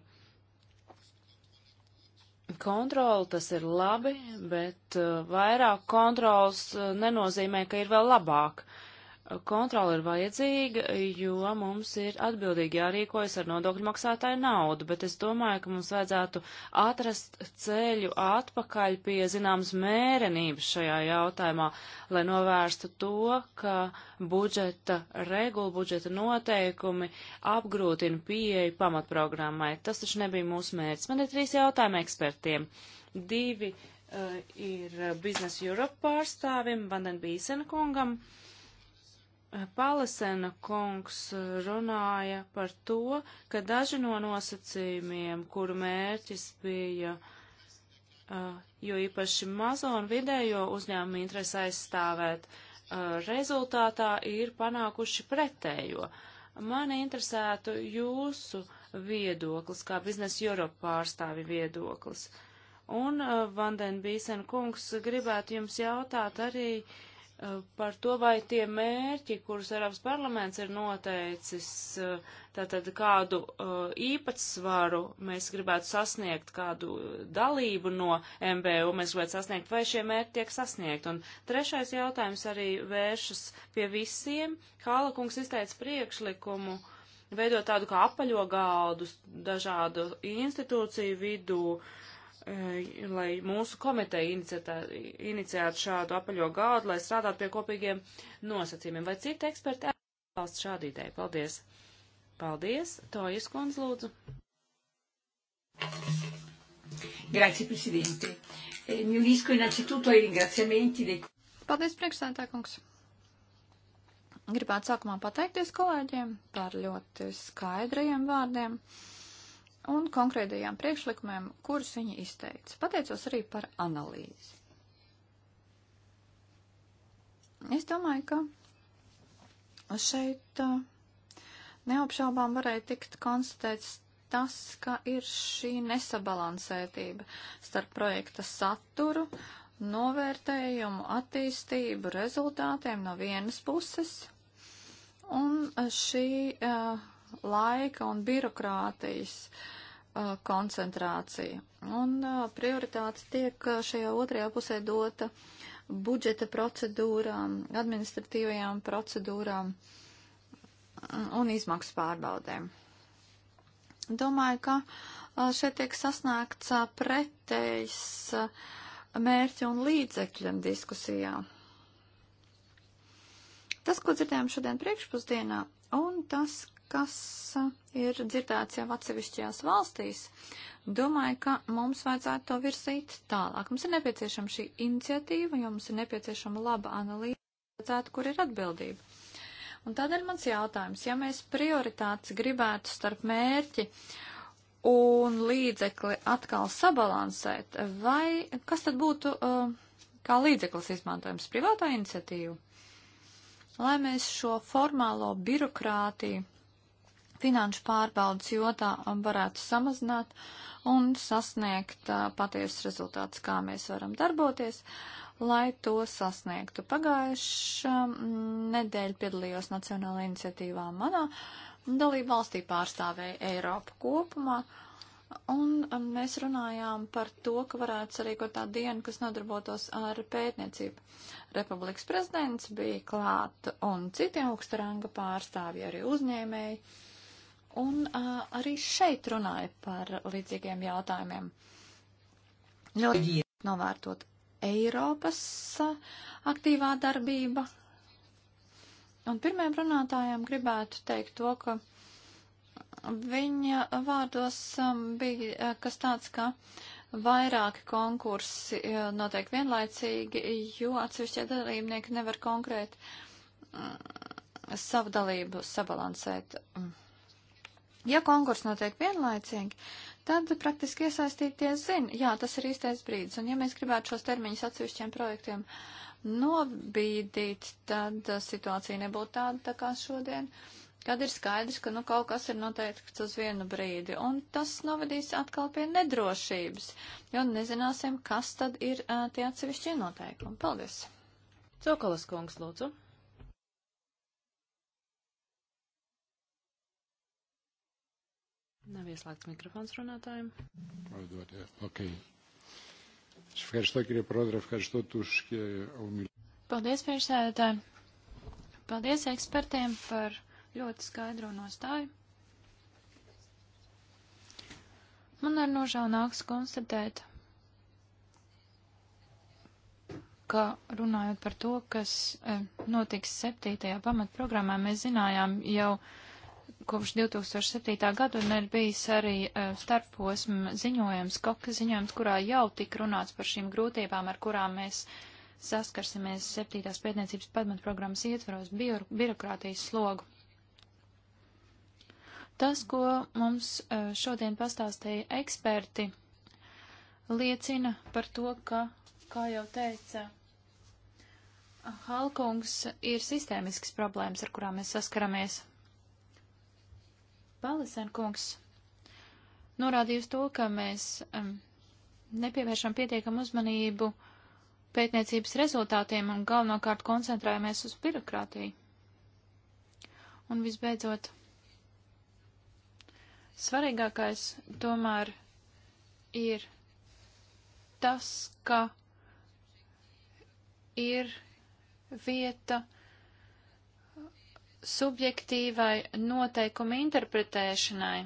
Kontroli tas ir labi, bet uh, vairāk kontrols uh, nenozīmē, ka ir vēl labāk kontrole ir vajadzīga, jo mums ir atbildīgi jārīkojas ar nodokļu maksātāju naudu, bet es domāju, ka mums vajadzētu atrast ceļu atpakaļ pie zināmas mērenības šajā jautājumā, lai novērstu to, ka budžeta regula, budžeta noteikumi apgrūtina pieeju pamatprogrammai. Tas taču nebija mūsu mērķis. Man ir trīs jautājumi ekspertiem. Divi uh, ir Business Europe pārstāvim, Vanden Bīsen kungam. Uh, Palasena kungs runāja par to, ka daži no nosacījumiem, kuru mērķis bija, jo īpaši mazo un vidējo uzņēmumu interesi aizstāvēt, rezultātā ir panākuši pretējo. Mani interesētu jūsu viedoklis, kā biznesa Europa pārstāvi viedoklis. Un Vandenbīsen kungs gribētu jums jautāt arī, uh, par to, vai tie mērķi, kurus Eiropas parlaments ir noteicis, tātad kādu uh, īpatsvaru mēs gribētu sasniegt, kādu dalību no MBU mēs gribētu sasniegt, vai šie mērķi tiek sasniegt. Un trešais jautājums arī vēršas pie visiem. Kāla kungs izteica priekšlikumu veidot tādu kā apaļo galdu dažādu institūciju vidū, uh, E, lai mūsu komiteja iniciētu šādu apaļo galdu, lai strādātu pie kopīgiem nosacījumiem. Vai citi eksperti atbalsta šādu ideju? Paldies! Paldies! To izkundz lūdzu! Grazie, Presidente. E, mi unisco innanzitutto ai ringraziamenti dei... Paldies, priekšsēdētāj, kungs! Gribētu sākumā pateikties kolēģiem par ļoti skaidriem vārdiem un konkrētajām priekšlikumiem, kurus viņi izteica. Pateicos arī par analīzi. Es domāju, ka šeit uh, neapšaubām varēja tikt konstatēts tas, ka ir šī nesabalansētība starp projekta saturu, novērtējumu, attīstību, rezultātiem no vienas puses un šī uh, laika un birokrātijas uh, koncentrācija. Un prioritāte tiek šajā otrajā pusē dota budžeta procedūrām, administratīvajām procedūrām un izmaksu pārbaudēm. Domāju, ka šeit tiek sasniegts pretējs mērķi un līdzekļiem diskusijā. Tas, ko dzirdējām šodien priekšpusdienā, un tas, kas uh, ir dzirdēts jau atsevišķajās valstīs, domāju, ka mums vajadzētu to virsīt tālāk. Mums ir nepieciešama šī iniciatīva, jo mums ir nepieciešama laba analīze, vajadzētu, kur ir atbildība. Un tādēļ mans jautājums, ja mēs prioritātes gribētu starp mērķi un līdzekli atkal sabalansēt, vai kas tad būtu uh, kā līdzeklis izmantojums privātā iniciatīva? Lai mēs šo formālo birokrātiju finanšu pārbaudas jodā varētu samazināt un sasniegt patiesu rezultātu, kā mēs varam darboties, lai to sasniegtu. Pagājušā nedēļa piedalījos Nacionālajā iniciatīvā manā dalība valstī pārstāvēja Eiropu kopumā. Un mēs runājām par to, ka varētu sarīkot tādu dienu, kas nodarbotos ar pētniecību. Republikas prezidents bija klāt un citiem augstaranga pārstāvji, arī uzņēmēji un uh, arī šeit runāja par līdzīgiem jautājumiem. Ļoti novērtot Eiropas aktīvā darbība. Un pirmajam runātājam gribētu teikt to, ka viņa vārdos bija kas tāds, ka vairāki konkursi notiek vienlaicīgi, jo atsevišķie dalībnieki nevar konkrēt savu dalību sabalansēt. Ja konkurss notiek vienlaicīgi, tad praktiski iesaistīties zina, jā, tas ir īstais brīdis. Un ja mēs gribētu šos termiņus atsevišķiem projektiem nobīdīt, tad situācija nebūtu tāda tā kā šodien, kad ir skaidrs, ka nu kaut kas ir noteikts uz vienu brīdi. Un tas novedīs atkal pie nedrošības, jo nezināsim, kas tad ir uh, tie atsevišķie noteikumi. Paldies! Cokolas kungs, lūdzu! Nav ieslēgts mikrofons runātājiem. Okay. Paldies, priekšsēdētāji. Paldies ekspertiem par ļoti skaidro nostāju. Man ar nožēlu nāks konstatēt, ka runājot par to, kas eh, notiks septītajā pamatprogrammā, mēs zinājām jau kopš 2007. gada un ir bijis arī e, starpposma ziņojums, koka ziņojums, kurā jau tik runāts par šīm grūtībām, ar kurām mēs saskarsimies septītās pētniecības programmas ietvaros birokrātijas slogu. Tas, ko mums e, šodien pastāstīja eksperti, liecina par to, ka, kā jau teica Halkungs, ir sistēmisks problēmas, ar kurām mēs saskaramies. Palisen kungs norādīja uz to, ka mēs nepievēršam pietiekam uzmanību pētniecības rezultātiem un galvenokārt koncentrējamies uz birokrātiju. Un visbeidzot, svarīgākais tomēr ir tas, ka ir vieta, subjektīvai noteikuma interpretēšanai.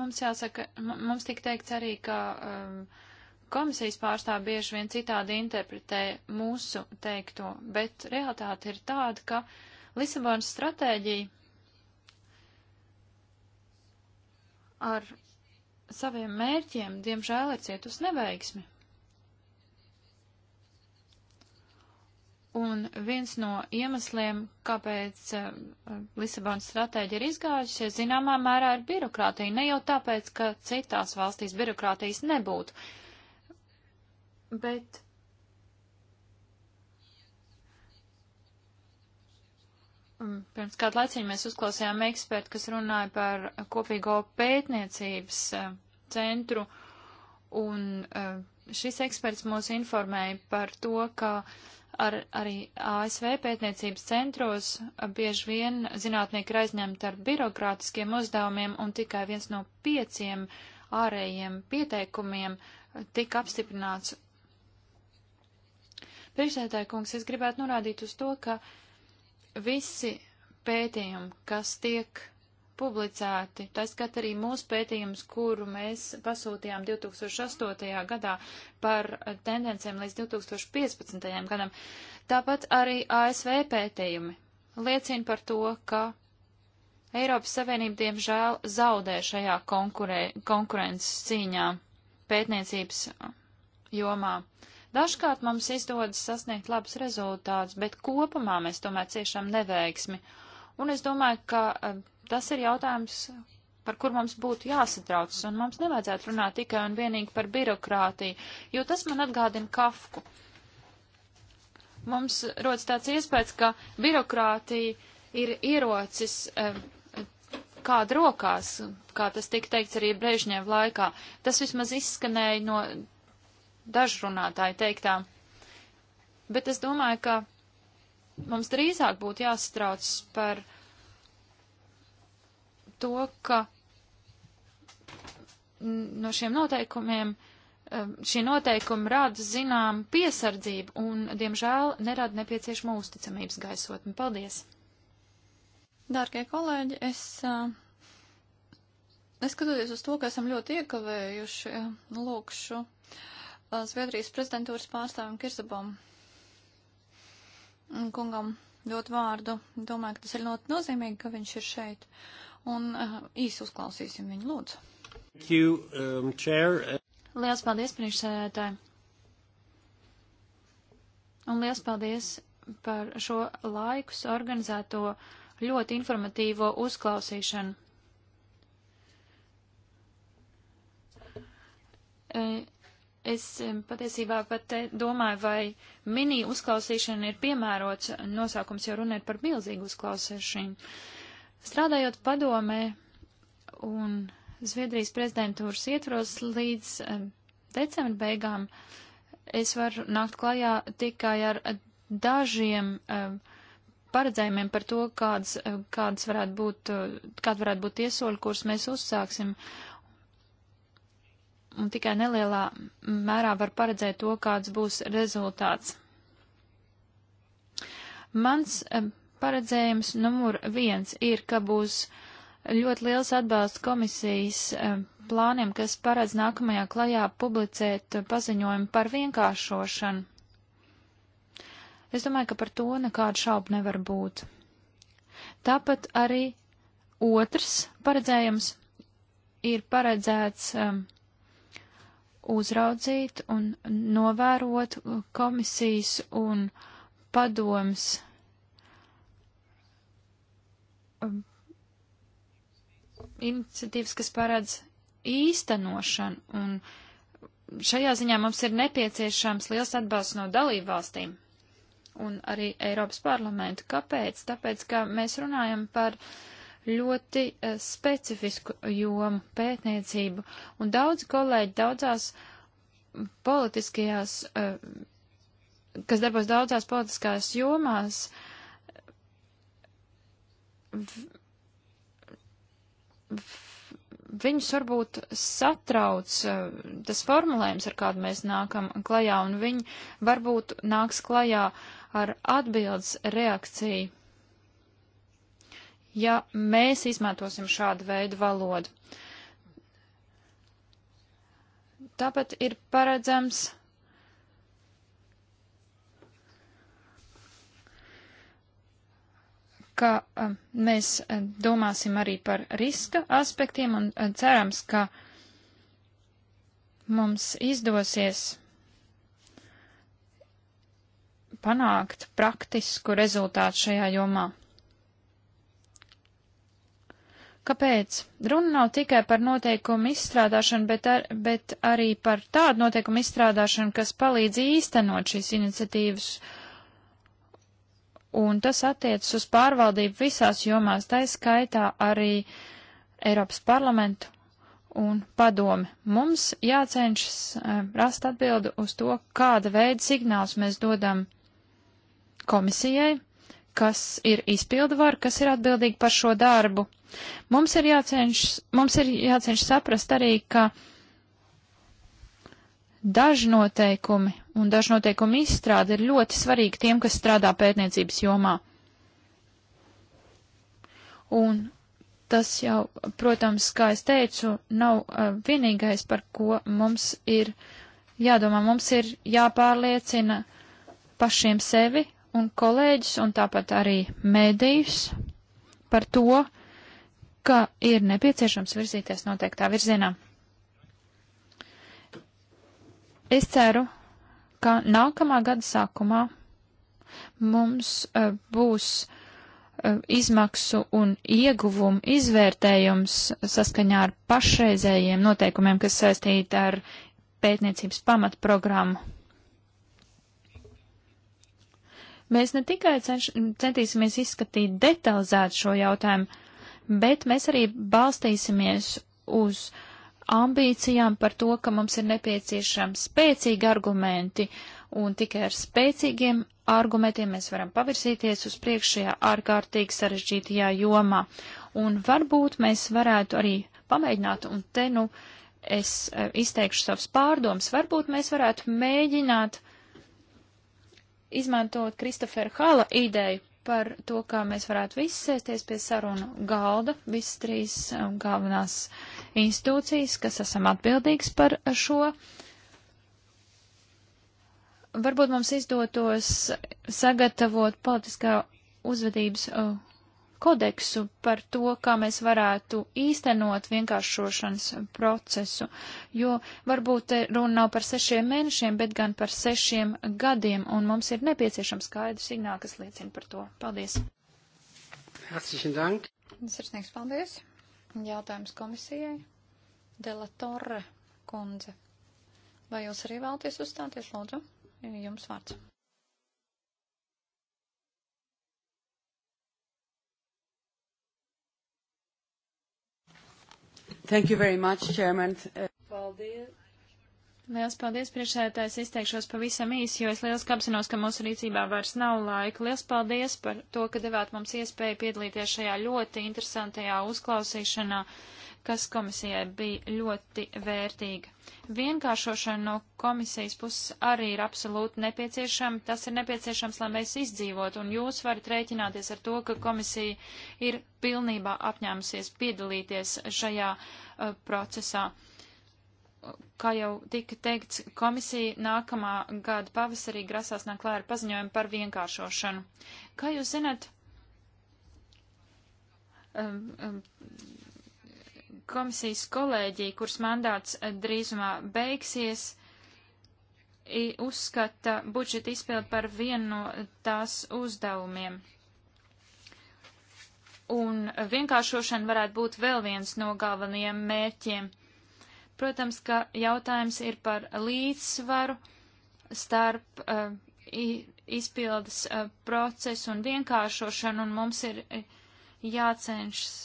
Mums jāsaka, mums tik teikts arī, ka um, komisijas pārstāv bieži vien citādi interpretē mūsu teikto, bet realitāte ir tāda, ka Lisabonas stratēģija ar saviem mērķiem, diemžēl, ir cietusi neveiksmi. Un viens no iemesliem, kāpēc uh, Lisabonas stratēģija ir izgājušies, zināmā mērā ir birokrātija. Ne jau tāpēc, ka citās valstīs birokrātijas nebūtu, bet. Mm, pirms kādu laiciņu mēs uzklausījām ekspertu, kas runāja par kopīgo pētniecības eh, centru, un eh, šis eksperts mūs informēja par to, ka uh, Ar, arī ASV pētniecības centros bieži vien zinātnieki ir aizņemti ar birokrātiskiem uzdevumiem, un tikai viens no pieciem ārējiem pieteikumiem tika apstiprināts. Priekšsēdētāji kungs, es gribētu norādīt uz to, ka visi pētījumi, kas tiek publicēti. Tā skat arī mūsu pētījums, kuru mēs pasūtījām 2008. gadā par tendencēm līdz 2015. gadam. Tāpat arī ASV pētījumi liecina par to, ka Eiropas Savienība diemžēl zaudē šajā konkurē, konkurences cīņā pētniecības jomā. Dažkārt mums izdodas sasniegt labus rezultātus, bet kopumā mēs tomēr ciešam neveiksmi. Un es domāju, ka eh, tas ir jautājums, par kur mums būtu jāsatraucas, un mums nevajadzētu runāt tikai un vienīgi par birokrātiju, jo tas man atgādina kafku. Mums rodas tāds iespējas, ka birokrātija ir ierocis eh, kāda rokās, kā tas tika teikts arī Brežņēv laikā. Tas vismaz izskanēja no dažrunātāja teiktā. Bet es domāju, ka mums drīzāk būtu jāsatrauc par to, ka no šiem noteikumiem eh, šie noteikumi rada zinām piesardzību un, diemžēl, nerada nepieciešamo uzticamības gaisotni. Paldies! Dārgie kolēģi, es, eh, es skatoties uz to, ka esam ļoti iekavējuši, eh, lūkšu Zviedrijas prezidentūras pārstāvim Kirzabam kungam dot vārdu. Domāju, ka tas ir ļoti nozīmīgi, ka viņš ir šeit un eh, īsi uzklausīsim viņu lūdzu. Thank you, um, Liels paldies, priekšsēdētāji. Un liels paldies par šo laikus organizēto ļoti informatīvo uzklausīšanu. Eh, es eh, patiesībā pat domāju, vai mini uzklausīšana ir piemērots nosaukums, jo runa ir par milzīgu uzklausīšanu. Strādājot padomē un Zviedrijas prezidentūras ietvaros līdz eh, decembra beigām, es varu nākt klajā tikai ar dažiem eh, paredzējumiem par to, kāds, eh, kāds varētu būt, kāda varētu būt iesoļa, kurus mēs uzsāksim. Un tikai nelielā mērā var paredzēt to, kāds būs rezultāts. Mans paredzējums. Numur viens ir, ka būs ļoti liels atbalsts komisijas eh, plāniem, kas paredz nākamajā klajā publicēt paziņojumu par vienkāršošanu. Es domāju, ka par to nekādu šaubu nevar būt. Tāpat arī otrs paredzējums ir paredzēts um, uzraudzīt un novērot komisijas un padomas Um, iniciatīvas, kas paredz īstenošanu, un šajā ziņā mums ir nepieciešams liels atbalsts no dalību valstīm un arī Eiropas parlamentu. Kāpēc? Tāpēc, ka mēs runājam par ļoti eh, specifisku jomu pētniecību, un daudz kolēģi daudzās politiskajās, eh, kas darbos daudzās politiskās jomās, viņus varbūt satrauc eh, tas formulējums, ar kādu mēs nākam klajā, un viņi varbūt nāks klajā ar atbildes reakciju, ja mēs izmantosim šādu veidu valodu. Tāpat ir paredzams ka mēs domāsim arī par riska aspektiem un cerams, ka mums izdosies panākt praktisku rezultātu šajā jomā. Kāpēc? Runa nav tikai par noteikumu izstrādāšanu, bet, ar, bet arī par tādu noteikumu izstrādāšanu, kas palīdz īstenot šīs iniciatīvas uh, un tas attiecas uz pārvaldību visās jomās, tā skaitā arī Eiropas parlamentu un padomi. Mums jācenšas eh, rast atbildi uz to, kāda veida signāls mēs dodam komisijai, kas ir izpildvar, kas ir atbildīgi par šo darbu. Mums ir jācenšas, mums ir jācenšas saprast arī, ka Daži noteikumi un daži noteikumi izstrāde ir ļoti svarīgi tiem, kas strādā pētniecības jomā. Un tas jau, protams, kā es teicu, nav uh, vienīgais, par ko mums ir jādomā. Mums ir jāpārliecina pašiem sevi un kolēģis un tāpat arī mēdījus par to, ka ir nepieciešams virzīties noteiktā virzienā. Es ceru, ka nākamā gada sākumā mums uh, būs uh, izmaksu un ieguvumu izvērtējums saskaņā ar pašreizējiem noteikumiem, kas saistīti ar pētniecības pamatprogrammu. Mēs ne tikai cenš, centīsimies izskatīt detalizēt šo jautājumu, bet mēs arī balstīsimies uz uh, ambīcijām par to, ka mums ir nepieciešami spēcīgi argumenti, un tikai ar spēcīgiem argumentiem mēs varam pavirsīties uz priekšējā ārkārtīgi sarežģītajā jomā. Un varbūt mēs varētu arī pamēģināt, un te nu es e, izteikšu savus pārdomus, varbūt mēs varētu mēģināt izmantot Kristofera Hala ideju par to, kā mēs varētu visi sēsties pie sarunu galda, visas trīs e, galvenās institūcijas, kas esam atbildīgs par šo. Varbūt mums izdotos sagatavot politiskā uzvedības kodeksu par to, kā mēs varētu īstenot vienkāršošanas procesu, jo varbūt runa nav par sešiem mēnešiem, bet gan par sešiem gadiem, un mums ir nepieciešams skaidrs signāls, kas liecina par to. Paldies! Herzlichen Dank! Sirsnīgs paldies! Jautājums komisijai. Dela Torre kundze. Vai jūs arī vēlaties uzstāties, lūdzu? Jums vārds. Thank you very much, Chairman. Paldies. Liels paldies, priekšsēdētājs, izteikšos pavisam īsi, jo es liels kapsinos, ka mūsu rīcībā vairs nav laika. Liels paldies par to, ka devāt mums iespēju piedalīties šajā ļoti interesantajā uzklausīšanā, kas komisijai bija ļoti vērtīga. Vienkāršošana no komisijas puses arī ir absolūti nepieciešama. Tas ir nepieciešams, lai mēs izdzīvotu, un jūs varat rēķināties ar to, ka komisija ir pilnībā apņēmusies piedalīties šajā uh, procesā kā jau tika teikts, komisija nākamā gada pavasarī grasās nāk klāra paziņojumu par vienkāršošanu. Kā jūs zinat, um, um, komisijas kolēģija, kuras mandāts drīzumā beigsies, uzskata budžeta izpildu par vienu no tās uzdevumiem. Un vienkāršošana varētu būt vēl viens no galvenajiem mērķiem. Protams, ka jautājums ir par līdzsvaru starp eh, izpildes eh, procesu un vienkāršošanu, un mums ir eh, jācenšas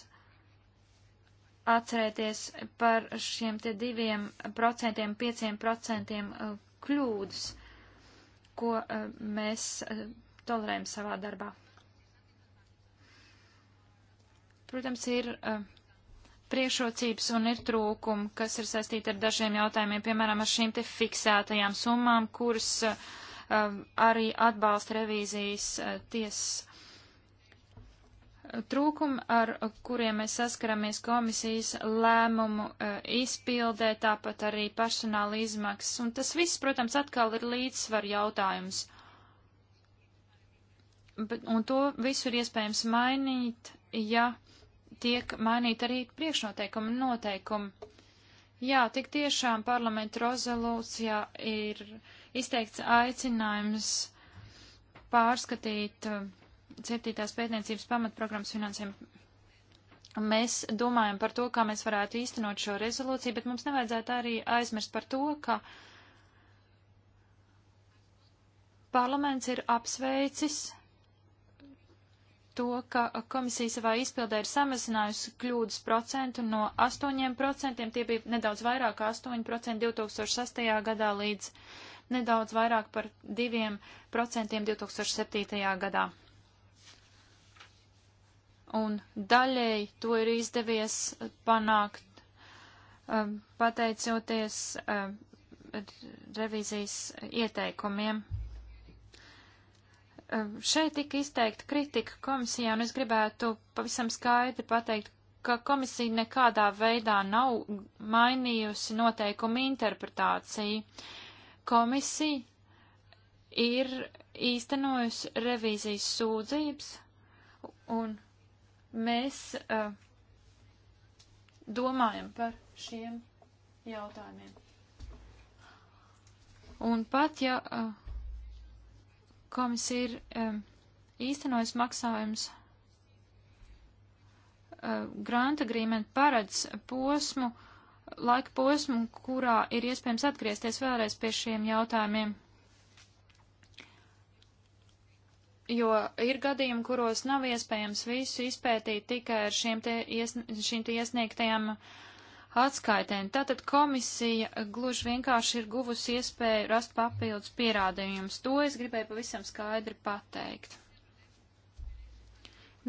atcerēties par šiem te diviem procentiem, pieciem procentiem uh, kļūdas, ko mēs tolerējam savā darbā. Protams, ir uh, priekšrocības un ir trūkumi, kas ir saistīti ar dažiem jautājumiem, piemēram, ar šīm te fiksētajām summām, kuras uh, arī atbalsta revīzijas uh, tiesas. Trūkumi, ar kuriem mēs saskaramies komisijas lēmumu uh, izpildē, tāpat arī personāla izmaksas, un tas viss, protams, atkal ir līdzsvar jautājums. Bet, un to visu ir iespējams mainīt, ja tiek mainīt arī priekšnoteikumi un noteikumi. Jā, tik tiešām parlamenta rezolūcijā ir izteikts aicinājums pārskatīt uh, septītās pētniecības pamatprogrammas finansēm. Mēs domājam par to, kā mēs varētu īstenot šo rezolūciju, bet mums nevajadzētu arī aizmirst par to, ka parlaments ir apsveicis to, ka komisija savā izpildē ir samazinājusi kļūdas procentu no 8%, tie bija nedaudz vairāk kā 8% 2006. gadā līdz nedaudz vairāk par 2% 2007. gadā. Un daļēji to ir izdevies panākt, um, pateicoties um, revīzijas ieteikumiem. Šeit tika izteikta kritika komisijā, un es gribētu pavisam skaidri pateikt, ka komisija nekādā veidā nav mainījusi noteikumu interpretāciju. Komisija ir īstenojusi revīzijas sūdzības, un mēs uh, domājam par šiem jautājumiem. Un pat ja. Uh, Komisija ir um, īstenojas maksājums. Uh, Grant agreement paredz posmu, laika posmu, kurā ir iespējams atgriezties vēlreiz pie šiem jautājumiem. Jo ir gadījumi, kuros nav iespējams visu izpētīt tikai ar šiem te te iesniegtajām uh, atskaitēm. Tātad komisija gluži vienkārši ir guvusi iespēju rast papildus pierādījumus. To es gribēju pavisam skaidri pateikt.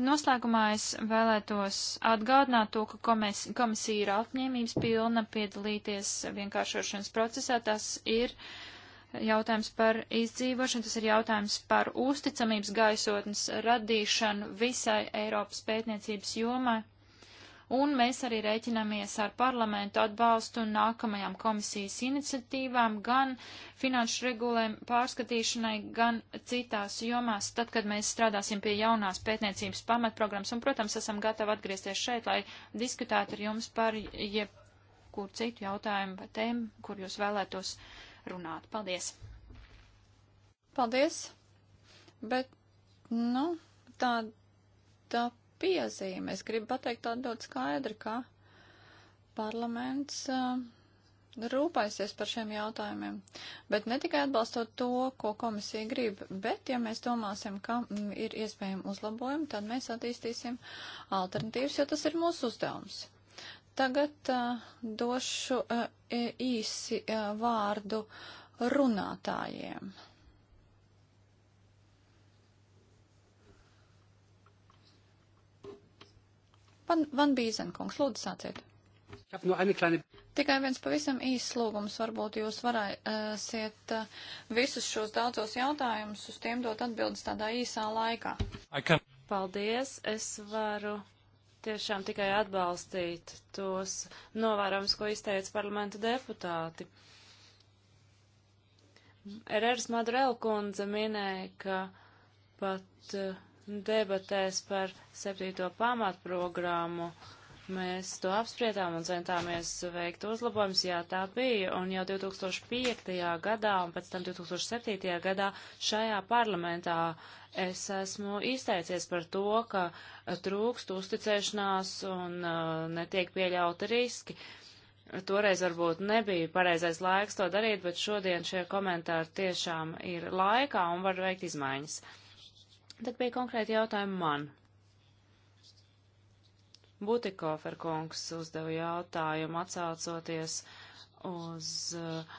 Noslēgumā es vēlētos atgādināt to, ka komisija ir apņēmības pilna piedalīties vienkāršošanas procesā. Tas ir jautājums par izdzīvošanu, tas ir jautājums par uzticamības gaisotnes radīšanu visai Eiropas pētniecības jomai un mēs arī rēķinamies ar parlamentu atbalstu nākamajām komisijas iniciatīvām, gan finanšu regulēm pārskatīšanai, gan citās jomās, tad, kad mēs strādāsim pie jaunās pētniecības pamatprogrammas, un, protams, esam gatavi atgriezties šeit, lai diskutētu ar jums par jebkuru citu jautājumu vai tēmu, kur jūs vēlētos runāt. Paldies! Paldies! Bet, nu, tā piezīme. Es gribu pateikt tādu ļoti skaidru, ka parlaments eh, rūpēsies par šiem jautājumiem, bet ne tikai atbalstot to, ko komisija grib, bet ja mēs domāsim, ka mm, ir iespējami uzlabojumi, tad mēs attīstīsim alternatīvas, jo tas ir mūsu uzdevums. Tagad uh, došu uh, īsi uh, vārdu runātājiem. Van, Van Bīzenkungs, lūdzu sāciet. Tikai viens pavisam īsts lūgums, varbūt jūs varēsiet eh, visus šos daudzos jautājumus uz tiem dot atbildes tādā īsā laikā. Can... Paldies, es varu tiešām tikai atbalstīt tos novērojums, ko izteica parlamenta deputāti. Erērs Madrēl kundze minēja, ka pat uh, debatēs par septīto pamatprogrammu. Mēs to apspriedām un centāmies veikt uzlabojumus, jā, tā bija, un jau 2005. gadā un pēc tam 2007. gadā šajā parlamentā es esmu izteicies par to, ka trūkst uzticēšanās un uh, netiek pieļauti riski. Toreiz varbūt nebija pareizais laiks to darīt, bet šodien šie komentāri tiešām ir laikā un var veikt izmaiņas. Tad bija konkrēti en man. Butikofer kungs uzdeva jautājumu atsaucoties uz eh,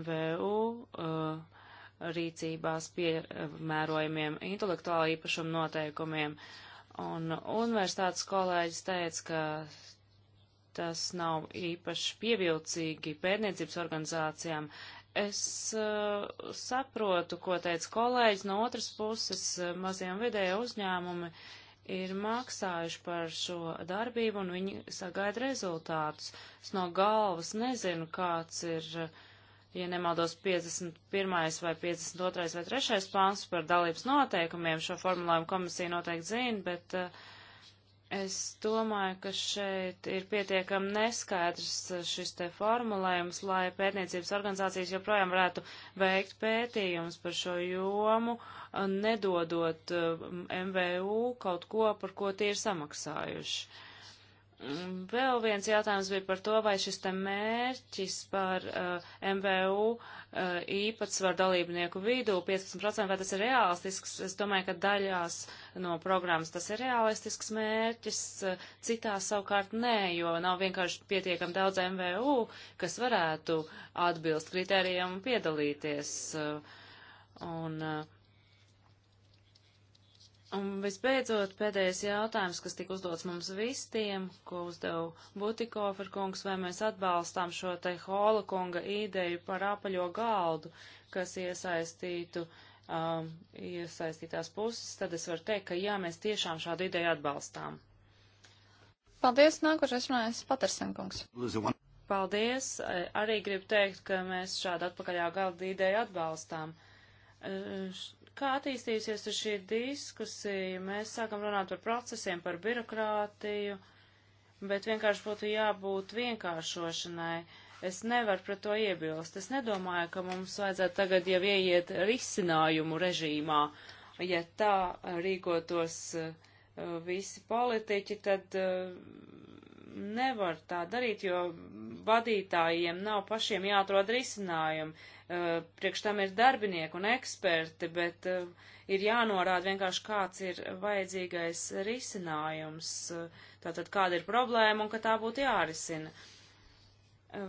MVU eh, rīcībās piemērojumiem intelektuāla īpašuma noteikumiem. Un universitātes kolēģis teica, ka tas nav īpaši pievilcīgi pērniecības organizācijām Es uh, saprotu, ko teica kolēģis, no otras puses eh, mazie un vidēji uzņēmumi ir maksājuši par šo darbību un viņi sagaida rezultātus. Es no galvas nezinu, kāds ir, eh, ja nemaldos, 51. vai 52. vai 3. pāns par dalības noteikumiem. Šo formulējumu komisija noteikti zina, bet uh, Es domāju, ka šeit ir pietiekami neskaidrs šis te formulējums, lai pētniecības organizācijas joprojām varētu veikt pētījumus par šo jomu, nedodot MVU um, kaut ko, par ko tie ir samaksājuši. Vēl viens jautājums bija par to, vai šis te mērķis par uh, MVU uh, īpatsvaru dalībnieku vidū 15%, vai tas ir realistisks? Es domāju, ka daļās no programmas tas ir realistisks mērķis, uh, citās savukārt nē, jo nav vienkārši pietiekam daudz MVU, kas varētu atbilst kritērijiem un piedalīties. Uh, un, uh, Un visbeidzot, pēdējais jautājums, kas tika uzdots mums visiem, ko uzdev Butikofer kungs, vai mēs atbalstām šo te Hola kunga ideju par apaļo galdu, kas iesaistītu um, iesaistītās puses, tad es varu teikt, ka jā, mēs tiešām šādu ideju atbalstām. Paldies, nākošais runājas Patersen kungs. Paldies, e, arī gribu teikt, ka mēs šādu atpakaļā galdu ideju atbalstām. Uh, Kā attīstījusies šī diskusija? Mēs sākam runāt par procesiem, par birokrātiju, bet vienkārši būtu jābūt vienkāršošanai. Es nevaru pret to iebilst. Es nedomāju, ka mums vajadzētu tagad jau ieiet risinājumu režīmā. Ja tā rīkotos eh, visi politiķi, tad eh, nevar tā darīt, jo vadītājiem nav pašiem jāatrod risinājumi. Priekš tam ir darbinieki un eksperti, bet ir jānorāda vienkārši, kāds ir vajadzīgais risinājums, tātad kāda ir problēma un ka tā būtu jārisina.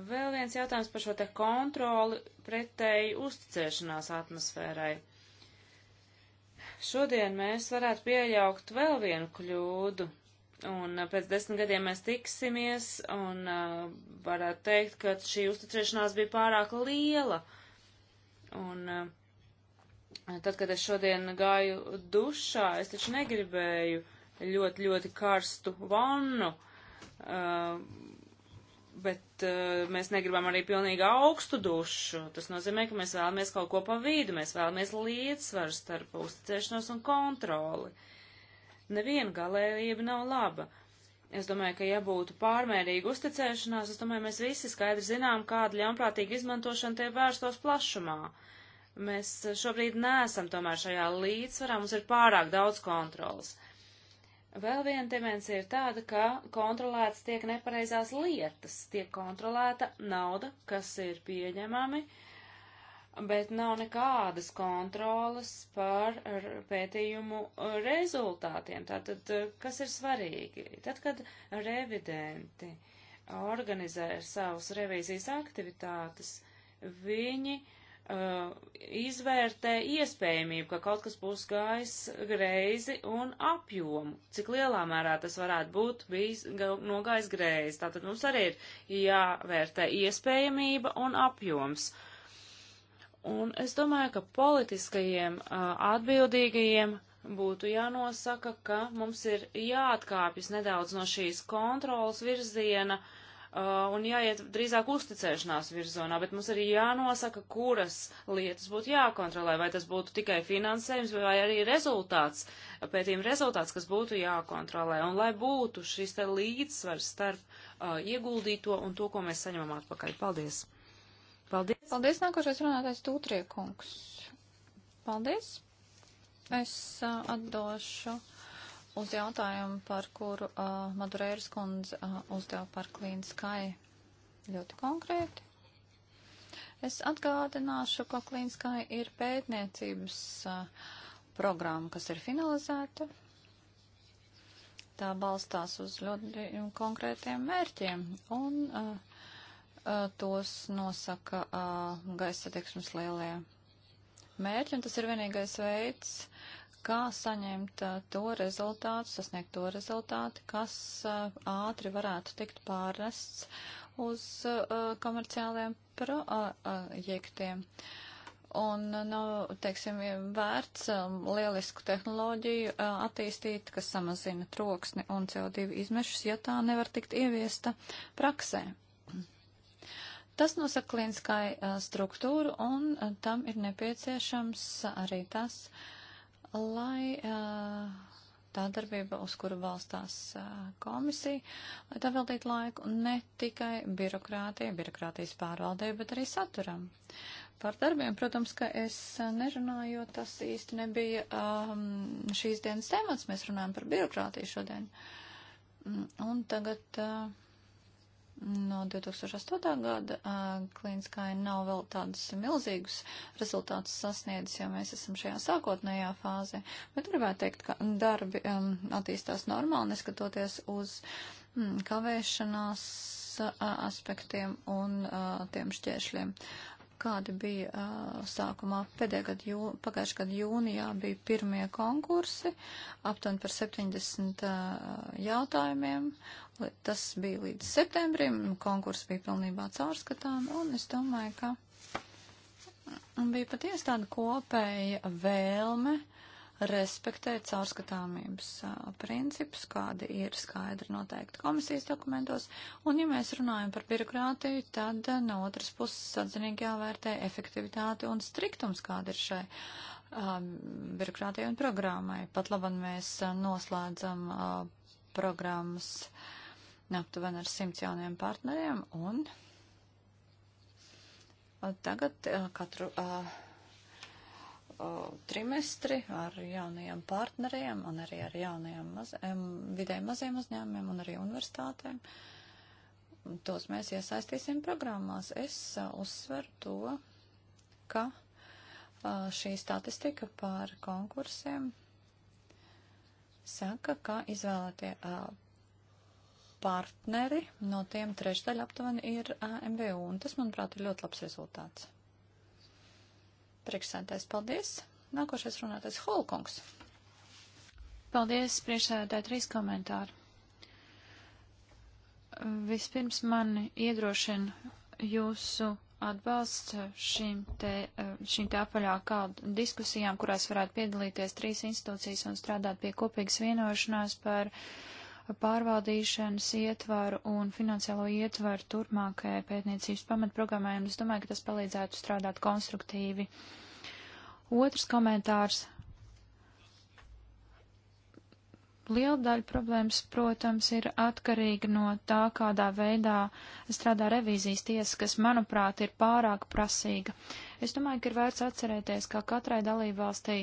Vēl viens jautājums par šo te kontroli pretēji uzticēšanās atmosfērai. Šodien mēs varētu pieļaukt vēl vienu kļūdu, Un uh, pēc desmit gadiem mēs tiksimies, un uh, varētu teikt, ka šī uzticēšanās bija pārāk liela. Un uh, tad, kad es šodien gāju dušā, es taču negribēju ļoti, ļoti karstu vannu, uh, bet uh, mēs negribam arī pilnīgi augstu dušu. Tas nozīmē, ka mēs vēlamies kaut ko pa vidu, mēs vēlamies līdzsvaru starp uzticēšanos un kontroli. Uh, neviena galējība nav laba. Es domāju, ka ja būtu pārmērīga uzticēšanās, es domāju, mēs visi skaidri zinām, kāda ļaunprātīga izmantošana tie vērstos plašumā. Mēs šobrīd neesam tomēr šajā līdzsvarā, mums ir pārāk daudz kontrols. Vēl viena dimensija ir tāda, ka kontrolētas tiek nepareizās lietas, tiek kontrolēta nauda, kas ir pieņemami, uh, bet nav nekādas kontrolas par pētījumu uh, rezultātiem. Tātad, uh, kas ir svarīgi? Tad, kad revidenti organizē savus revīzijas aktivitātes, viņi uh, izvērtē iespējamību, ka kaut kas būs gājis greizi un apjomu, cik lielā mērā tas varētu būt bijis nogājis greizi. Tātad mums arī ir jāvērtē iespējamība un apjoms. Uh, Un es domāju, ka politiskajiem atbildīgajiem būtu jānosaka, ka mums ir jāatkāpjas nedaudz no šīs kontrolas virziena un jāiet drīzāk uzticēšanās virzonā, bet mums arī jānosaka, kuras lietas būtu jākontrolē, vai tas būtu tikai finansējums, vai arī rezultāts, pētījuma rezultāts, kas būtu jākontrolē, un lai būtu šis te līdzsvars starp ieguldīto un to, ko mēs saņemam atpakaļ. Paldies! Paldies. Paldies, nākošais runātais Tūtriekungs. Paldies. Es uh, atdošu uz jautājumu, par kuru uh, Madurēras kundze uh, uzdeva par Clean Sky ļoti konkrēti. Es atgādināšu, ka Clean Sky ir pētniecības uh, programma, kas ir finalizēta. Tā balstās uz ļoti konkrētiem mērķiem. Un, uh, tos nosaka gaisa satiksmes lielie mērķi, un tas ir vienīgais veids, kā saņemt to rezultātu, sasniegt to rezultātu, kas ātri varētu tikt pārnests uz komerciāliem projektiem. Un nav, teiksim, vērts lielisku tehnoloģiju attīstīt, kas samazina troksni un CO2 izmešus, ja tā nevar tikt ieviesta praksē. Tas nosaka klīniskai struktūru, un tam ir nepieciešams arī tas, lai tā darbība, uz kuru valstās komisija, lai tā veltītu laiku ne tikai birokrātijai, birokrātijas pārvaldē, bet arī saturam. Par darbiem, protams, ka es nerunāju, jo tas īsti nebija šīs dienas temats, mēs runājam par birokrātiju šodien. Mm, un tagad. Uh, no 2008. gada klīniskai nav vēl tādus milzīgus rezultātus sasniedzis, jo mēs esam šajā sākotnējā fāzē. Bet gribētu teikt, ka darbi um, attīstās normāli, neskatoties uz mm, kavēšanās uh, aspektiem un uh, tiem šķēršļiem. Uh, kāda bija uh, sākumā pēdējā gada jūnijā, pagājušā gada jūnijā bija pirmie konkursi, aptuveni par 70 uh, jautājumiem. Tas bija līdz septembrim, konkurs bija pilnībā caurskatām, un es domāju, ka bija patiesi tāda kopēja vēlme uh, respektēt caurskatāmības principus, kādi ir skaidri noteikti komisijas dokumentos. Un, ja mēs runājam par birokrātiju, tad no otras puses atzinīgi jāvērtē efektivitāte un striktums, kāda ir šai birokrātijai un programmai. Pat labam mēs noslēdzam programmas aptuveni ar simts jauniem partneriem un tagad katru. Uh, trimestri ar jaunajiem partneriem un arī ar jaunajiem maz, vidēji maziem uzņēmumiem un arī universitātēm. Tos mēs iesaistīsim programmās. Es uzsveru to, ka šī statistika par konkursiem saka, ka izvēlētie partneri no tiem trešdaļa aptuveni ir MVU, un tas, manuprāt, ir ļoti labs rezultāts. Priekšsēdētājs, paldies. Nākošais runātais Holkungs. Paldies, priekšsēdētāji, trīs komentāri. Vispirms man iedrošina jūsu atbalsts šīm te, šīm te apaļā kādu diskusijām, kurās varētu piedalīties trīs institūcijas un strādāt pie kopīgas vienošanās par uh, pārvaldīšanas ietvaru un finansiālo ietvaru turpmākajai pētniecības pamatprogrammai, un es domāju, ka tas palīdzētu strādāt konstruktīvi. Otrs komentārs. Liela daļa problēmas, protams, ir atkarīga no tā, kādā veidā strādā revīzijas tiesa, kas, manuprāt, ir pārāk prasīga. Es domāju, ka ir vērts atcerēties, ka katrai dalībvalstī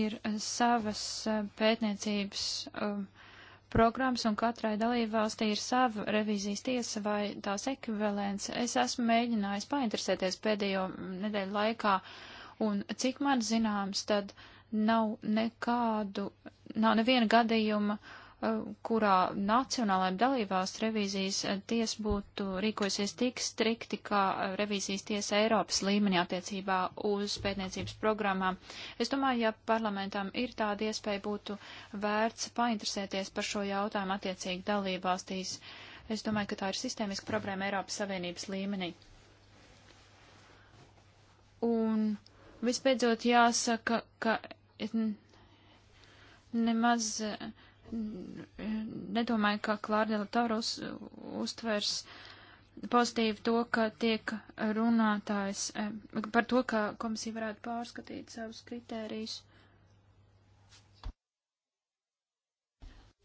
ir savas eh, pētniecības eh, programmas, un katrai dalībvalstī ir sava revīzijas tiesa vai tās ekvivalents. Es esmu mēģinājis painteresēties pēdējo nedēļu laikā, un cik man zināms, tad nav nekādu, nav neviena gadījuma, uh, Eh, kurā nacionālajiem dalībvalstu revīzijas eh, ties būtu rīkojusies tik strikti, kā eh, revīzijas tiesa Eiropas līmenī attiecībā uz pētniecības programmām. Es domāju, ja parlamentam ir tāda iespēja, būtu vērts painteresēties par šo jautājumu attiecīgi dalībvalstīs. Es domāju, ka tā ir sistēmiska problēma Eiropas Savienības līmenī. Un vispēdzot jāsaka, ka nemaz. Ne nedomāju, ka Klārdela Taurus uztvers pozitīvi to, ka tiek runātājs eh, par to, ka komisija varētu pārskatīt savus kritērijus.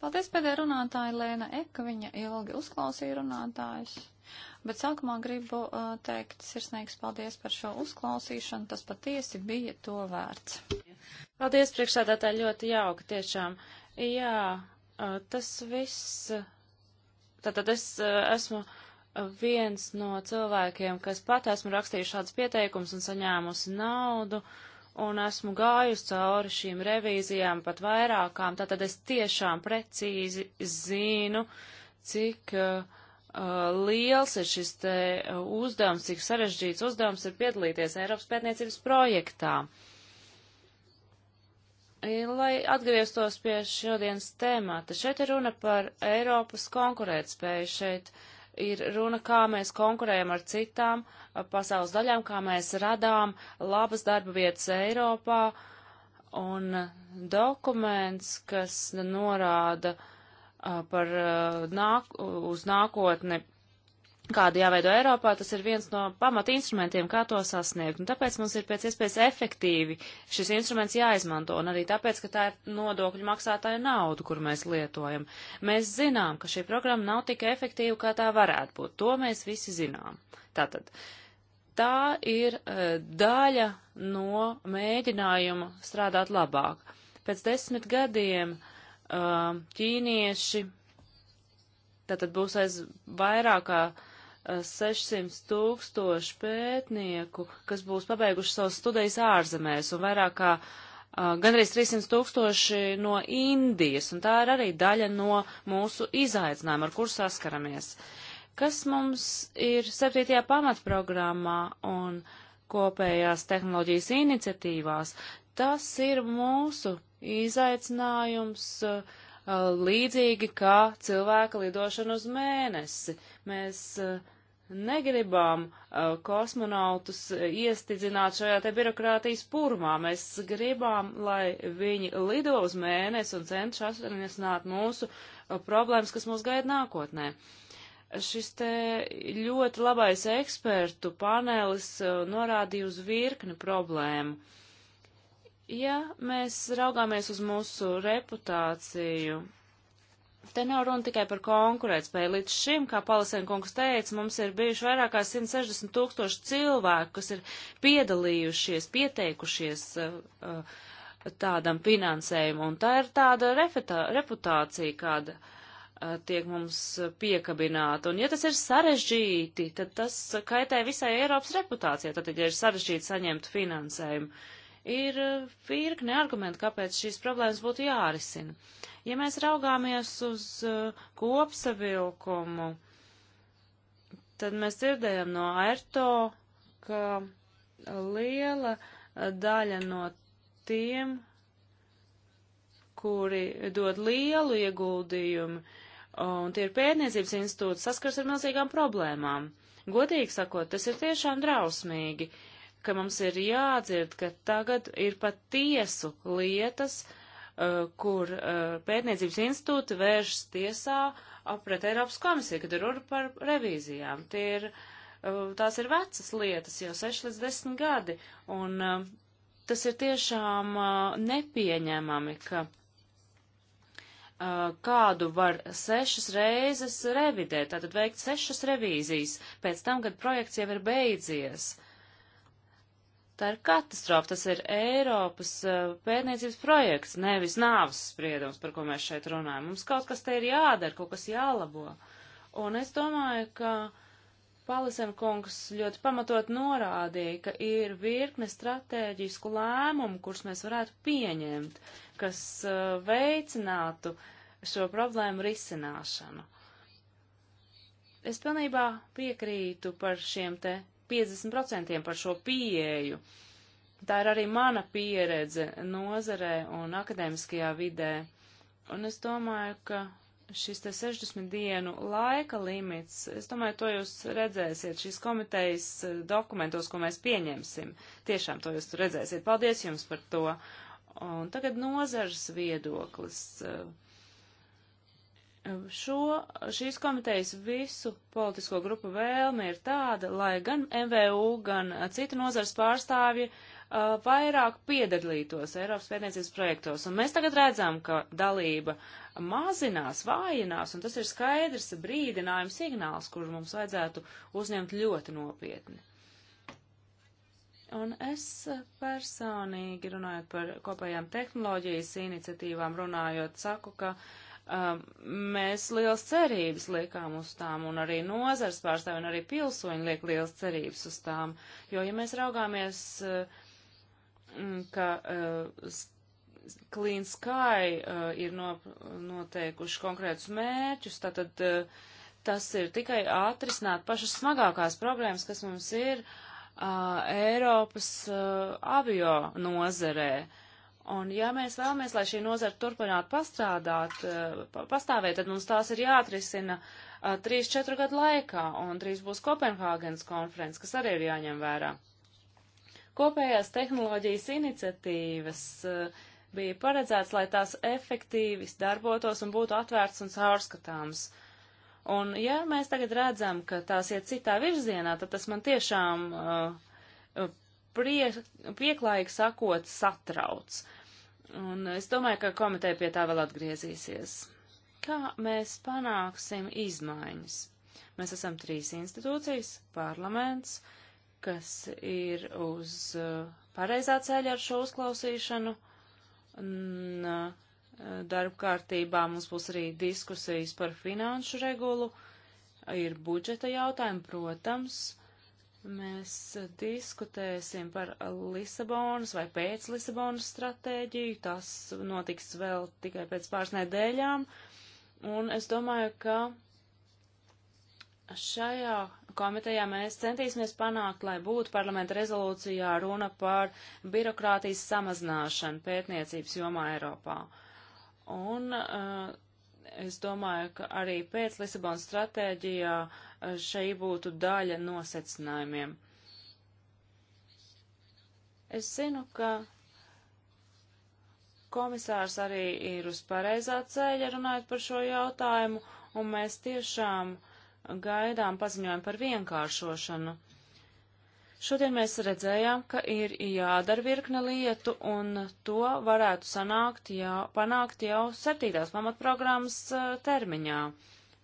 Paldies pēdējā runātāja Lēna Eka, viņa ilgi uzklausīja runātājus, bet sākumā gribu eh, teikt sirsnīgs paldies par šo uzklausīšanu, tas patiesi bija to vērts. Paldies priekšsēdētāji, ļoti jauka tiešām. Jā, tas viss. Tātad es esmu viens no cilvēkiem, kas pat esmu rakstījis šādas pieteikums un saņēmusi naudu, un esmu gājusi cauri šīm revīzijām pat vairākām, tātad es tiešām precīzi zinu, cik uh, liels ir šis te uzdevums, cik sarežģīts uzdevums ir piedalīties Eiropas pētniecības projektā. Uh, Lai atgrieztos pie šodienas tēmata, šeit ir runa par Eiropas konkurētspēju, šeit ir runa, kā mēs konkurējam ar citām pasaules daļām, kā mēs radām labas darba vietas Eiropā, un dokuments, kas norāda par, nāk, uz nākotni kāda jāveido Eiropā, tas ir viens no pamata instrumentiem, kā to sasniegt. Un tāpēc mums ir pēc iespējas efektīvi šis instruments jāizmanto, un arī tāpēc, ka tā ir nodokļu maksātāja nauda, kur mēs lietojam. Mēs zinām, ka šī programma nav tik efektīva, kā tā varētu būt. To mēs visi zinām. Tātad. Tā ir e, daļa no mēģinājuma strādāt labāk. Pēc desmit gadiem e, ķīnieši, tātad būs aiz vairāk kā 600 tūkstoši pētnieku, kas būs pabeiguši savas studijas ārzemēs un vairāk kā uh, gandrīz 300 tūkstoši no Indijas, un tā ir arī daļa no mūsu izaicinājuma, ar kur saskaramies. Kas mums ir 7. pamatprogrammā un kopējās tehnoloģijas iniciatīvās, tas ir mūsu izaicinājums līdzīgi kā cilvēka lidošana uz mēnesi. Mēs eh, negribam eh, kosmonautus eh, iestidzināt šajā te birokrātijas purmā. Mēs gribam, lai viņi lido uz mēnesi un cenšas atrisināt mūsu problēmas, kas mūs gaida nākotnē šis te ļoti labais ekspertu panelis norādīja uz virkni problēmu. Ja mēs raugāmies uz mūsu reputāciju te nav runa tikai par konkurētspēju. Līdz šim, kā Palasēna kungs teica, mums ir bijuši vairāk kā 160 tūkstoši cilvēku, kas ir piedalījušies, pieteikušies uh, uh, tādam finansējumu. un tā ir tāda reputācija, kāda uh, tiek mums piekabināta. Un ja tas ir sarežģīti, tad tas kaitē visai Eiropas reputācijai, tad, ja ir sarežģīti saņemt finansējumu. Ir uh, virkne argumenti, kāpēc šīs problēmas būtu jārisina. Ja mēs raugāmies uz uh, kopsavilkumu, tad mēs dzirdējam no ERTO, ka liela uh, daļa no tiem, kuri dod lielu ieguldījumu, un tie ir pētniecības institūti, saskars ar milzīgām problēmām. Godīgi sakot, tas ir tiešām drausmīgi. Uh, ka mums ir jādzird, ka tagad ir pat tiesu lietas, eh, kur eh, pētniecības institūti vēršas tiesā pret Eiropas komisiju, kad ir runa par revīzijām. Tie ir, eh, tās ir vecas lietas, jau 6 līdz 10 gadi, un tas ir tiešām nepieņemami, ka kādu var sešas reizes revidēt, tātad veikt sešas revīzijas pēc tam, kad projekts jau ir beidzies. Uh, Tā ir katastrofa, tas ir Eiropas uh, pētniecības projekts, nevis nāvas spriedums, par ko mēs šeit runājam. Mums kaut kas te ir jādara, kaut kas jālabo. Un es domāju, ka Palisenkungs ļoti pamatot norādīja, ka ir virkne strateģisku lēmumu, kurus mēs varētu pieņemt, kas uh, veicinātu šo problēmu risināšanu. Es pilnībā piekrītu par šiem te 50% par šo pieeju. Tā ir arī mana pieredze nozarē un akadēmiskajā vidē. Un es domāju, ka šis te 60 dienu laika limits, es domāju, to jūs redzēsiet šīs komitejas eh, dokumentos, ko mēs pieņemsim. Tiešām to jūs redzēsiet. Paldies jums par to. Un tagad nozars viedoklis. Uh, Šo, šīs komitejas visu politisko grupu vēlme ir tāda, lai gan MVU, gan citu nozars pārstāvji uh, vairāk piedalītos Eiropas pētniecības projektos. Un mēs tagad redzam, ka dalība mazinās, vājinās, un tas ir skaidrs brīdinājums signāls, kur mums vajadzētu uzņemt ļoti nopietni. Un es personīgi runāju par kopējām tehnoloģijas iniciatīvām, runājot, saku, ka uh, Um, mēs liels cerības liekām uz tām, un arī nozars pārstāvi un arī pilsoņi liek liels cerības uz tām, jo, ja mēs raugāmies, uh, mm, ka uh, Clean Sky uh, ir no, noteikuši konkrētus mērķus, tad tas ir tikai atrisināt pašas smagākās problēmas, kas mums ir Eiropas avio nozerē Un ja mēs vēlamies, lai šī nozara turpinātu pastrādāt, eh, pastāvēt, tad mums tās ir jāatrisina 3-4 eh, gadu laikā, un 3 būs Kopenhāgenes konferences, kas arī ir jāņem vērā. Kopējās tehnoloģijas iniciatīvas eh, bija paredzēts, lai tās efektīvi darbotos un būtu atvērts un saurskatāms. Un ja mēs tagad redzam, ka tās iet citā virzienā, tad tas man tiešām uh, prie, pieklājīgi sakot satrauc. Un es domāju, ka komiteja pie tā vēl atgriezīsies. Kā mēs panāksim izmaiņas? Mēs esam trīs institūcijas parlaments, kas ir uz uh, pareizā ceļa ar šo uzklausīšanu. Un, uh, darba kārtībā mums būs arī diskusijas par finanšu regulu, ir budžeta jautājumi, protams, Mēs diskutēsim par Lisabonas vai pēc Lisabonas stratēģiju. Tas notiks vēl tikai pēc pāris nedēļām. Un es domāju, ka šajā komitejā mēs centīsimies panākt, lai būtu parlamenta rezolūcijā runa par birokrātijas samazināšanu pētniecības jomā Eiropā. Un uh, es domāju, ka arī pēc Lisabonas stratēģijā uh, šai būtu daļa no secinājumiem. Es zinu, ka komisārs arī ir uz pareizā ceļa runājot par šo jautājumu, un mēs tiešām gaidām paziņojumu par vienkāršošanu. Šodien mēs redzējām, ka ir jādara virkne lietu, un to varētu sanākt jau, panākt jau septītās pamatprogrammas eh, termiņā.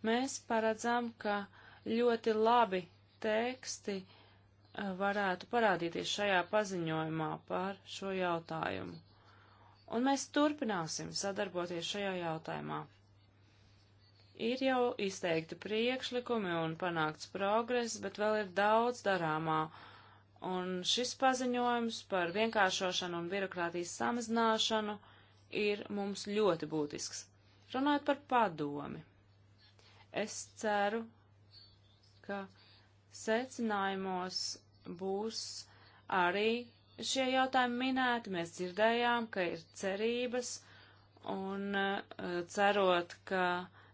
Mēs paredzam, ka uh, ļoti labi teksti eh, varētu parādīties šajā paziņojumā par šo jautājumu. Un mēs turpināsim sadarboties šajā jautājumā. Ir jau izteikti priekšlikumi un panākts progress, bet vēl ir daudz darāmā, un šis paziņojums par vienkāršošanu un birokrātijas samazināšanu ir mums ļoti būtisks. Runājot par padomi, es ceru, ka secinājumos būs arī šie jautājumi minēti. Mēs dzirdējām, ka ir cerības un uh, cerot, ka.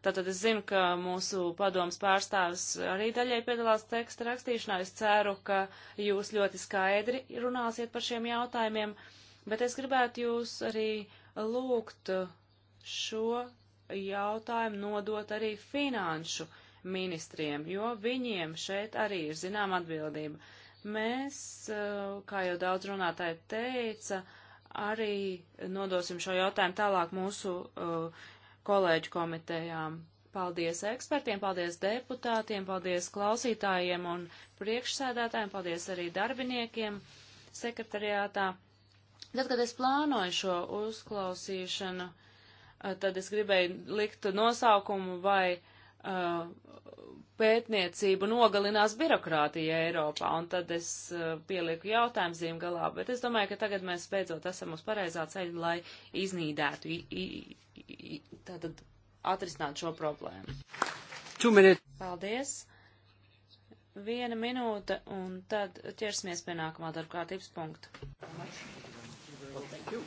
Tātad es zinu, ka mūsu padomas pārstāvis arī daļai piedalās teksta rakstīšanā. Es ceru, ka jūs ļoti skaidri runāsiet par šiem jautājumiem, bet es gribētu jūs arī lūgt šo jautājumu nodot arī finanšu uh, ministriem, jo viņiem šeit arī ir zinām atbildība. Mēs, eh, kā jau daudz runātāji teica, arī nodosim šo jautājumu tālāk mūsu eh, kolēģu komitejām. Paldies ekspertiem, paldies deputātiem, paldies klausītājiem un priekšsēdētājiem, paldies arī darbiniekiem sekretariātā. Tad, kad es plānoju šo uzklausīšanu, eh, tad es gribēju likt nosaukumu vai Uh, pētniecību nogalinās birokrātija Eiropā, un tad es uh, pielieku jautājumu zīmu galā, bet es domāju, ka tagad mēs beidzot esam uz pareizā ceļa, lai iznīdētu, i, i, i, tātad atrisinātu šo problēmu. Paldies! Viena minūte, un tad ķersimies pie nākamā darba kārtības punkta. Thank you.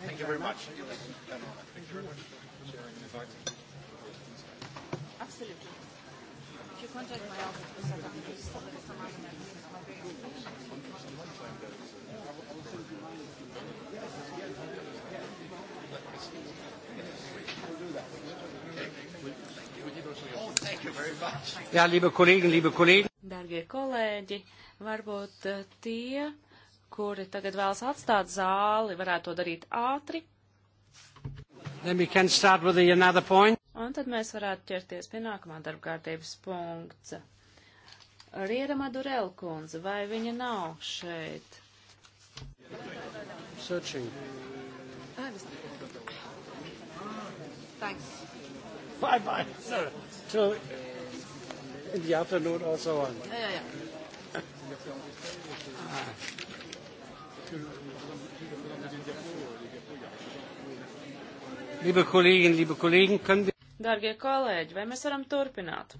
Thank you very much. Thank Absolutely. If you contact my office, we'll set up kolēģi, varbūt tie, kuri tagad vēlas atstāt zāli, varētu to darīt ātri. Un tad mēs varētu ķerties pie nākamā darbkārtības punkta. Riera Madurel kundze, vai viņa nav šeit? Searching. Thanks. Bye bye. So, till in the afternoon or so on. Yeah, yeah, yeah. Ah. Liebe Kolleginnen, liebe Kollegen, können wir... Darbie kolēģi, vai mēs varam turpināt?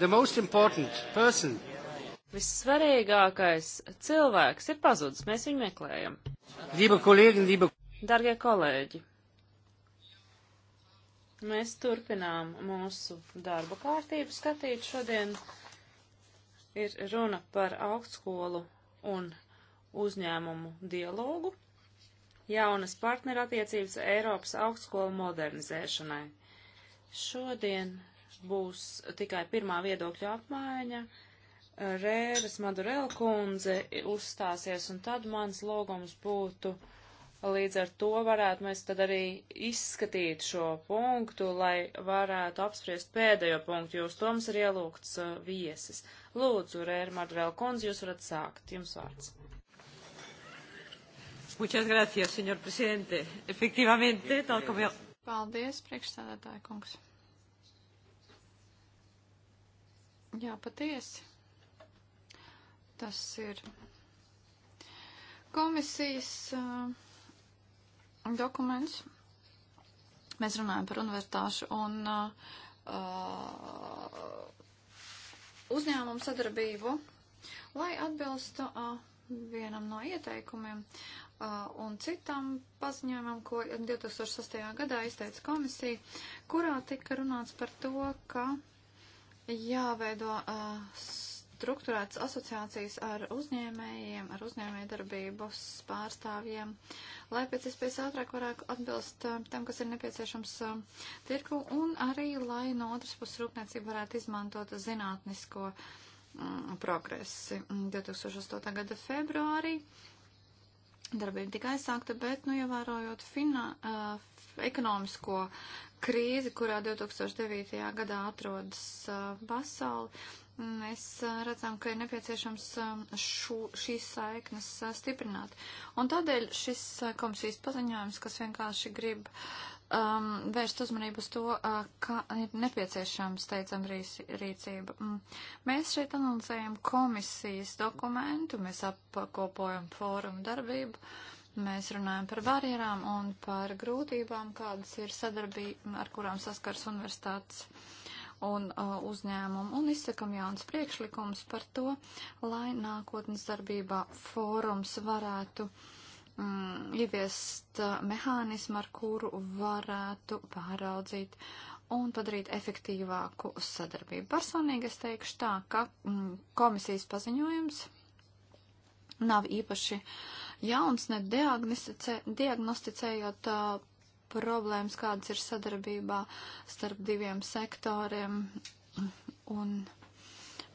the most important person. Vissvarīgākais cilvēks ir pazudis, mēs viņu meklējam. Liebe kolēģi, liebe... Dargie kolēģi, mēs turpinām mūsu darba kārtību skatīt šodien. Ir runa par augstskolu un uzņēmumu dialogu, jaunas partnerattiecības Eiropas augstskolu modernizēšanai. Šodien būs tikai pirmā viedokļa apmaiņa. Rēras Madurel kundze uzstāsies, un tad mans logums būtu līdz ar to varētu mēs tad arī izskatīt šo punktu, lai varētu apspriest pēdējo punktu, jo uz to mums ir ielūgts uh, viesis. Lūdzu, Rēra Madurel kundze, jūs varat sākt. Jums vārds. Muchas gracias, señor presidente. Efectivamente, tal como... Paldies, priekšstādātāja kungs. Jā, patiesi. Tas ir komisijas uh, dokuments. Mēs runājam par universitāšu un uh, uzņēmumu sadarbību, lai atbilstu uh, vienam no ieteikumiem uh, un citam paziņojumam, ko 2008. gadā izteica komisija, kurā tika runāts par to, ka jāveido struktūrētas asociācijas ar uzņēmējiem, ar uzņēmēju darbības pārstāvjiem, lai pēc iespējas ātrāk varētu atbilst tam, kas ir nepieciešams tirku, un arī, lai no otras puses rūpniecība varētu izmantot zinātnisko progresi. 2008. Mm, gada februārī darbība tika aizsākta, bet, nu, ievērojot fina, uh, ekonomisko krīzi, kurā 2009. gadā atrodas pasauli, mēs redzam, ka ir nepieciešams šu, šīs saiknes stiprināt. Un tādēļ šis komisijas paziņojums, kas vienkārši grib um, vērst uzmanību uz to, uh, ka ir nepieciešams, teicam, rīs, rīcība. Mm. Mēs šeit analizējam komisijas dokumentu, mēs apkopojam fórumu darbību. Uh, Mēs runājam par barjerām un par grūtībām, kādas ir sadarbība, ar kurām saskars universitātes un uh, uzņēmumu, un izsakam jauns priekšlikums par to, lai nākotnes darbībā fórums varētu mm, ieviest uh, mehānismu, ar kuru varētu pāraudzīt un padarīt efektīvāku sadarbību. Personīgi es teikšu tā, ka mm, komisijas paziņojums nav īpaši uh, jauns, ne diagnosticējot problēmas, kādas ir sadarbībā starp diviem sektoriem. Un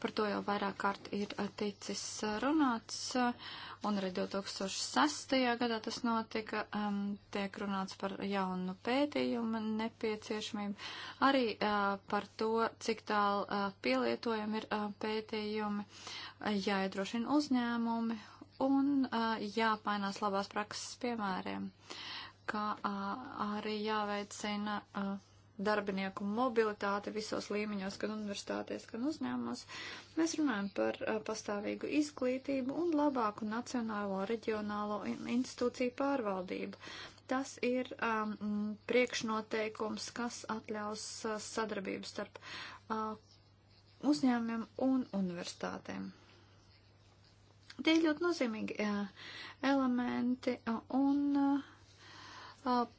par to jau vairāk kārt ir ticis runāts, un arī 2006. gadā tas notika, um, tiek runāts par jaunu pētījumu nepieciešamību, arī uh, par to, cik tālu uh, pielietojami ir uh, pētījumi, jāiedrošina uzņēmumi, un uh, jāpainās labās prakses piemēriem, kā uh, arī jāveicina uh, darbinieku mobilitāte visos līmeņos, gan universitātēs, gan uzņēmumos. Mēs runājam par uh, pastāvīgu izglītību un labāku nacionālo, reģionālo institūciju pārvaldību. Tas ir um, priekšnoteikums, kas atļaus uh, sadarbību starp uh, uzņēmumiem un universitātēm. Tie ir ļoti nozīmīgi eh, elementi eh, un eh,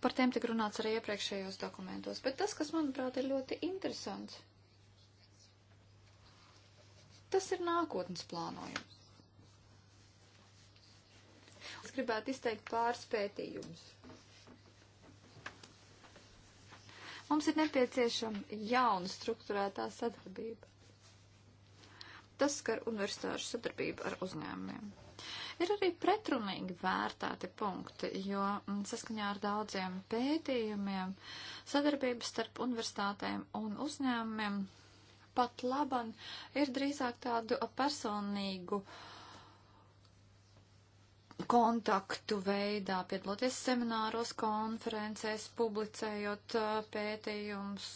par tiem tik runāts arī iepriekšējos dokumentos. Bet tas, kas manuprāt ir ļoti interesants, tas ir nākotnes plānojums. Es gribētu izteikt pāris pētījumus. Mums ir nepieciešama jauna struktūrētā sadarbība. Tas skar universitāšu sadarbību ar uzņēmumiem. Ir arī pretrunīgi vērtēti punkti, jo mm, saskaņā ar daudziem pētījumiem sadarbības starp universitātēm un uzņēmumiem pat laban ir drīzāk tādu personīgu uh, kontaktu veidā, piedaloties semināros, konferencēs, publicējot uh, pētījums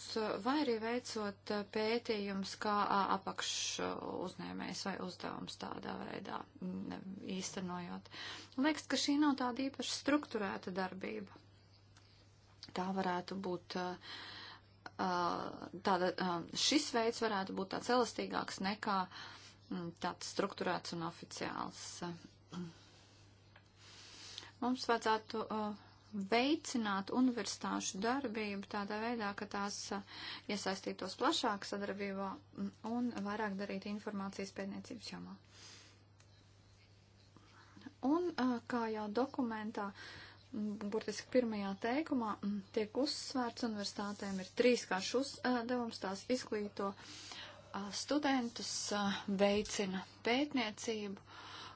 vai arī veicot uh, pētījums kā uh, apakš uzņēmējs vai uzdevums tādā veidā mm, īstenojot. Liekas, ka šī nav tāda īpaši struktūrēta darbība. Tā varētu būt tāda, šis veids varētu būt tāds elastīgāks nekā mm, tāds struktūrēts un oficiāls. Mm. Mums vajadzētu veicināt universitāšu darbību tādā veidā, ka tās iesaistītos plašāk sadarbībā un vairāk darīt informācijas pētniecības jomā. Un kā jau dokumentā, burtiski pirmajā teikumā, tiek uzsvērts universitātēm ir trīskāršs uzdevums, tās izklīto studentus, veicina pētniecību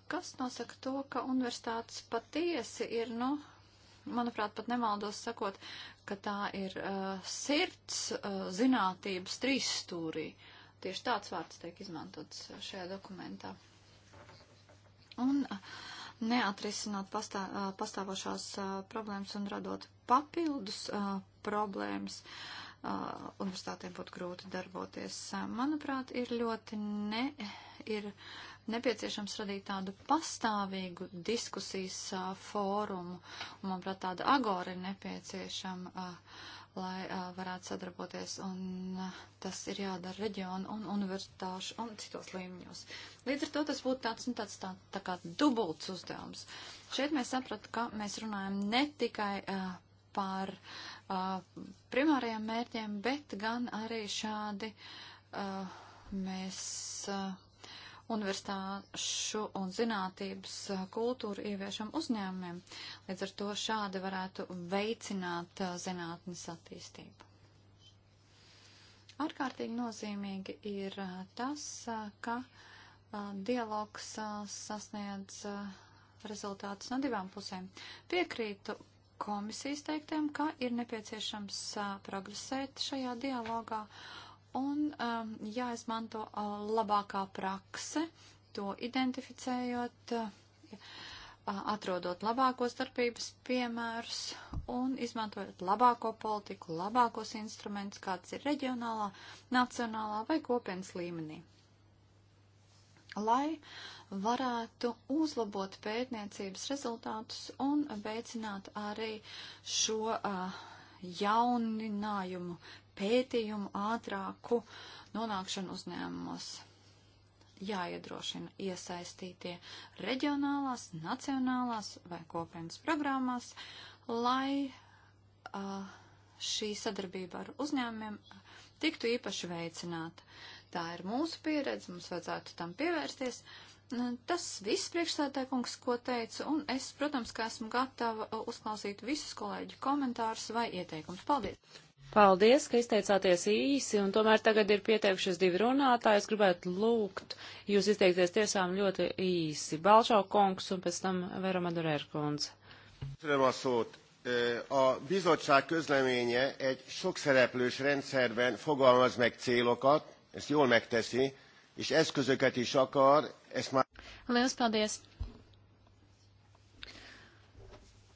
kas nosaka to, ka universitātes patiesi ir, nu, manuprāt, pat nemaldos sakot, ka tā ir uh, sirds uh, zinātības trīsstūrī. Tieši tāds vārds tiek izmantots uh, šajā dokumentā. Un uh, neatrisināt pastā, uh, pastāvošās uh, problēmas un radot papildus problēmas. universitātiem būtu grūti darboties. manuprāt, ir ļoti ne, ir nepieciešams radīt tādu pastāvīgu diskusijas fórumu, un, manuprāt, tāda agora ir nepieciešama, lai varētu sadarboties, un tas ir jādara reģionu un universitāšu un citos līmeņos. Līdz ar to tas būtu tāds, nu, tāds tā, tā kā dubults uzdevums. Šeit mēs sapratu, ka mēs runājam ne tikai par primārajiem mērķiem, bet gan arī šādi mēs universitāšu un zinātības kultūru ieviešam uzņēmumiem. Līdz ar to šādi varētu veicināt uh, zinātnes attīstību. Ārkārtīgi nozīmīgi ir uh, tas, uh, ka dialogs sasniedz rezultātus no divām pusēm. Piekrītu komisijas teiktiem, ka ir nepieciešams progresēt šajā dialogā un um, jāizmanto uh, labākā prakse, to identificējot, uh, atrodot labākos darbības piemērus un izmantojot labāko politiku, labākos instrumentus, kāds ir reģionālā, nacionālā vai kopienas līmenī. Lai varētu uzlabot pētniecības rezultātus un veicināt arī šo uh, jauninājumu pētījumu ātrāku nonākšanu uzņēmumos. Jāiedrošina iesaistītie reģionālās, nacionālās vai kopienas programmās, lai uh, šī sadarbība ar uzņēmumiem tiktu īpaši veicināta. Tā ir mūsu pieredze, mums vajadzētu tam pievērsties. Tas viss priekšsēdētājkungs, ko teicu, un es, protams, ka esmu gatava uzklausīt visus kolēģu komentārus vai ieteikumus. Paldies! Paldies, ka izteicāties īsi, un tomēr tagad ir pieteikušies divi runātāji. Es gribētu lūgt jūs izteikties tiesām ļoti īsi. Balčau kungs un pēc tam Vera Madurēra kundze. A bizottság közleménye egy sokszereplős rendszerben fogalmaz meg célokat, ezt jól megteszi, és eszközöket is akar, ezt már... Liels paldies!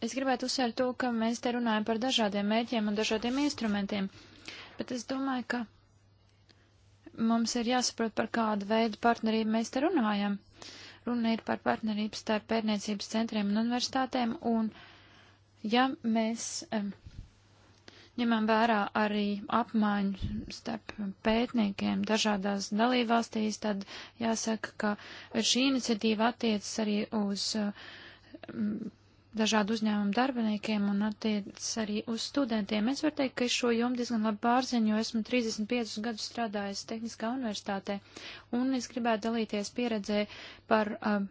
es gribētu uzsvērt to, ka mēs te runājam par dažādiem mērķiem un dažādiem instrumentiem, bet es domāju, ka mums ir jāsaprot, par kādu veidu partnerību mēs te runājam. Runa ir par partnerību starp pērniecības centriem un universitātēm, un ja mēs um, ņemam vērā arī apmaiņu starp pētniekiem dažādās dalībvalstīs, tad jāsaka, ka šī iniciatīva attiecas arī uz um, dažādu uzņēmumu darbiniekiem un attiec arī uz studentiem. Es varu teikt, ka es šo jomu diezgan labi pārzinu, jo esmu 35 gadus strādājis Tehniskā universitātē, un es gribētu dalīties pieredzē par uh,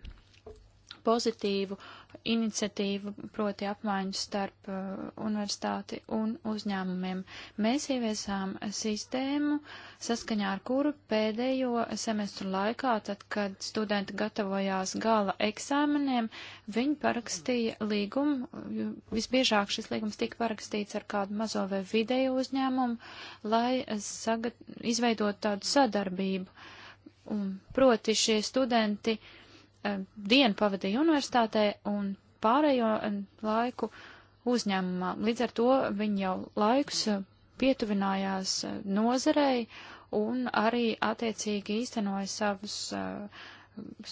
pozitīvu uh, iniciatīvu, proti apmaiņu starp uh, universitāti un uzņēmumiem. Mēs ieviesām sistēmu, saskaņā ar kuru pēdējo semestru laikā, tad, kad studenti gatavojās gala eksāmeniem, viņi parakstīja līgumu. Uh, visbiežāk šis līgums tika parakstīts ar kādu mazo vai vidēju uzņēmumu, lai sagat, izveidot tādu sadarbību. Un, proti šie studenti uh, Eh, dienu pavadīju universitātē un pārējo eh, laiku uzņēmumā. Līdz ar to viņi jau laiks eh, pietuvinājās nozarei un arī attiecīgi īstenoja savus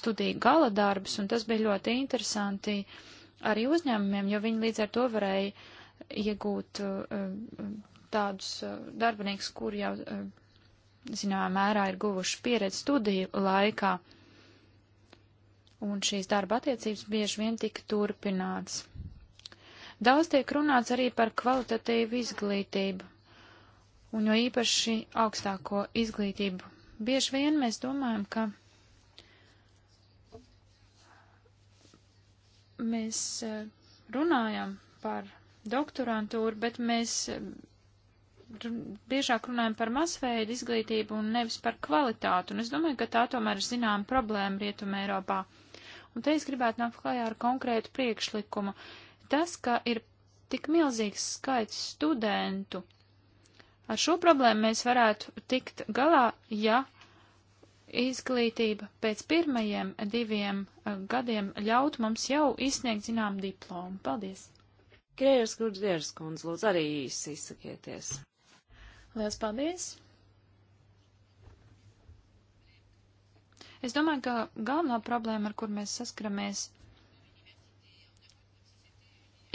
studiju gala darbus, un tas bija ļoti interesanti arī uzņēmumiem, jo viņi līdz ar to varēja iegūt tādus darbinieks, kur jau, zināmā mērā, ir guvuši pieredzi studiju laikā un šīs darba attiecības bieži vien tika turpināts. Daudz tiek runāts arī par kvalitatīvu izglītību, un jo īpaši augstāko izglītību. Bieži vien mēs domājam, ka mēs eh, runājam par doktorantūru, bet mēs eh, biežāk runājam par masveidu izglītību un nevis par kvalitātu, un es domāju, ka tā tomēr ir zināma problēma Rietumē Eiropā. Un te es gribētu nākt klajā ar konkrētu priekšlikumu. Tas, ka ir tik milzīgs skaits studentu, ar šo problēmu mēs varētu tikt galā, ja izglītība pēc pirmajiem diviem eh, gadiem ļaut mums jau izsniegt zinām diplomu. Paldies! Krējers Gurdieris kundze, lūdzu, arī īsi izsakieties. Lielas paldies! Es domāju, ka galvenā problēma, ar kur mēs saskaramies,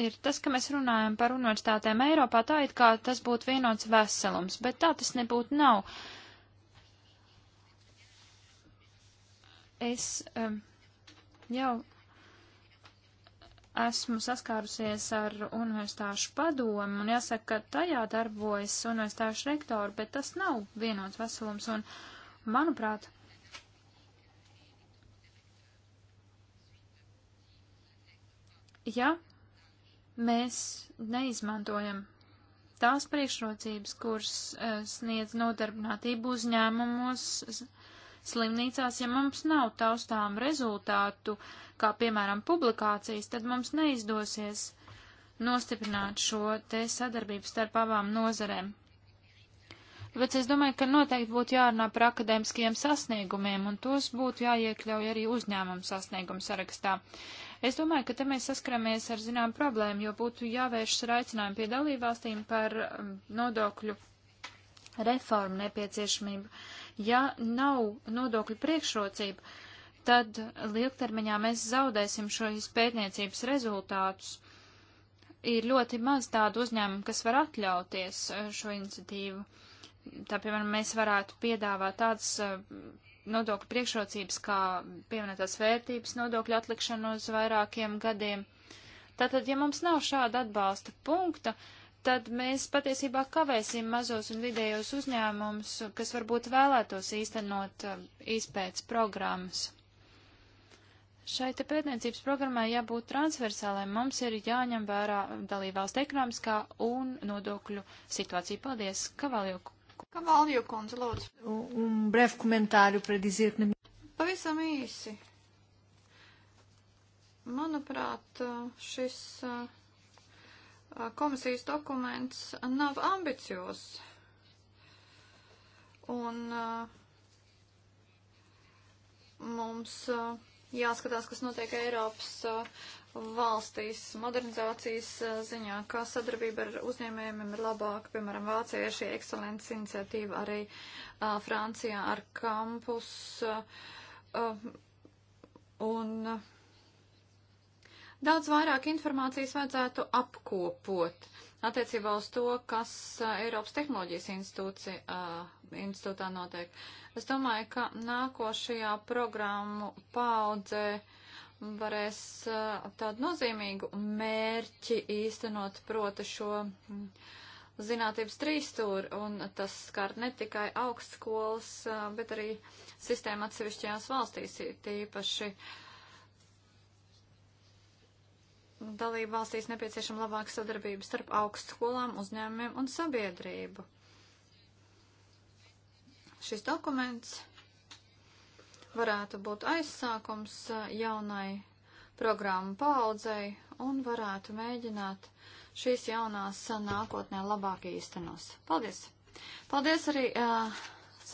ir tas, ka mēs runājam par universitātēm Eiropā tā, it kā tas būtu vienots veselums, bet tā tas nebūtu nav. Es um, jau esmu saskārusies ar universitāšu padomu, un jāsaka, ka tajā darbojas universitāšu rektori, bet tas nav vienots veselums, un, manuprāt, ja mēs neizmantojam tās priekšrocības, kuras eh, sniedz nodarbinātību uzņēmumos, slimnīcās, ja mums nav taustām rezultātu, kā piemēram publikācijas, tad mums neizdosies nostiprināt šo te sadarbību starp abām nozarēm. Bet es domāju, ka noteikti būtu jārunā par akadēmiskajiem sasniegumiem, un tos būtu jāiekļauj arī uzņēmumu sasniegumu sarakstā. Es domāju, ka te mēs saskaramies ar zinām problēmu, jo būtu jāvēršas ar aicinājumu pie dalībvalstīm par um, nodokļu reformu nepieciešamību. Ja nav nodokļu priekšrocību, tad ilgtermiņā mēs zaudēsim šo izpētniecības rezultātus. Ir ļoti maz tādu uzņēmumu, kas var atļauties uh, šo iniciatīvu. Tāpēc mēs varētu piedāvāt tādas uh, nodokļu priekšrocības, kā pieminētās vērtības nodokļu atlikšanu uz vairākiem gadiem. Tātad, ja mums nav šāda atbalsta punkta, tad mēs patiesībā kavēsim mazos un vidējos uzņēmumus, kas varbūt vēlētos īstenot um, izpētes programmas. Šai te pētniecības programmai jābūt transversālai, mums ir jāņem vērā dalībvalsts ekonomiskā un nodokļu situācija. Paldies, jau Kavalju kundze, lūdzu. Un um brev komentāru predizēt. Pavisam īsi. Manuprāt, šis uh, komisijas dokuments nav ambicios. Un uh, mums. Uh, jāskatās, kas notiek Eiropas uh, valstīs modernizācijas uh, ziņā, kā sadarbība ar uzņēmējumiem ir labāka. Piemēram, Vācijā ir šī ekscelences iniciatīva arī uh, Francijā ar kampus. un daudz vairāk informācijas vajadzētu apkopot attiecībā uz to, kas Eiropas tehnoloģijas institūtā notiek. Es domāju, ka nākošajā programmu paudzē varēs tādu nozīmīgu mērķi īstenot proti šo zinātības trīstūru, un tas skar ne tikai augstskolas, bet arī sistēmu atsevišķajās valstīs, tīpaši uh, dalību valstīs nepieciešama labāka sadarbība starp augstskolām, uzņēmumiem un sabiedrību. Šis dokuments varētu būt aizsākums uh, jaunai programmu paudzei un varētu mēģināt šīs jaunās nākotnē labāk īstenos. Paldies! Paldies arī uh,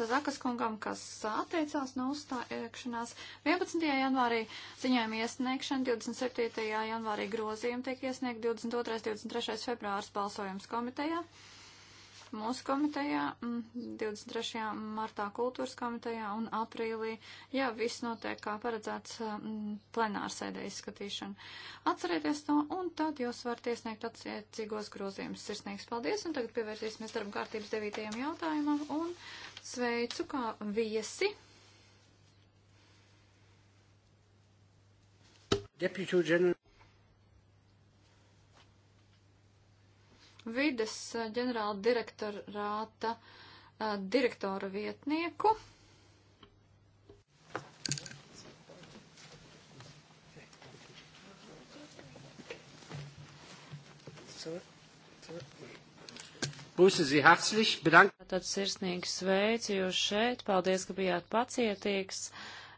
Zakas kungam, kas atteicās no uzstāšanās. 11. janvārī ziņojuma iesniegšana, 27. janvārī grozījuma tiek iesniegta, 22. un 23. februārs balsojums komitejā, mūsu komitejā, mm, 23. martā kultūras komitejā un aprīlī, ja viss notiek kā paredzēts mm, plenāra sēdē izskatīšana. Atcerieties to, un tad jūs varat iesniegt atsiecīgos grozījumus. Sirsnīgs paldies, un tagad pievērsīsimies darba kārtības devītajam jautājumam. Un, Sveicu kā viesi. Deputy General. vides eh, ģenerāla direktorāta eh, direktora vietnieku. Sorry. Sorry begrüße Sie herzlich. Bedank... Tad sirsnīgi sveicu jūs šeit. Paldies, ka bijāt pacietīgs.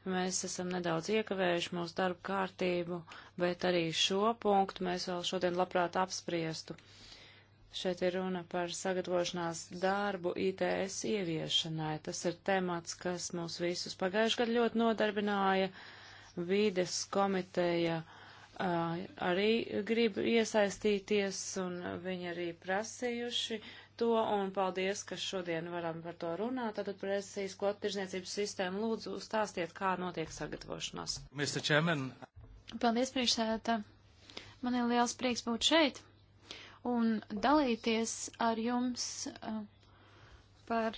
Mēs esam nedaudz iekavējuši mūsu darbu kārtību, bet arī šo punktu mēs vēl šodien labprāt apspriestu. Šeit ir runa par sagatavošanās darbu ITS ieviešanai. Tas ir temats, kas mūs visus pagājuši gadu ļoti nodarbināja. Vīdes komiteja arī grib iesaistīties, un viņi arī prasījuši to, un paldies, ka šodien varam par to runāt. Tātad par esīs kvotu sistēmu lūdzu stāstiet, kā notiek sagatavošanās. Paldies, priekšsēdētā. Man ir liels prieks būt šeit un dalīties ar jums uh, par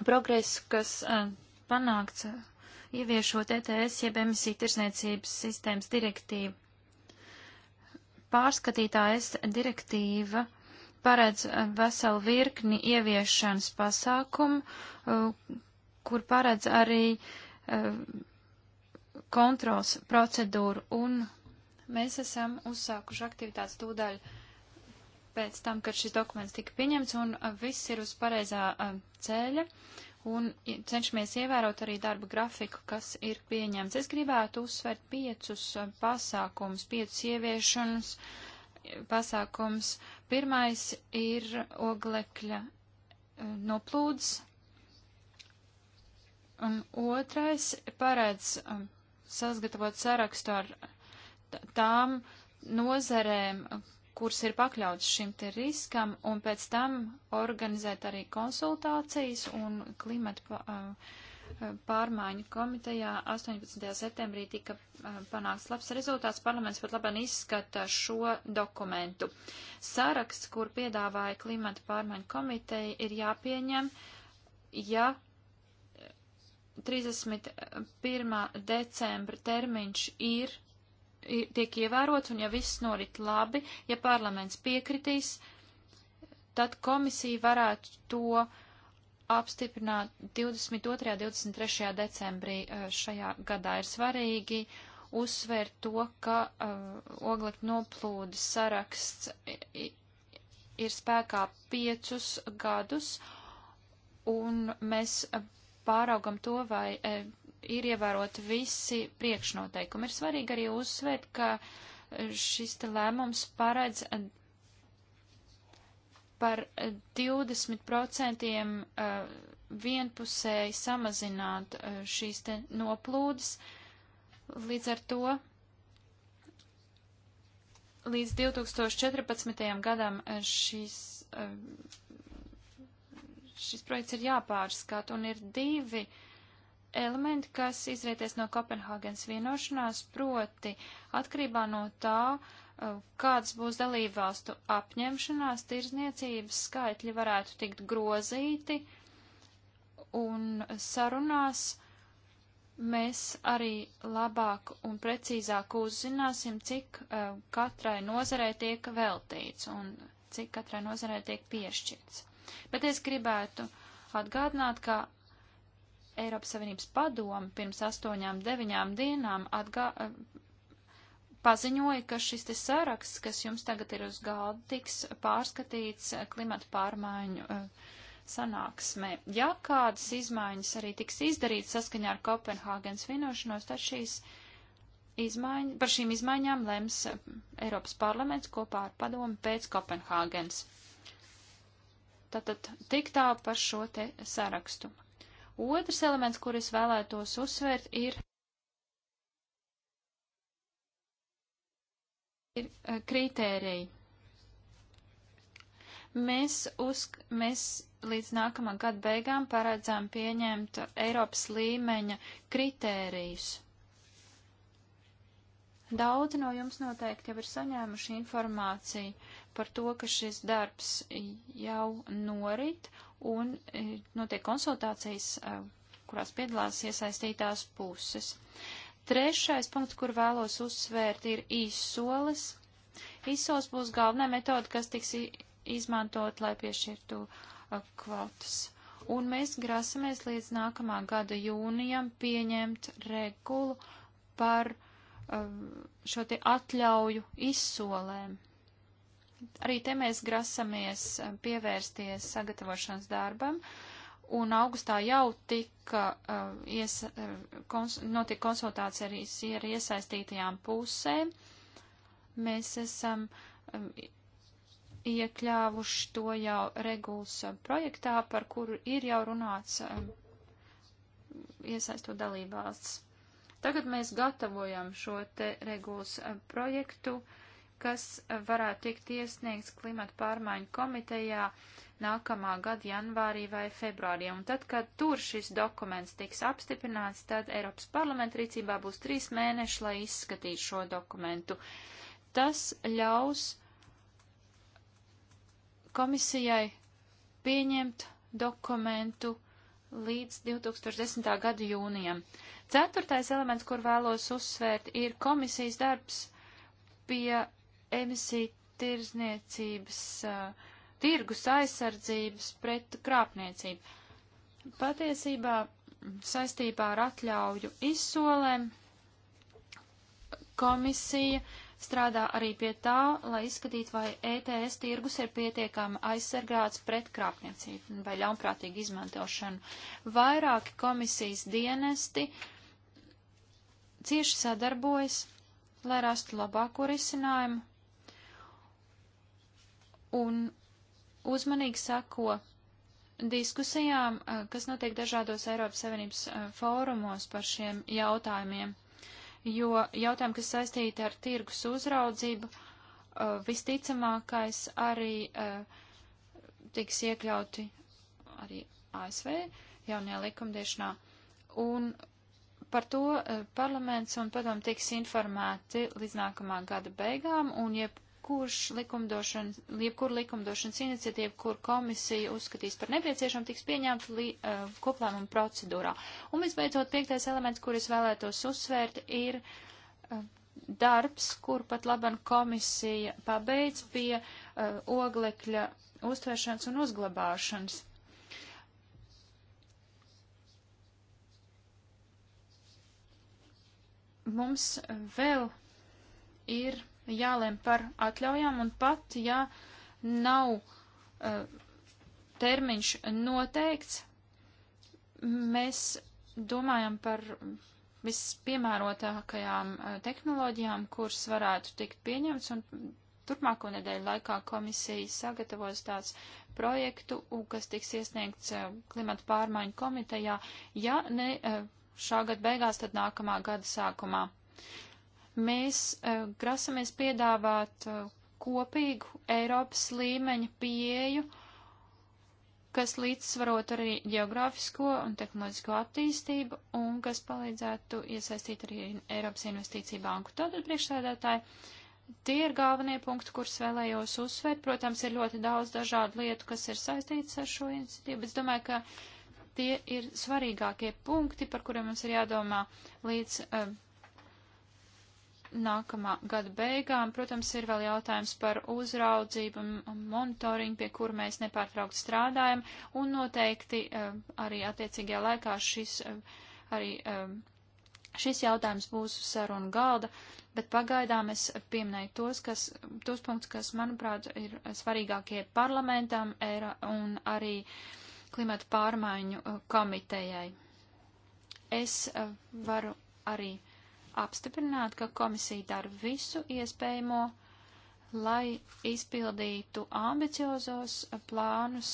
progresu, kas uh, panākts uh, ieviešot ETS jeb emisiju tirsniecības sistēmas direktīvu. Pārskatītājas direktīva paredz veselu virkni ieviešanas pasākumu, eh, kur paredz arī eh, kontrols procedūru, un mēs esam uzsākuši aktivitātes tūdaļ pēc tam, kad šis dokuments tika pieņemts, un eh, viss ir uz pareizā ceļa, un cenšamies ievērot arī darba grafiku, kas ir pieņemts. Es gribētu uzsvērt piecus pasākumus, piecus ieviešanas pasākums. Pirmais ir oglekļa eh, noplūds, un otrais paredz um, sasgatavot sarakstu ar tām nozerēm, kuras ir pakļautas šim te riskam, un pēc tam organizēt arī konsultācijas un klimata. Uh, pārmaiņu komitejā 18. septembrī tika eh, panāks labs rezultāts. Parlaments pat labāk izskata šo dokumentu. Saraksts, kur piedāvāja klimata pārmaiņu komiteja, ir jāpieņem, ja 31. decembra termiņš ir, ir tiek ievērots, un ja viss norit labi, ja parlaments piekritīs, tad komisija varētu to uh, apstiprināt 22. un 23. decembrī eh, šajā gadā. Ir svarīgi uzsvērt to, ka uh, eh, oglekļa noplūdes saraksts ir spēkā piecus gadus, un mēs pāraugam to, vai uh, ir ievērot visi priekšnoteikumi. Ir svarīgi arī uzsvērt, ka šis lēmums paredz par 20% eh, vienpusēji samazināt eh, šīs te noplūdes. Līdz ar to līdz 2014. gadam eh, šis, šis projekts ir jāpārskat un ir divi elementi, kas izrieties no Kopenhāgens vienošanās, proti atkarībā no tā, uh, kādas būs dalībvalstu apņemšanās, tirzniecības skaitļi varētu tikt grozīti, un sarunās mēs arī labāk un precīzāk uzzināsim, cik uh, katrai nozarei tiek veltīts un cik katrai nozarei tiek piešķirts. Bet es gribētu atgādināt, ka Eiropas Savienības padoma pirms astoņām, deviņām dienām atgā, uh, paziņoja, ka šis te saraksts, kas jums tagad ir uz galda, tiks pārskatīts klimata pārmaiņu eh, sanāksmē. Ja kādas izmaiņas arī tiks izdarītas saskaņā ar Kopenhāgens vienošanos, tad šīs izmaiņ, par šīm izmaiņām lems eh, Eiropas parlaments kopā ar padomu pēc Kopenhāgens. Tātad tik tā par šo te sarakstu. Otrs elements, kur es vēlētos uzsvērt, ir ir eh, kritēriji. Mēs, uzk, mēs līdz nākamā gada beigām paredzām pieņemt Eiropas līmeņa kritērijus. Daudzi no jums noteikti jau ir saņēmuši informāciju par to, ka šis darbs jau norit un eh, notiek konsultācijas, eh, kurās piedalās iesaistītās puses. Trešais punkts, kur vēlos uzsvērt, ir īsolis. Īsolis būs galvenā metode, kas tiks izmantot, lai piešķirtu kvotas. Un mēs grasamies līdz nākamā gada jūnijam pieņemt regulu par šo te atļauju izsolēm. Arī te mēs grasamies pievērsties sagatavošanas darbam un augustā jau tika uh, ies, uh, kons, notika konsultācija arī ar iesaistītajām pusēm. Mēs esam um, iekļāvuši to jau regulas uh, projektā, par kuru ir jau runāts um, iesaistot dalībās. Tagad mēs gatavojam šo te regulas uh, projektu, kas varētu tikt iesniegts klimata pārmaiņu komitejā. Uh, nākamā gada janvārī vai februārī. Un tad, kad tur šis dokuments tiks apstiprināts, tad Eiropas parlamenta rīcībā būs trīs mēneši, lai izskatītu šo dokumentu. Tas ļaus komisijai pieņemt dokumentu līdz 2010. gada jūnijam. Ceturtais elements, kur vēlos uzsvērt, ir komisijas darbs pie emisiju tirzniecības uh, tirgus aizsardzības pret krāpniecību. Patiesībā saistībā ar atļauju izsolēm komisija strādā arī pie tā, lai izskatītu, vai ETS tirgus ir pietiekami aizsargāts pret krāpniecību vai ļaunprātīgu izmantošanu. Vairāki komisijas dienesti cieši sadarbojas, lai rastu labāko risinājumu un uzmanīgi sako diskusijām, kas notiek dažādos Eiropas Savienības fórumos par šiem jautājumiem, jo jautājumi, kas saistīti ar tirgus uzraudzību, visticamākais arī tiks iekļauti arī ASV jaunajā likumdiešanā. Un par to parlaments un padomu tiks informēti līdz nākamā gada beigām, un ja jebkurš likumdošana, jebkur likumdošanas iniciatīva, kur komisija uzskatīs par nepieciešam, tiks pieņemt li, uh, koplēmuma procedūrā. Un visbeidzot, piektais elements, kur es vēlētos uzsvērt, ir uh, darbs, kur pat laban komisija pabeidz pie uh, oglekļa uztvēršanas un uzglabāšanas. Mums vēl ir jālem par atļaujām, un pat, ja nav e, termiņš noteikts, mēs domājam par vispiemērotākajām e, tehnoloģijām, kuras varētu tikt pieņemts, un turpmāko nedēļu laikā komisija sagatavos tāds projektu, kas tiks iesniegts uh, e, klimata pārmaiņu komitejā, ja ne šā gada beigās, tad nākamā gada sākumā. Mēs uh, grasamies piedāvāt uh, kopīgu Eiropas līmeņa pieeju, kas līdzsvarot arī geogrāfisko un tehnoloģisko attīstību un kas palīdzētu iesaistīt arī Eiropas investīciju banku. Tātad priekšsēdētāji. Tie ir galvenie punkti, kurus vēlējos uzsvērt. Protams, ir ļoti daudz dažādu lietu, kas ir saistītas ar šo iniciatīvu. bet Es domāju, ka tie ir svarīgākie punkti, par kuriem mums ir jādomā līdz uh, nākamā gada beigām. Protams, ir vēl jautājums par uzraudzību un monitoringu, pie kura mēs nepārtraukti strādājam, un noteikti eh, arī attiecīgajā laikā šis, eh, arī, eh, šis jautājums būs uz sarunu galda, bet pagaidām es pieminēju tos, kas, tos punktus, kas, manuprāt, ir svarīgākie parlamentam un arī klimatu pārmaiņu komitejai. Es varu arī apstiprināt, ka komisija dara visu iespējamo, lai izpildītu ambiciozos plānus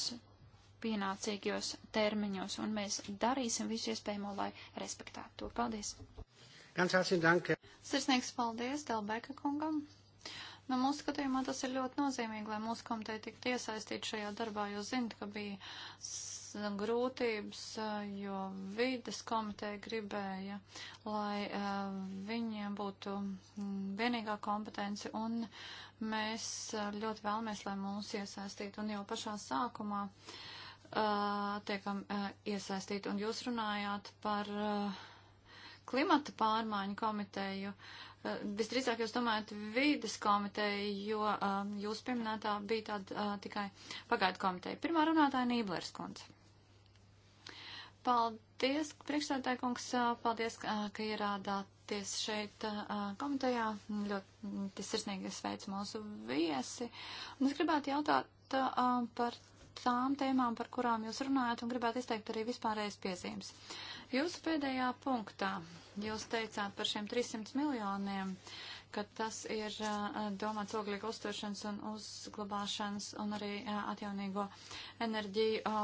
pienācīgos termiņos, un mēs darīsim visu iespējamo, lai respektētu to. Paldies! Sirsnīgs paldies Delbeka kungam! No nu, mūsu skatījumā tas ir ļoti nozīmīgi, lai mūsu komiteja tiktu iesaistīta šajā darbā, jo zinu, ka bija grūtības, eh, jo vides komiteja gribēja, lai eh, viņiem būtu mm, vienīgā kompetence, un mēs eh, ļoti vēlamies, lai mūs iesaistītu, un jau pašā sākumā tiekam iesaistīt, un jūs runājāt par klimata pārmaiņu komiteju. Visdrīzāk jūs domājat vīdes komiteju, jo jūs pieminētā bija tāda tikai pagaidu komiteja. Pirmā runātāja Nīblers kundze. Paldies, priekšstādāja kungs, paldies, ka ierādāties šeit komitejā. Ļoti sirsnīgi sveicu mūsu viesi. Un es gribētu jautāt par tām tēmām, par kurām jūs runājat, un gribētu izteikt arī vispārējais piezīmes. Jūsu pēdējā punktā jūs teicāt par šiem 300 miljoniem, ka tas ir domāts oglīgu uzturšanas un uzglabāšanas un arī atjaunīgo enerģiju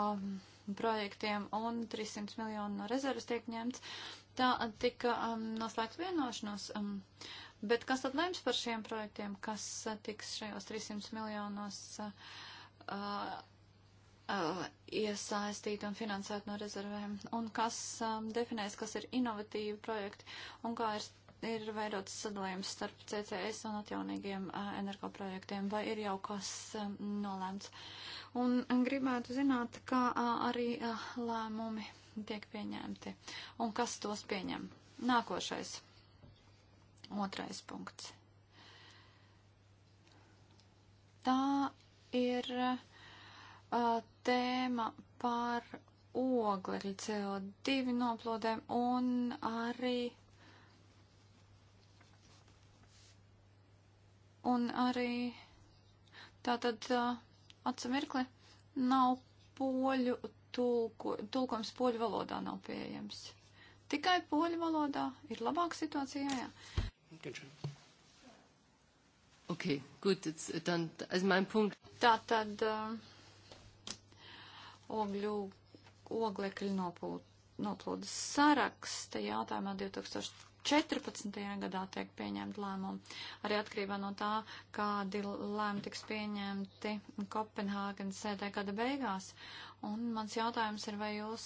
projektiem un 300 miljonu no rezervas tiek ņemts. Tā tika um, noslēgta vienošanos. Um, bet kas tad lems par šiem projektiem, kas uh, tiks šajos 300 miljonos uh, uh, iesaistīt un finansēt no rezervēm? Un kas um, definēs, kas ir inovatīvi projekti un kā ir ir veidots sadalījums starp CCS un atjaunīgiem energoprojektiem, vai ir jau kas nolēmts. Un gribētu zināt, kā arī lēmumi tiek pieņemti un kas tos pieņem. Nākošais, otrais punkts. Tā ir uh, tēma par oglekļa CO2 noplūdēm un arī un arī tātad atsamirkli nav poļu tulku, tulkojums poļu valodā nav pieejams. Tikai poļu valodā ir labāka situācija, jā. Ok, Okay, gut, jetzt, äh, dann ist mein Punkt. Tātad um, ogļu, oglekļu noplūdes saraksta jautājumā 2000. 14. gadā tiek pieņemti lēmumi. Arī atkarībā no tā, kādi lēmumi tiks pieņemti Kopenhāgenes sēdē gada beigās. Un mans jautājums ir, vai jūs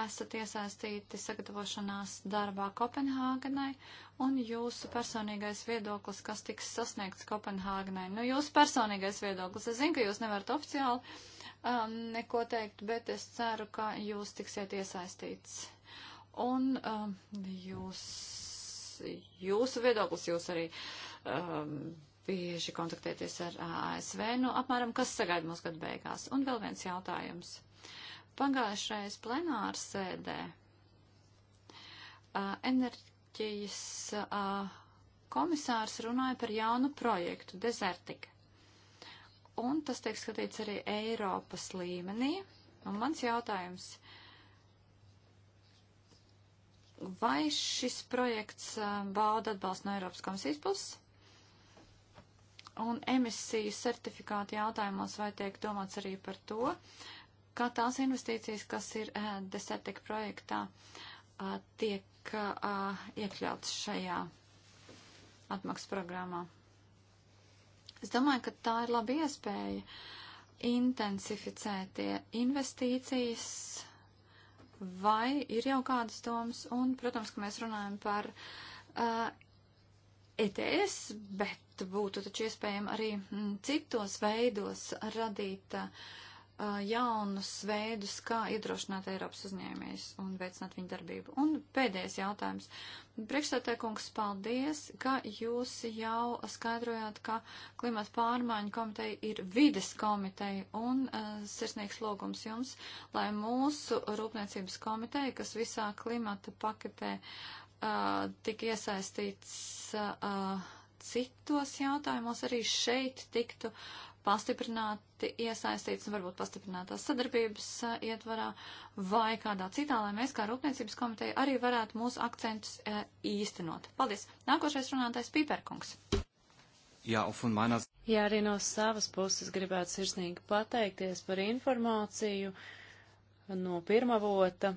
esat iesaistīti sagatavošanās darbā Kopenhāgenai un jūsu personīgais viedoklis, kas tiks sasniegts Kopenhāgenai? Nu, jūsu personīgais viedoklis. Es zinu, ka jūs nevarat oficiāli um, neko teikt, bet es ceru, ka jūs tiksiet iesaistīts on um, jūs, jūsu viedoklis, jūs arī um, bieži kontaktēties ar uh, ASV, nu apmēram kas sagaida mūs gadu beigās. Un vēl viens jautājums. Pagājušais plenārs sēdē uh, enerģijas uh, komisārs runāja par jaunu projektu, dezertika. Un tas tiek skatīts arī Eiropas līmenī. Un mans jautājums vai šis projekts bauda eh, atbalstu no Eiropas komisijas puses? Un emisiju certifikāti jautājumos vai tiek domāts arī par to, kā tās investīcijas, kas ir eh, desertika projektā, eh, tiek iekļauts šajā atmaksas programmā. Es domāju, ka tā ir laba iespēja intensificēt investīcijas vai ir jau kādas domas, un, protams, ka mēs runājam par uh, ETS, bet būtu taču iespējami arī m, mm, citos veidos radīt uh, Uh, jaunus veidus, kā iedrošināt Eiropas uzņēmējus un veicināt viņu darbību. Un pēdējais jautājums. Priekšstādēkungs, paldies, ka jūs jau skaidrojāt, ka klimata pārmaiņu komiteja ir vides komiteja un uh, sirsnīgs lūgums jums, lai mūsu rūpniecības komiteja, kas visā klimata paketē uh, tik iesaistīts. Uh, citos jautājumos arī šeit tiktu Uh, pastiprināti iesaistīts un varbūt pastiprinātās sadarbības uh, ietvarā vai kādā citā, lai mēs kā Rūpniecības komiteja arī varētu mūsu akcentus uh, īstenot. Paldies! Nākošais runātais Pīperkungs. Jā, un Jā, arī no savas puses gribētu sirsnīgi pateikties par informāciju no vota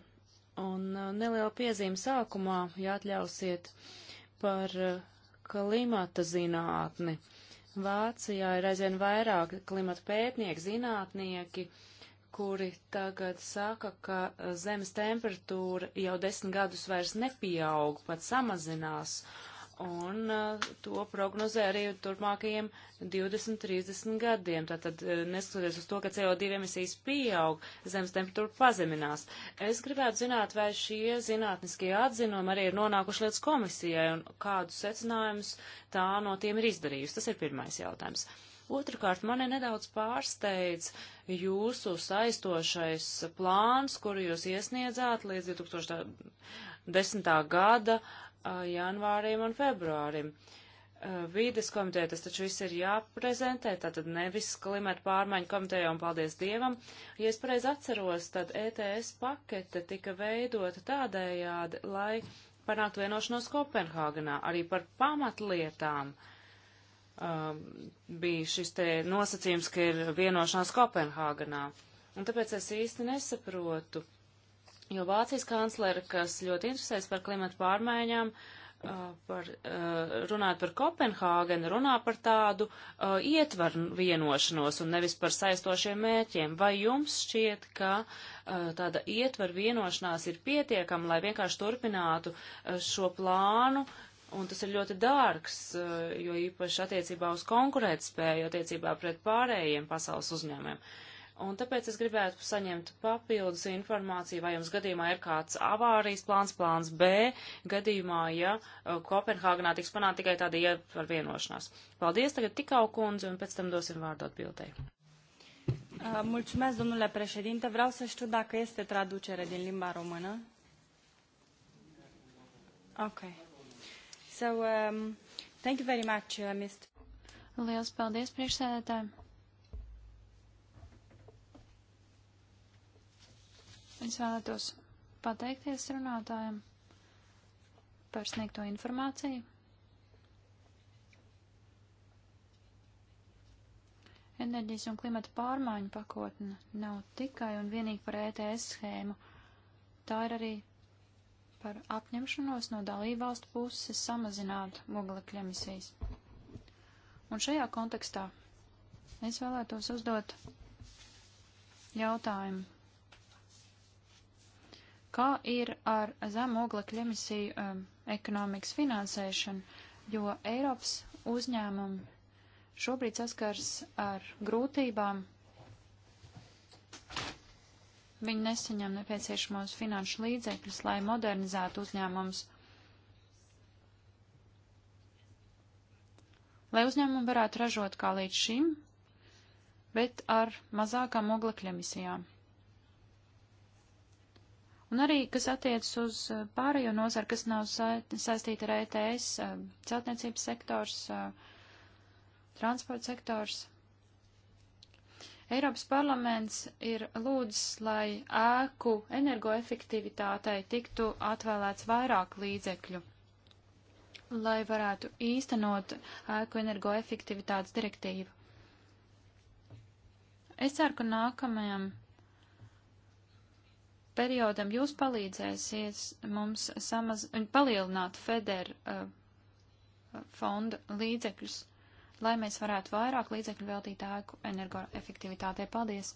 un uh, neliela piezīme sākumā, ja atļausiet, par klimata zinātni. Vācijā ir aizvien vairāk klimata pētnieki, zinātnieki, kuri tagad saka, ka eh, zemes temperatūra jau desmit gadus vairs nepieaug, pat samazinās un uh, to prognozē arī turpmākajiem 20-30 gadiem. Tātad, uh, neskatoties uz to, ka CO2 emisijas pieaug, zemes temperatūra pazeminās. Es gribētu zināt, vai šie zinātniskie atzinumi arī ir nonākuši lietas komisijai un kādus secinājumus tā no tiem ir izdarījusi. Tas ir pirmais jautājums. Otrakārt, mani nedaudz pārsteidz jūsu saistošais plāns, kuru jūs iesniedzāt līdz 2010. gada uh, janvārim un februārim. Vīdes komiteja tas taču viss ir jāprezentē, tātad nevis klimata pārmaiņu komiteja un paldies Dievam. Ja es pareiz atceros, tad ETS pakete tika veidota tādējādi, lai panākt vienošanos Kopenhāganā arī par pamatlietām. bija šis te nosacījums, ka ir vienošanās Kopenhāganā. Un tāpēc es īsti nesaprotu, jo Vācijas kanclere, kas ļoti interesēs par klimatu pārmaiņām, par, runāt par Kopenhāgenu, runā par tādu ietvaru vienošanos un nevis par saistošiem mērķiem. Vai jums šķiet, ka tāda ietvaru vienošanās ir pietiekama, lai vienkārši turpinātu šo plānu, Un tas ir ļoti dārgs, jo īpaši attiecībā uz konkurētspēju, attiecībā pret pārējiem pasaules uzņēmumiem. Un tāpēc es gribētu saņemt papildus informāciju, vai jums gadījumā ir kāds avārijas plāns, plāns B, gadījumā, ja uh, Kopenhāgenā tiks panākt tikai tāda iepar vienošanās. Paldies tagad tikau kundzi, un pēc tam dosim vārdu atbildēji. Uh, mulțumesc, domnule președinte. Vreau să știu dacă este traducere din limba română. Ok. So, um, thank you very much, uh, Mr. Liels paldies, priekšsēdētāji. Es vēlētos pateikties runātājiem par sniegto informāciju. Enerģijas un klimata pārmaiņu pakotne nav tikai un vienīgi par ETS schēmu. Tā ir arī par apņemšanos no dalībvalstu puses samazināt oglekļa emisijas. Un šajā kontekstā es vēlētos uzdot jautājumu kā ir ar zemu oglekļa emisiju um, ekonomikas finansēšanu, jo Eiropas uzņēmumi šobrīd saskars ar grūtībām. Viņi nesaņem nepieciešamos finanšu līdzekļus, lai modernizētu uzņēmumus. Lai uzņēmumi varētu ražot kā līdz šim, bet ar mazākām oglekļa emisijām. Un arī, kas attiecas uz eh, pārējo nozaru, kas nav saistīta ar ETS, eh, celtniecības sektors, eh, transporta sektors. Eiropas parlaments ir lūdzis, lai ēku energoefektivitātei tiktu atvēlēts vairāk līdzekļu, lai varētu īstenot ēku energoefektivitātes direktīvu. Es ceru, ka nākamajam periodam jūs palīdzēsiet mums samaz, palielināt feder uh, fondu līdzekļus, lai mēs varētu vairāk līdzekļu veltīt ēku energoefektivitātei. Paldies!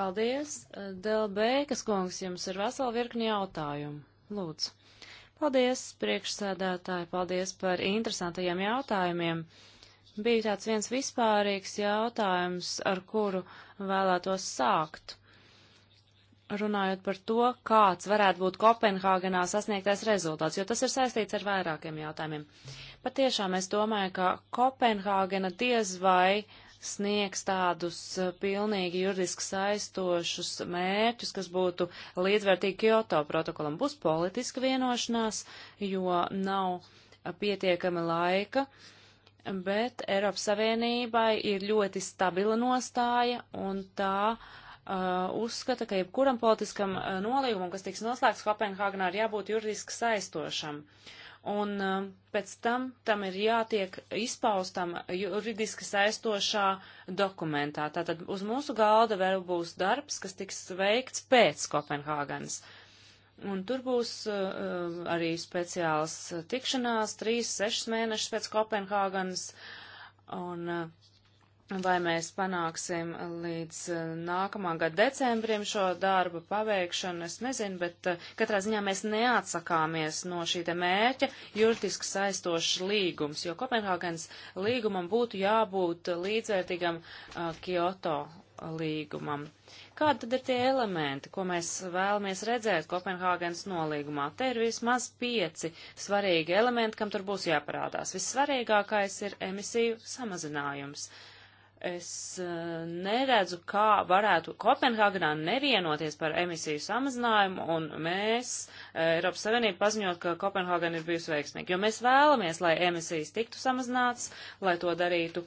Paldies! Uh, kas kungs, jums ir vesela virkni jautājumu. Lūdzu! Paldies, priekšsēdētāji, paldies par interesantajiem jautājumiem! bija tāds viens vispārīgs jautājums, ar kuru vēlētos sākt runājot par to, kāds varētu būt Kopenhāgenā sasniegtais rezultāts, jo tas ir saistīts ar vairākiem jautājumiem. Patiešām es domāju, ka Kopenhāgena diez vai sniegs tādus eh, pilnīgi juridiski saistošus mērķus, kas būtu līdzvērtīgi Kyoto protokolam. Būs politiska vienošanās, jo nav pietiekami laika. Bet Eiropas Savienībai ir ļoti stabila nostāja, un tā uh, Uh, uzskata, ka jebkuram politiskam uh, nolīgumam, kas tiks noslēgts Kopenhāgenā, ir jābūt juridiski saistošam. Un uh, pēc tam tam ir jātiek izpaustam juridiski saistošā dokumentā. Tātad uz mūsu galda vēl būs darbs, kas tiks veikts pēc Kopenhāgenas. Un tur būs uh, arī speciāls tikšanās, trīs, sešas mēnešas pēc Kopenhāganas. Un uh, vai mēs panāksim līdz eh, nākamā gada decembrim šo darbu paveikšanu, es nezinu, bet eh, katrā ziņā mēs neatsakāmies no šī te mērķa juridiski saistošs līgums, jo Kopenhāgens līgumam būtu jābūt līdzvērtīgam eh, Kyoto līgumam. Kādi tad ir tie elementi, ko mēs vēlamies redzēt Kopenhāgens nolīgumā? Te ir vismaz pieci svarīgi elementi, kam tur būs jāparādās. Vissvarīgākais ir emisiju samazinājums. Es eh, neredzu, kā varētu Kopenhagenā nevienoties par emisiju samazinājumu, un mēs, eh, Eiropas Savienība, paziņot, ka Kopenhagena ir bijusi veiksmīga, jo mēs vēlamies, lai emisijas tiktu samazināts, lai to darītu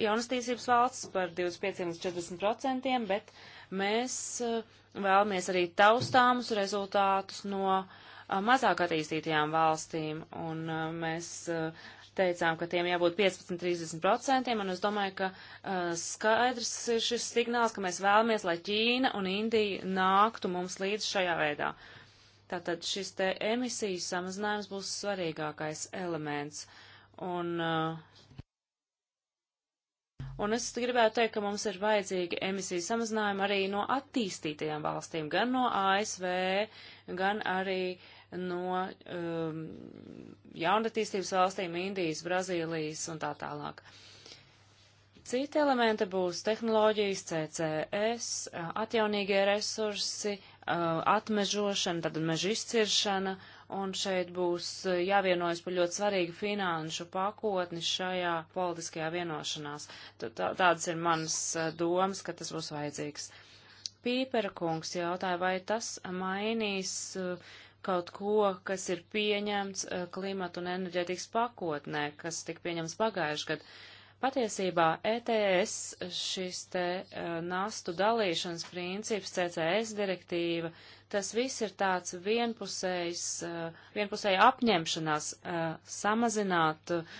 jaunastīsības valsts par 25 līdz 40 procentiem, bet mēs eh, vēlamies arī taustāmus rezultātus no mazāk attīstītajām valstīm, un mēs teicām, ka tiem jābūt 15-30%, un es domāju, ka uh, skaidrs ir šis signāls, ka mēs vēlamies, lai Ķīna un Indija nāktu mums līdz šajā veidā. Tātad šis te emisiju samazinājums būs svarīgākais elements. Un, uh, un es gribētu teikt, ka mums ir vajadzīgi emisiju samazinājumi arī no attīstītajām valstīm, gan no ASV, gan arī uh, no um, jaunatīstības valstīm, Indijas, Brazīlijas un tā tālāk. Citi elementi būs tehnoloģijas, CCS, uh, atjaunīgie resursi, uh, atmežošana, tad meža izciršana, un šeit būs uh, jāvienojas par ļoti svarīgu finanšu pakotni šajā politiskajā vienošanās. Tādas ir manas domas, ka tas būs vajadzīgs. Pīpera kungs jautāja, vai tas mainīs uh, kaut ko, kas ir pieņemts eh, klimatu un enerģētikas pakotnē, kas tik pieņemts pagājuši gadu. Patiesībā ETS, šis te eh, nastu dalīšanas princips, CCS direktīva, Tas viss ir tāds vienpusējs, eh, vienpusēja apņemšanās eh, samazināt eh,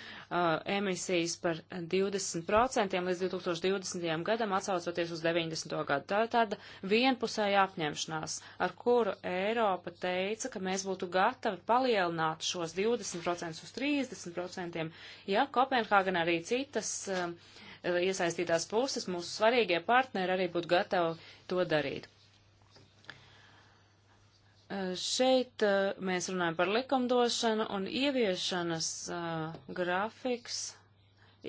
emisijas par 20% līdz 2020. gadam, atsaucoties uz 90. gadu. Tā ir tāda vienpusēja apņemšanās, ar kuru Eiropa teica, ka mēs būtu gatavi palielināt šos 20% uz 30%, ja Kopenhāgan arī citas iesaistītās puses, mūsu svarīgie partneri arī būtu gatavi to darīt. Šeit eh, mēs runājam par likumdošanu un ieviešanas uh, grafiks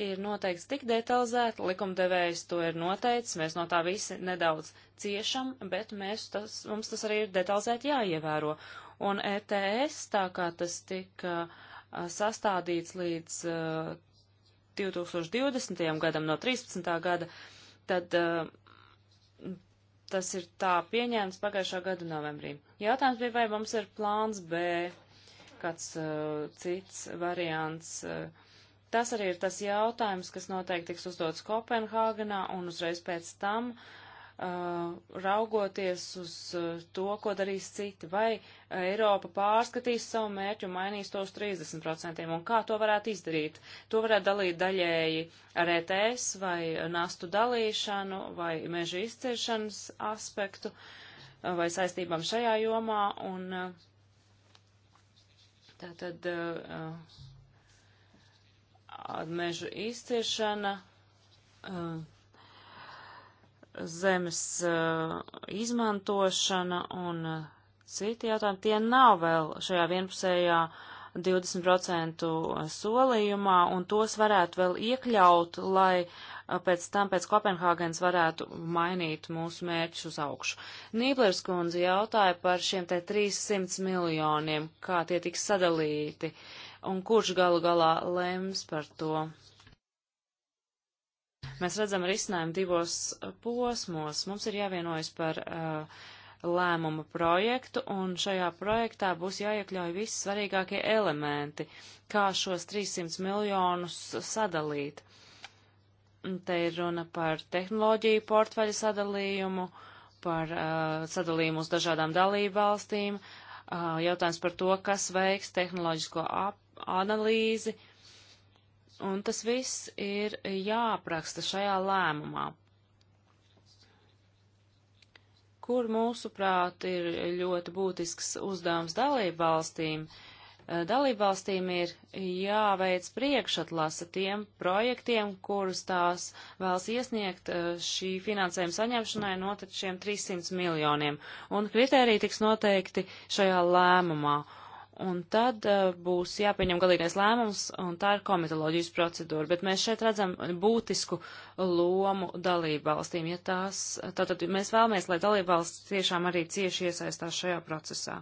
ir noteikts tik detalizēti, likumdevējs to ir noteicis, mēs no tā visi nedaudz ciešam, bet mēs tas, mums tas arī ir detalizēti jāievēro. Un ETS, tā kā tas tika eh, sastādīts līdz uh, 2020. gadam no 13. gada, tad uh, tas ir tā pieņēmts pagājušā gada novembrī. Jautājums bija, vai mums ir plāns B, kāds uh, cits variants. Uh, tas arī ir tas jautājums, kas noteikti tiks uzdots Kopenhāgenā un uzreiz pēc tam uh, Uh, raugoties uz uh, to, ko darīs citi, vai uh, Eiropa pārskatīs savu mērķu un mainīs to uz 30%, un kā to varētu izdarīt. To varētu dalīt daļēji ar ETS vai nastu dalīšanu vai meža izciršanas aspektu vai saistībām šajā jomā, un tā tad mežu izciešana. Uh, zemes eh, izmantošana un eh, citi jautājumi, tie nav vēl šajā vienpusējā 20% eh, solījumā, un tos varētu vēl iekļaut, lai pēc tam, pēc Kopenhāgenes varētu mainīt mūsu mērķus uz augšu. Nīblers kundze jautāja par šiem te 300 miljoniem, kā tie tiks sadalīti, un kurš galu galā lems par to. Mēs redzam risinājumu divos uh, posmos. Mums ir jāvienojas par uh, lēmumu projektu, un šajā projektā būs jāiekļauj visi svarīgākie elementi, kā šos 300 miljonus sadalīt. Te ir runa par tehnoloģiju portfeļu sadalījumu, par uh, sadalījumu uz dažādām dalību valstīm, uh, jautājums par to, kas veiks tehnoloģisko analīzi, uh, Un tas viss ir jāapraksta šajā lēmumā. Kur prāt ir ļoti būtisks uzdevums dalību valstīm? Eh, dalību valstīm ir jāveic priekšatlasa tiem projektiem, kurus tās vēlas iesniegt eh, šī finansējuma saņemšanai no šiem 300 miljoniem. Un kritēriji tiks noteikti šajā lēmumā un tad eh, būs jāpieņem galīgais lēmums, un tā ir komitoloģijas procedūra. Bet mēs šeit redzam būtisku lomu dalību valstīm, ja tās, tātad mēs vēlamies, lai dalību valsts tiešām arī cieši iesaistās šajā procesā.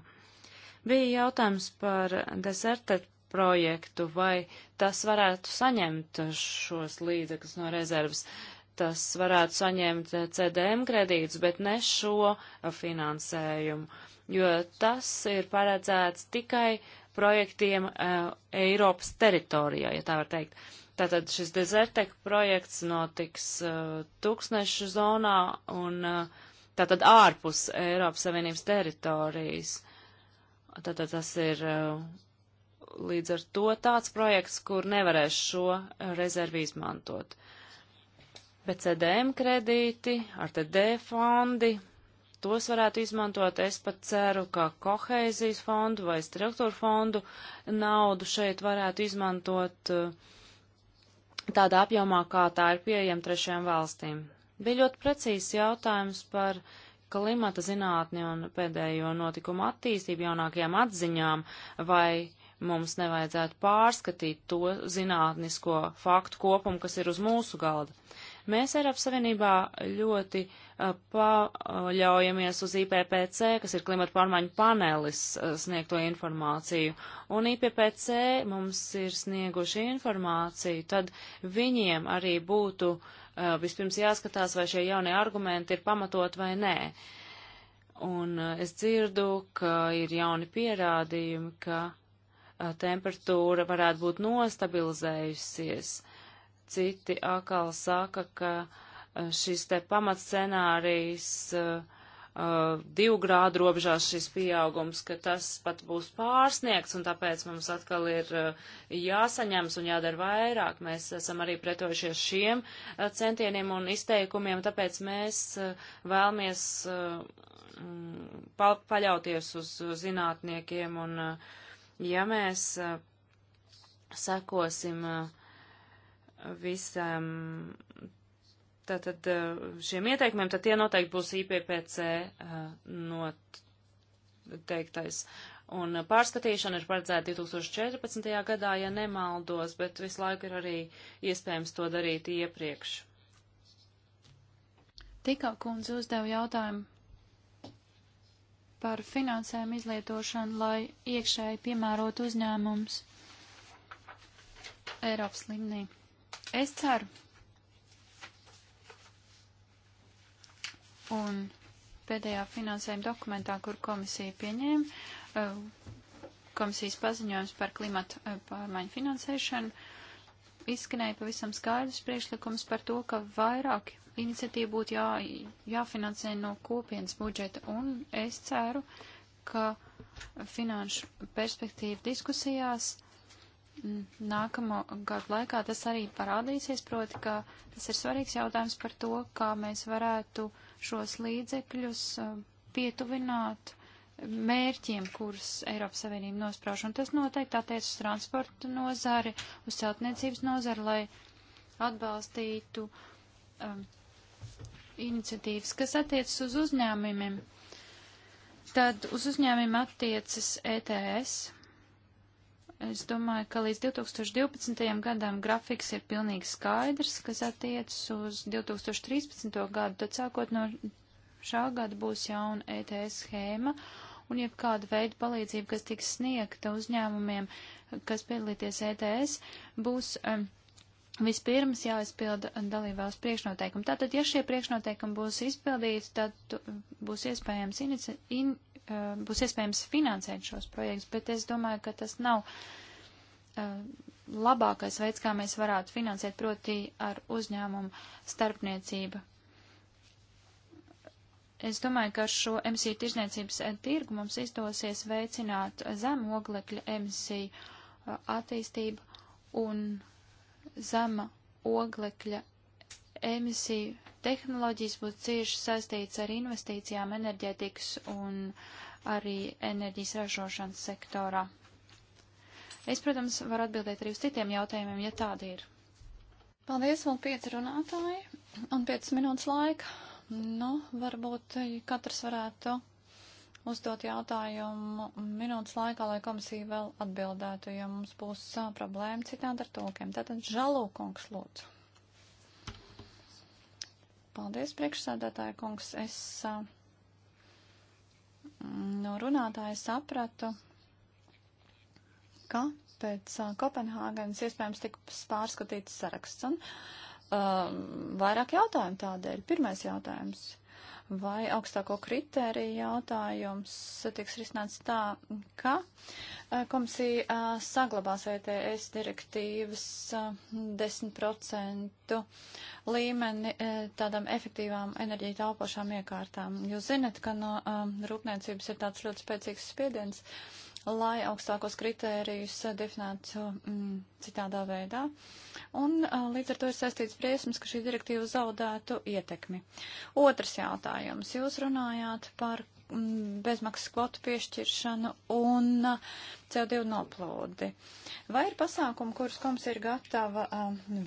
Bija jautājums par deserta projektu, vai tas varētu saņemt šos līdzekļus no rezervas. Tas varētu saņemt eh, CDM kredītus, bet ne šo finansējumu. Uh, jo tas ir paredzēts tikai projektiem uh, Eiropas teritorijā, ja tā var teikt. Tātad šis dezertek projekts notiks uh, tūkstnešu zonā un uh, tātad ārpus Eiropas Savienības teritorijas. Tātad tas ir uh, līdz ar to tāds projekts, kur nevarēs šo rezervi izmantot. Bet kredīti, RTD fondi, tos varētu izmantot. Es pat ceru, ka koheizijas fondu vai struktūra fondu naudu šeit varētu izmantot eh, tādā apjomā, kā tā ir pieejama trešajām valstīm. Bija ļoti precīzs jautājums par klimata zinātni un pēdējo notikumu attīstību jaunākajām atziņām, vai mums nevajadzētu pārskatīt to zinātnisko faktu kopumu, kas ir uz mūsu galda. Mēs Eiropas Savienībā ļoti paļaujamies uz IPPC, kas ir klimata pārmaiņu panelis, sniegto informāciju, un IPPC mums ir snieguši informāciju, tad viņiem arī būtu vispirms jāskatās, vai šie jaunie argumenti ir pamatot vai nē. Un es dzirdu, ka ir jauni pierādījumi, ka temperatūra varētu būt nostabilizējusies. Citi atkal saka, ka e, šis te pamatscenārijs e, e, divu grādu robežās šis pieaugums, ka tas pat būs pārsniegts, un tāpēc mums atkal ir jāsaņems un jādara vairāk. Mēs esam arī pretojušies šiem centieniem un izteikumiem, tāpēc mēs vēlamies paļauties uz zinātniekiem, un ja mēs sekosim uh, visam tātad eh, šiem ieteikumiem, tad tie noteikti būs IPPC eh, noteiktais. Un eh, pārskatīšana ir paredzēta 2014. gadā, ja nemaldos, bet visu laiku ir arī iespējams to darīt iepriekš. Tikā kundze uzdeva jautājumu par finansējumu izlietošanu, lai iekšēji piemērot uzņēmums Eiropas līmenī. Es ceru. Un pēdējā finansējuma dokumentā, kur komisija pieņēma, eh, komisijas paziņojums par klimatu eh, pārmaiņu finansēšanu, izskanēja pavisam skaidrs priekšlikums par to, ka vairāk iniciatīvu būtu jā, jāfinansē no kopienas budžeta, un es ceru, ka finanšu perspektīva diskusijās nākamo gadu laikā tas arī parādīsies, proti, ka tas ir svarīgs jautājums par to, kā mēs varētu šos līdzekļus uh, pietuvināt mērķiem, kurus Eiropas Savienība nosprauž. Un tas noteikti attiec uz transportu nozari, uz celtniecības nozari, lai atbalstītu um, iniciatīvas, kas attiecas uz uzņēmumiem. Tad uz uzņēmumiem attiecas ETS, Es domāju, ka līdz 2012. gadam grafiks ir pilnīgi skaidrs, kas attiecas uz 2013. gadu, tad sākot no šā gada būs jauna ETS schēma un jebkāda veida palīdzība, kas tiks sniegta uzņēmumiem, kas piedalīties ETS, būs um, Vispirms jāizpilda dalībvalsts priekšnoteikumi. Tātad, ja šie priekšnoteikumi būs izpildīti, tad būs iespējams, in, in, uh, būs iespējams finansēt šos projektus, bet es domāju, ka tas nav uh, labākais veids, kā mēs varētu finansēt, proti ar uzņēmumu starpniecību. Es domāju, ka ar šo emisiju tirzniecības eh, tirgu mums izdosies veicināt zem oglekļa emisiju uh, attīstību un zema oglekļa emisiju tehnoloģijas būtu cieši saistīts ar investīcijām enerģētikas un arī enerģijas ražošanas sektorā. Es, protams, varu atbildēt arī uz citiem jautājumiem, ja tādi ir. Paldies, vēl pieci runātāji un 5 minūtes laika. Nu, varbūt katrs varētu uzdot jautājumu minūtes laikā, lai komisija vēl atbildētu, ja mums būs problēma citādi ar tūkiem. Tātad žalū kungs lūdzu. Paldies, priekšsādātāja kungs. Es no runātāja sapratu, ka pēc Kopenhāgenes iespējams tiks pārskatīts saraksts un um, vairāk jautājumu tādēļ. Pirmais jautājums vai augstāko kritēriju jautājums tiks risināts tā, ka komisija saglabās ETS direktīvas 10% līmeni tādām efektīvām enerģija taupošām iekārtām. Jūs zinat, ka no rūpniecības ir tāds ļoti spēcīgs spiediens lai augstākos kritērijus definētu mm, citādā veidā. Un līdz ar to ir saistīts briesmas, ka šī direktīva zaudētu ietekmi. Otrs jautājums. Jūs runājāt par mm, bezmaksas kvotu piešķiršanu un CO2 noplūdi. Vai ir pasākumi, kurus komisija ir gatava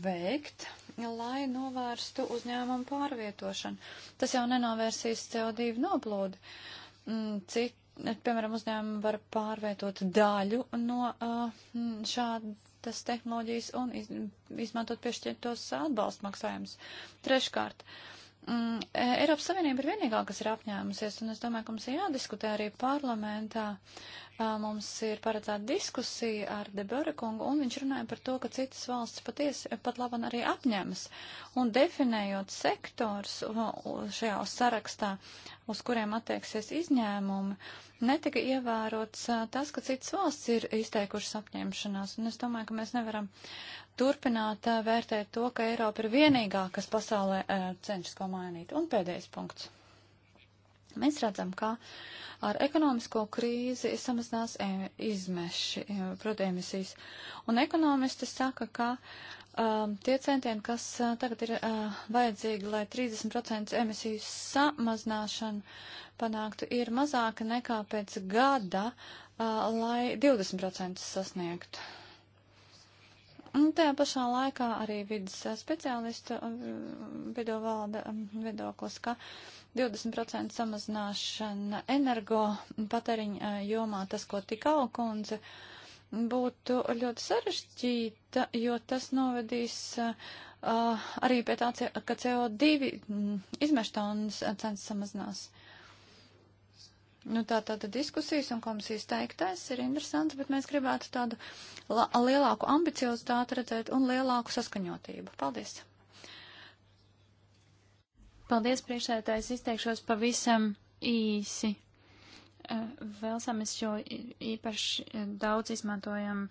veikt, lai novērstu uzņēmumu pārvietošanu? Tas jau nenovērsīs CO2 noplūdi. Mm, Cik piemēram, uzņēmumi var pārvietot daļu no uh, šādas tehnoloģijas un izmantot piešķirtos atbalstu maksājumus. Treškārt, uh, Mm, eh, Eiropas Savienība ir vienīgā, kas ir apņēmusies, un es domāju, ka mums ir jādiskutē arī parlamentā. Eh, mums ir paredzēta diskusija ar Deberekungu, un viņš runāja par to, ka citas valsts patiesi pat laban arī apņemas. Un definējot sektors šajā sarakstā, uz kuriem attieksies izņēmumi, netika ievērots eh, tas, ka citas valsts ir izteikušas apņemšanās, un es domāju, ka mēs nevaram turpināt vērtēt to, ka Eiropa ir vienīgā, kas pasaulē cenšas ko mainīt. Un pēdējais punkts. Mēs redzam, ka ar ekonomisko krīzi samazinās izmeši, e proti emisijas. Un ekonomisti saka, ka um, tie centieni, kas tagad ir uh, vajadzīgi, lai 30% emisiju samazināšanu panāktu, ir mazāka nekā pēc gada, uh, lai 20% sasniegtu. Un tajā pašā laikā arī vidus speciālistu um, vidū valda um, viedoklis, ka 20% samazināšana energo patēriņa uh, jomā, tas, ko tik alkundze, būtu ļoti sarežģīta, jo tas novedīs uh, arī pie tā, ka CO2 mm, un uh, cenas samazinās. Nu, tā tāda diskusijas un komisijas teiktais ir interesants, bet mēs gribētu tādu lielāku ambiciozitāti redzēt un lielāku saskaņotību. Paldies! Paldies, priekšsētājs, izteikšos pavisam īsi. Eh, Velsā mēs jau īpaši eh, daudz izmantojam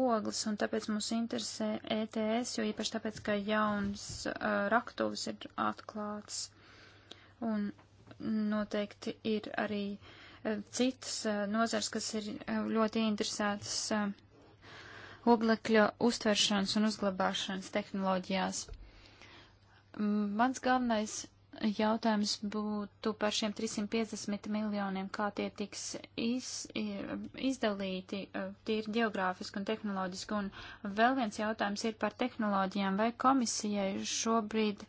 ogles, un tāpēc mūs interesē ETS, jo īpaši tāpēc, ka jauns eh, raktuvs ir atklāts. Un noteikti ir arī eh, citas eh, nozars, kas ir eh, ļoti interesētas oglekļa uztveršanas un uzglabāšanas tehnoloģijās. Mans galvenais jautājums būtu par šiem 350 miljoniem, kā tie tiks iz, izdalīti, tie ir geogrāfiski un tehnoloģiski. Un vēl viens jautājums ir par tehnoloģijām. Vai komisijai šobrīd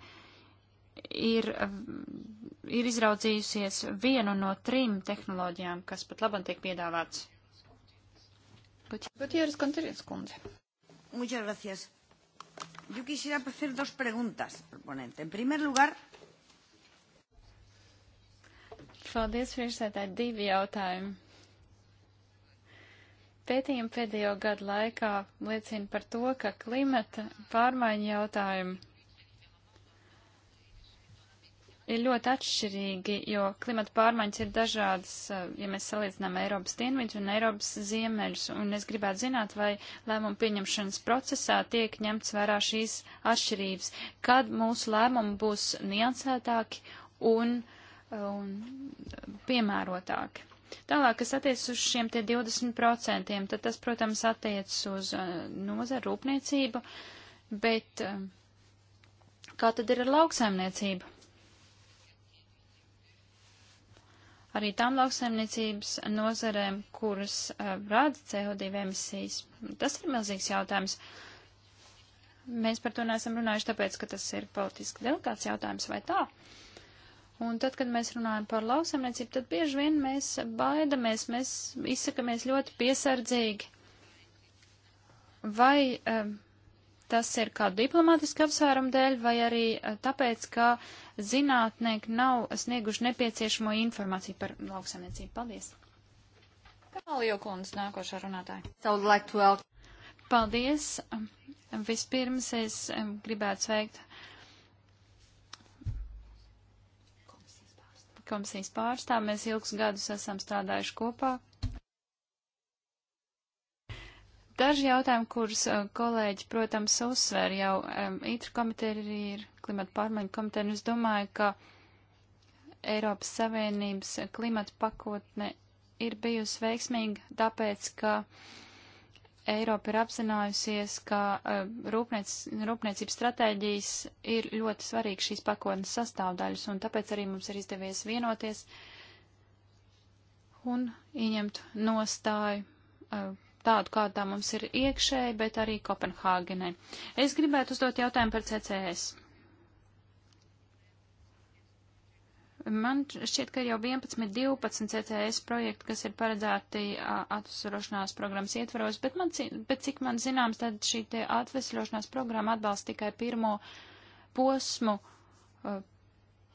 ir ir izraudzījusies vienu no trim tehnoloģijām, kas pat labam tiek piedāvāts. Gutieres Konterins kundze. Muchas gracias. Yo quisiera hacer dos preguntas, proponente. En primer lugar... Paldies, priekšsētāji, divi jautājumi. Pētījumi pēdējo gadu laikā liecina par to, ka klimata pārmaiņu jautājumi ir ļoti atšķirīgi, jo klimata pārmaiņas ir dažādas, eh, ja mēs salīdzinām Eiropas dienvidus un Eiropas ziemeļus. Un es gribētu zināt, vai lēmumu pieņemšanas procesā tiek ņemts vērā šīs atšķirības, kad mūsu lēmumi būs niansētāki un, un piemērotāki. Tālāk, kas attiecas uz šiem tie 20%, tad tas, protams, attiecas uz eh, nozaru rūpniecību, bet eh, kā tad ir ar lauksaimniecību? arī tām lauksaimniecības nozarēm, kuras uh, rāda CO2 emisijas. Tas ir milzīgs jautājums. Mēs par to neesam runājuši, tāpēc, ka tas ir politiski delikāts jautājums vai tā. Un tad, kad mēs runājam par lauksaimniecību, tad bieži vien mēs baidamies, mēs izsakamies ļoti piesardzīgi. Vai uh, tas ir kā diplomātisku apsvērumu dēļ vai arī eh, tāpēc, ka zinātnieki nav snieguši nepieciešamo informāciju par lauksaimniecību. Paldies! Kālija Kundze, nākošā runātāja. Paldies! Vispirms es gribētu sveikt komisijas pārstāvju. Mēs ilgus gadus esam strādājuši kopā. Daži jautājumi, kurus uh, kolēģi, protams, uzsver jau um, ITR komiteja arī ir klimata pārmaiņu komiteja, un es domāju, ka Eiropas Savienības klimata pakotne ir bijusi veiksmīga, tāpēc, ka Eiropa ir apzinājusies, ka um, rūpniec, rūpniecības stratēģijas ir ļoti svarīgas šīs pakotnes sastāvdaļas, un tāpēc arī mums ir izdevies vienoties un ieņemt nostāju uh, tādu, kāda tā mums ir iekšēji, bet arī Kopenhāgenē. Es gribētu uzdot jautājumu par CCS. Man šķiet, ka jau 11, 12 CCS projekti, kas ir paredzēti atvesļošanās programmas ietvaros, bet, man, bet cik man zināms, tad šī atvesļošanās programma atbalsta tikai pirmo posmu,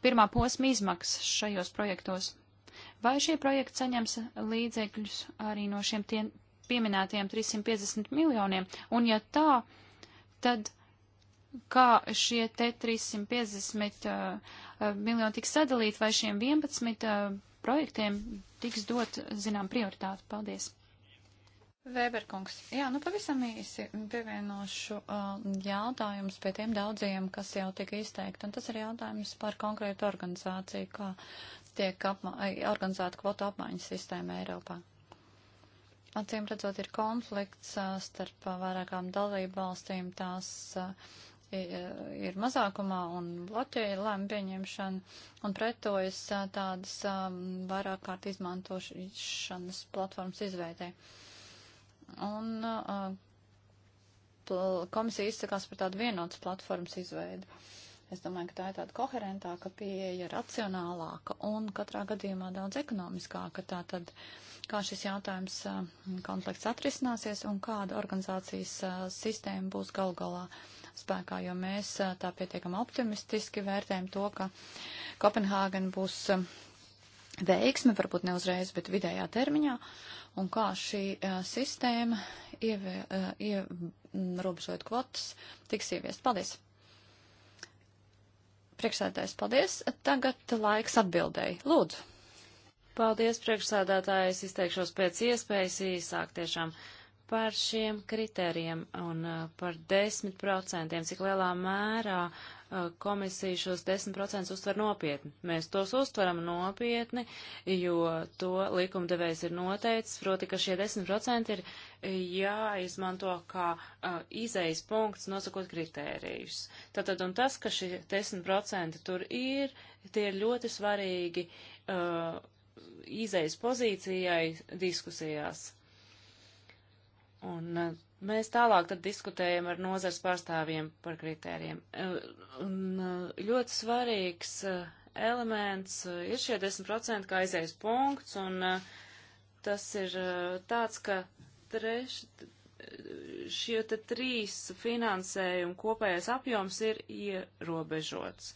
pirmā posma izmaksas šajos projektos. Vai šie projekti saņems līdzekļus arī no šiem pieminētajiem 350 miljoniem? Un ja tā, tad kā šie te 350 uh, uh, miljoni tiks sadalīti vai šiem 11 uh, projektiem tiks dot, zinām, prioritāti? Paldies! Vēberkungs, jā, nu pavisam īsi pievienošu uh, jautājumus pie tiem daudziem, kas jau tika izteikti, un tas ir jautājums par konkrētu organizāciju, kā tiek apma organizēta kvotu apmaiņas sistēma Eiropā. Acīm redzot, ir konflikts starp vairākām dalību valstīm. Tās ir mazākumā un bloķēja lēmu pieņemšanu un pretojas tādas vairāk kārt izmantošanas platformas izveidē. Un komisija izsakās par tādu vienotas platformas izveidu. Es domāju, ka tā ir tāda koherentāka pieeja, racionālāka un katrā gadījumā daudz ekonomiskāka. Tā tad, kā šis jautājums hm, konflikts atrisināsies un kāda organizācijas hm, sistēma būs gal galā spēkā, jo mēs hm, tā pietiekam optimistiski vērtējam to, ka Kopenhāgen būs veiksme, varbūt ne uzreiz, bet vidējā termiņā, un kā šī uh, sistēma, robežojot kvotas, tiks ieviest. Paldies! Priekšsēdētājs, paldies. Tagad laiks atbildēji. Lūdzu. Paldies, priekšsēdētāji. Es izteikšos pēc iespējas īsāk tiešām par šiem kritērijiem un uh, par desmit procentiem, cik lielā mērā uh, komisija šos 10% uztver nopietni. Mēs tos uztveram nopietni, jo to likumdevējs ir noteicis, proti, ka šie 10% ir jāizmanto kā uh, izejas punkts, nosakot kritērijus. Tātad, un tas, ka šie 10% tur ir, tie ir ļoti svarīgi uh, izejas pozīcijai diskusijās. Un uh, Mēs tālāk tad diskutējam ar nozars pārstāvjiem par kritērijiem. Un uh, ļoti svarīgs uh, elements uh, ir šie 10% kā aizējas punkts, un tas ir tāds, ka treš, šie te trīs finansējumi kopējais apjoms ir ierobežots.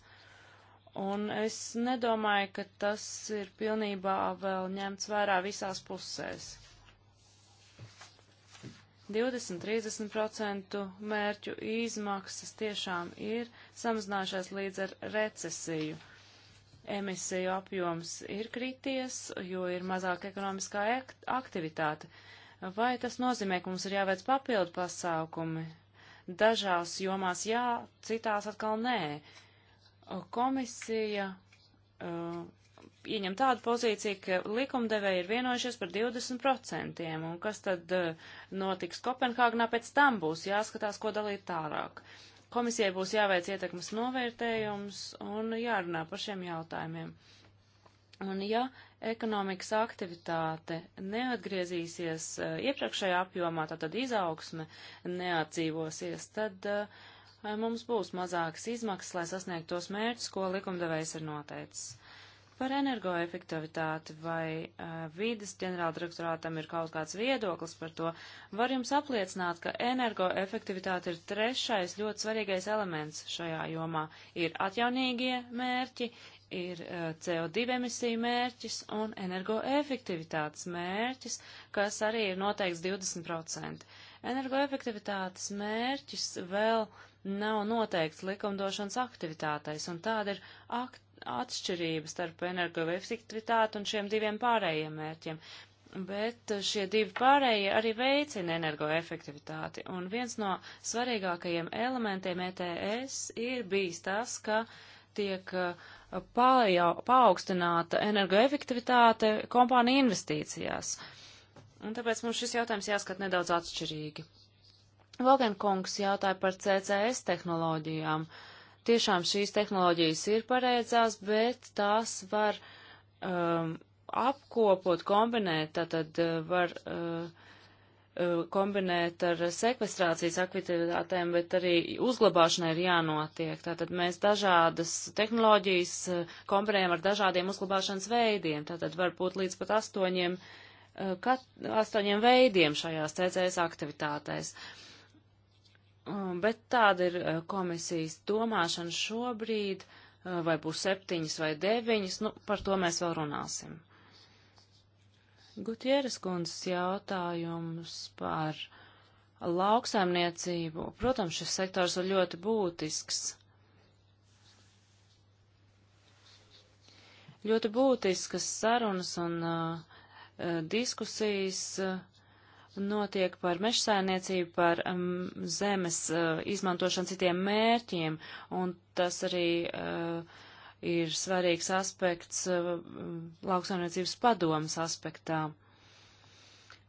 Un es nedomāju, ka tas ir pilnībā vēl ņemts vērā visās pusēs. 20-30% mērķu izmaksas tiešām ir samazinājušās līdz ar recesiju. Emisiju apjoms ir krities, jo ir mazāk ekonomiskā aktivitāte. Vai tas nozīmē, ka mums ir jāveic papildu pasākumi? Dažās jomās jā, citās atkal nē. Komisija uh, ieņem tādu pozīciju, ka likumdevēji ir vienojušies par 20%, un kas tad eh, notiks Kopenhāgnā pēc tam būs jāskatās, ko dalīt tālāk. Komisijai būs jāveic ietekmes novērtējums un jārunā par šiem jautājumiem. Un ja ekonomikas aktivitāte neatgriezīsies eh, iepriekšējā apjomā, tad izaugsme neatdzīvosies, tad eh, mums būs mazākas izmaksas, lai sasniegtu tos mērķus, ko likumdevējs ir noteicis. Par energoefektivitāti vai uh, vīdes ģenerāldirektorātam ir kaut kāds viedoklis par to, var jums apliecināt, ka energoefektivitāte ir trešais ļoti svarīgais elements šajā jomā. Ir atjaunīgie mērķi, ir uh, CO2 emisiju mērķis un energoefektivitātes mērķis, kas arī ir noteikts 20%. Energoefektivitātes mērķis vēl nav noteikts likumdošanas aktivitātais, un tāda ir akt atšķirība starp energoefektivitāti un šiem diviem pārējiem mērķiem. Bet šie divi pārējie arī veicina energoefektivitāti. Un viens no svarīgākajiem elementiem ETS ir bijis tas, ka tiek uh, paaugstināta energoefektivitāte kompānija investīcijās. Un tāpēc mums šis jautājums jāskat nedaudz atšķirīgi. Logan kungs jautāja par CCS tehnoloģijām. Uh, tiešām šīs tehnoloģijas ir pareizās, bet tās var um, apkopot, kombinēt, tātad uh, var uh, uh, kombinēt ar sekvestrācijas aktivitātēm, bet arī uzglabāšanai ir jānotiek. Tātad mēs dažādas tehnoloģijas uh, kombinējam ar dažādiem uzglabāšanas veidiem. Tātad var būt līdz pat astoņiem, kat, astoņiem veidiem šajās CCS aktivitātēs. Uh, Bet tāda ir eh, komisijas domāšana šobrīd, eh, vai būs septiņas vai deviņas, nu, par to mēs vēl runāsim. Gutieres kundzes jautājums par lauksaimniecību. Protams, šis sektors ir ļoti būtisks. Ļoti būtiskas sarunas un uh, diskusijas. Uh, notiek par mežsājniecību, par um, zemes uh, izmantošanu citiem mērķiem, un tas arī uh, ir svarīgs aspekts uh, lauksaimniecības padomas aspektā.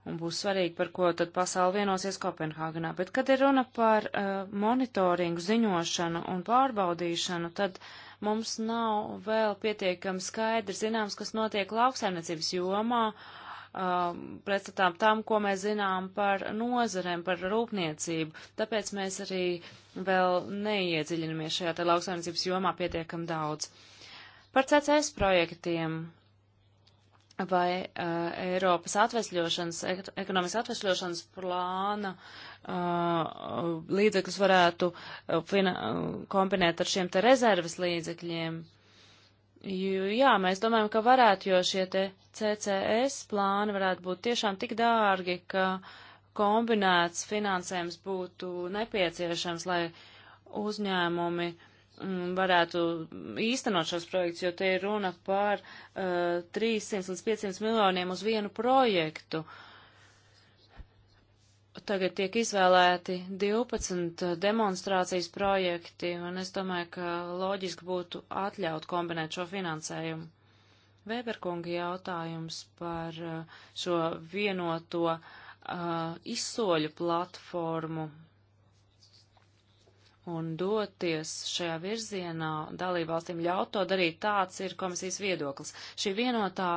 Un būs svarīgi, par ko tad pasauli vienosies Kopenhāgenā. Bet, kad ir runa par uh, monitoringu, ziņošanu un pārbaudīšanu, tad mums nav vēl pietiekami skaidri zināms, kas notiek lauksaimniecības jomā. Uh, Um, pretstatām tam, ko mēs zinām par nozarēm, par rūpniecību. Tāpēc mēs arī vēl neiedziļinamies šajā te lauksaimniecības jomā pietiekam daudz. Par CCS projektiem vai uh, Eiropas atvesļošanas, ek ekonomikas atvesļošanas plāna uh, līdzekļus varētu uh, fina, uh, kombinēt ar šiem te rezerves līdzekļiem. Jā, mēs domājam, ka varētu, jo šie te CCS plāni varētu būt tiešām tik dārgi, ka kombinēts finansējums būtu nepieciešams, lai uzņēmumi mm, varētu īstenot šos projektus, jo te ir runa par uh, 300 līdz 500 miljoniem uz vienu projektu. Uh, tagad tiek izvēlēti 12 demonstrācijas projekti, un es domāju, ka loģiski būtu atļaut kombinēt šo finansējumu. Vēberkunga jautājums par uh, šo vienoto uh, izsoļu platformu un doties šajā virzienā dalībvalstīm ļaut to darīt, tāds ir komisijas viedoklis. Šī vienotā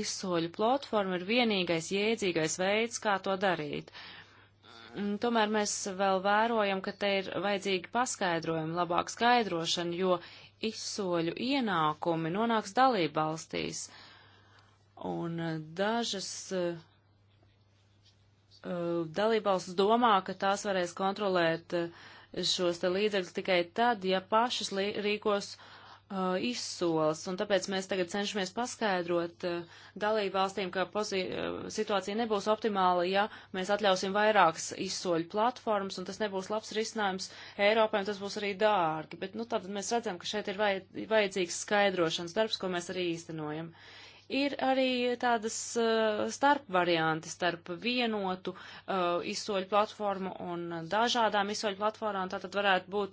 izsoļu platforma ir vienīgais jēdzīgais veids, kā to darīt. Uh, Tomēr mēs vēl vērojam, ka te ir vajadzīgi paskaidrojumi, labāk skaidrošana, jo izsoļu ienākumi nonāks dalība valstīs. Un eh, dažas uh, eh, eh, dalībvalsts domā, ka tās varēs kontrolēt šos te līdzekļus tikai tad, ja pašas rīkos uh, uh, un tāpēc mēs tagad cenšamies paskaidrot uh, dalību valstīm, ka pozī, uh, situācija nebūs optimāla, ja mēs atļausim vairākas izsoļu platformas, un tas nebūs labs risinājums Eiropai, un tas būs arī dārgi. Bet, nu, tad mēs redzam, ka šeit ir vajadzīgs skaidrošanas darbs, ko mēs arī īstenojam. Ir arī tādas uh, starp varianti starp vienotu uh, izsoļu platformu un dažādām izsoļu platformām. Tātad varētu būt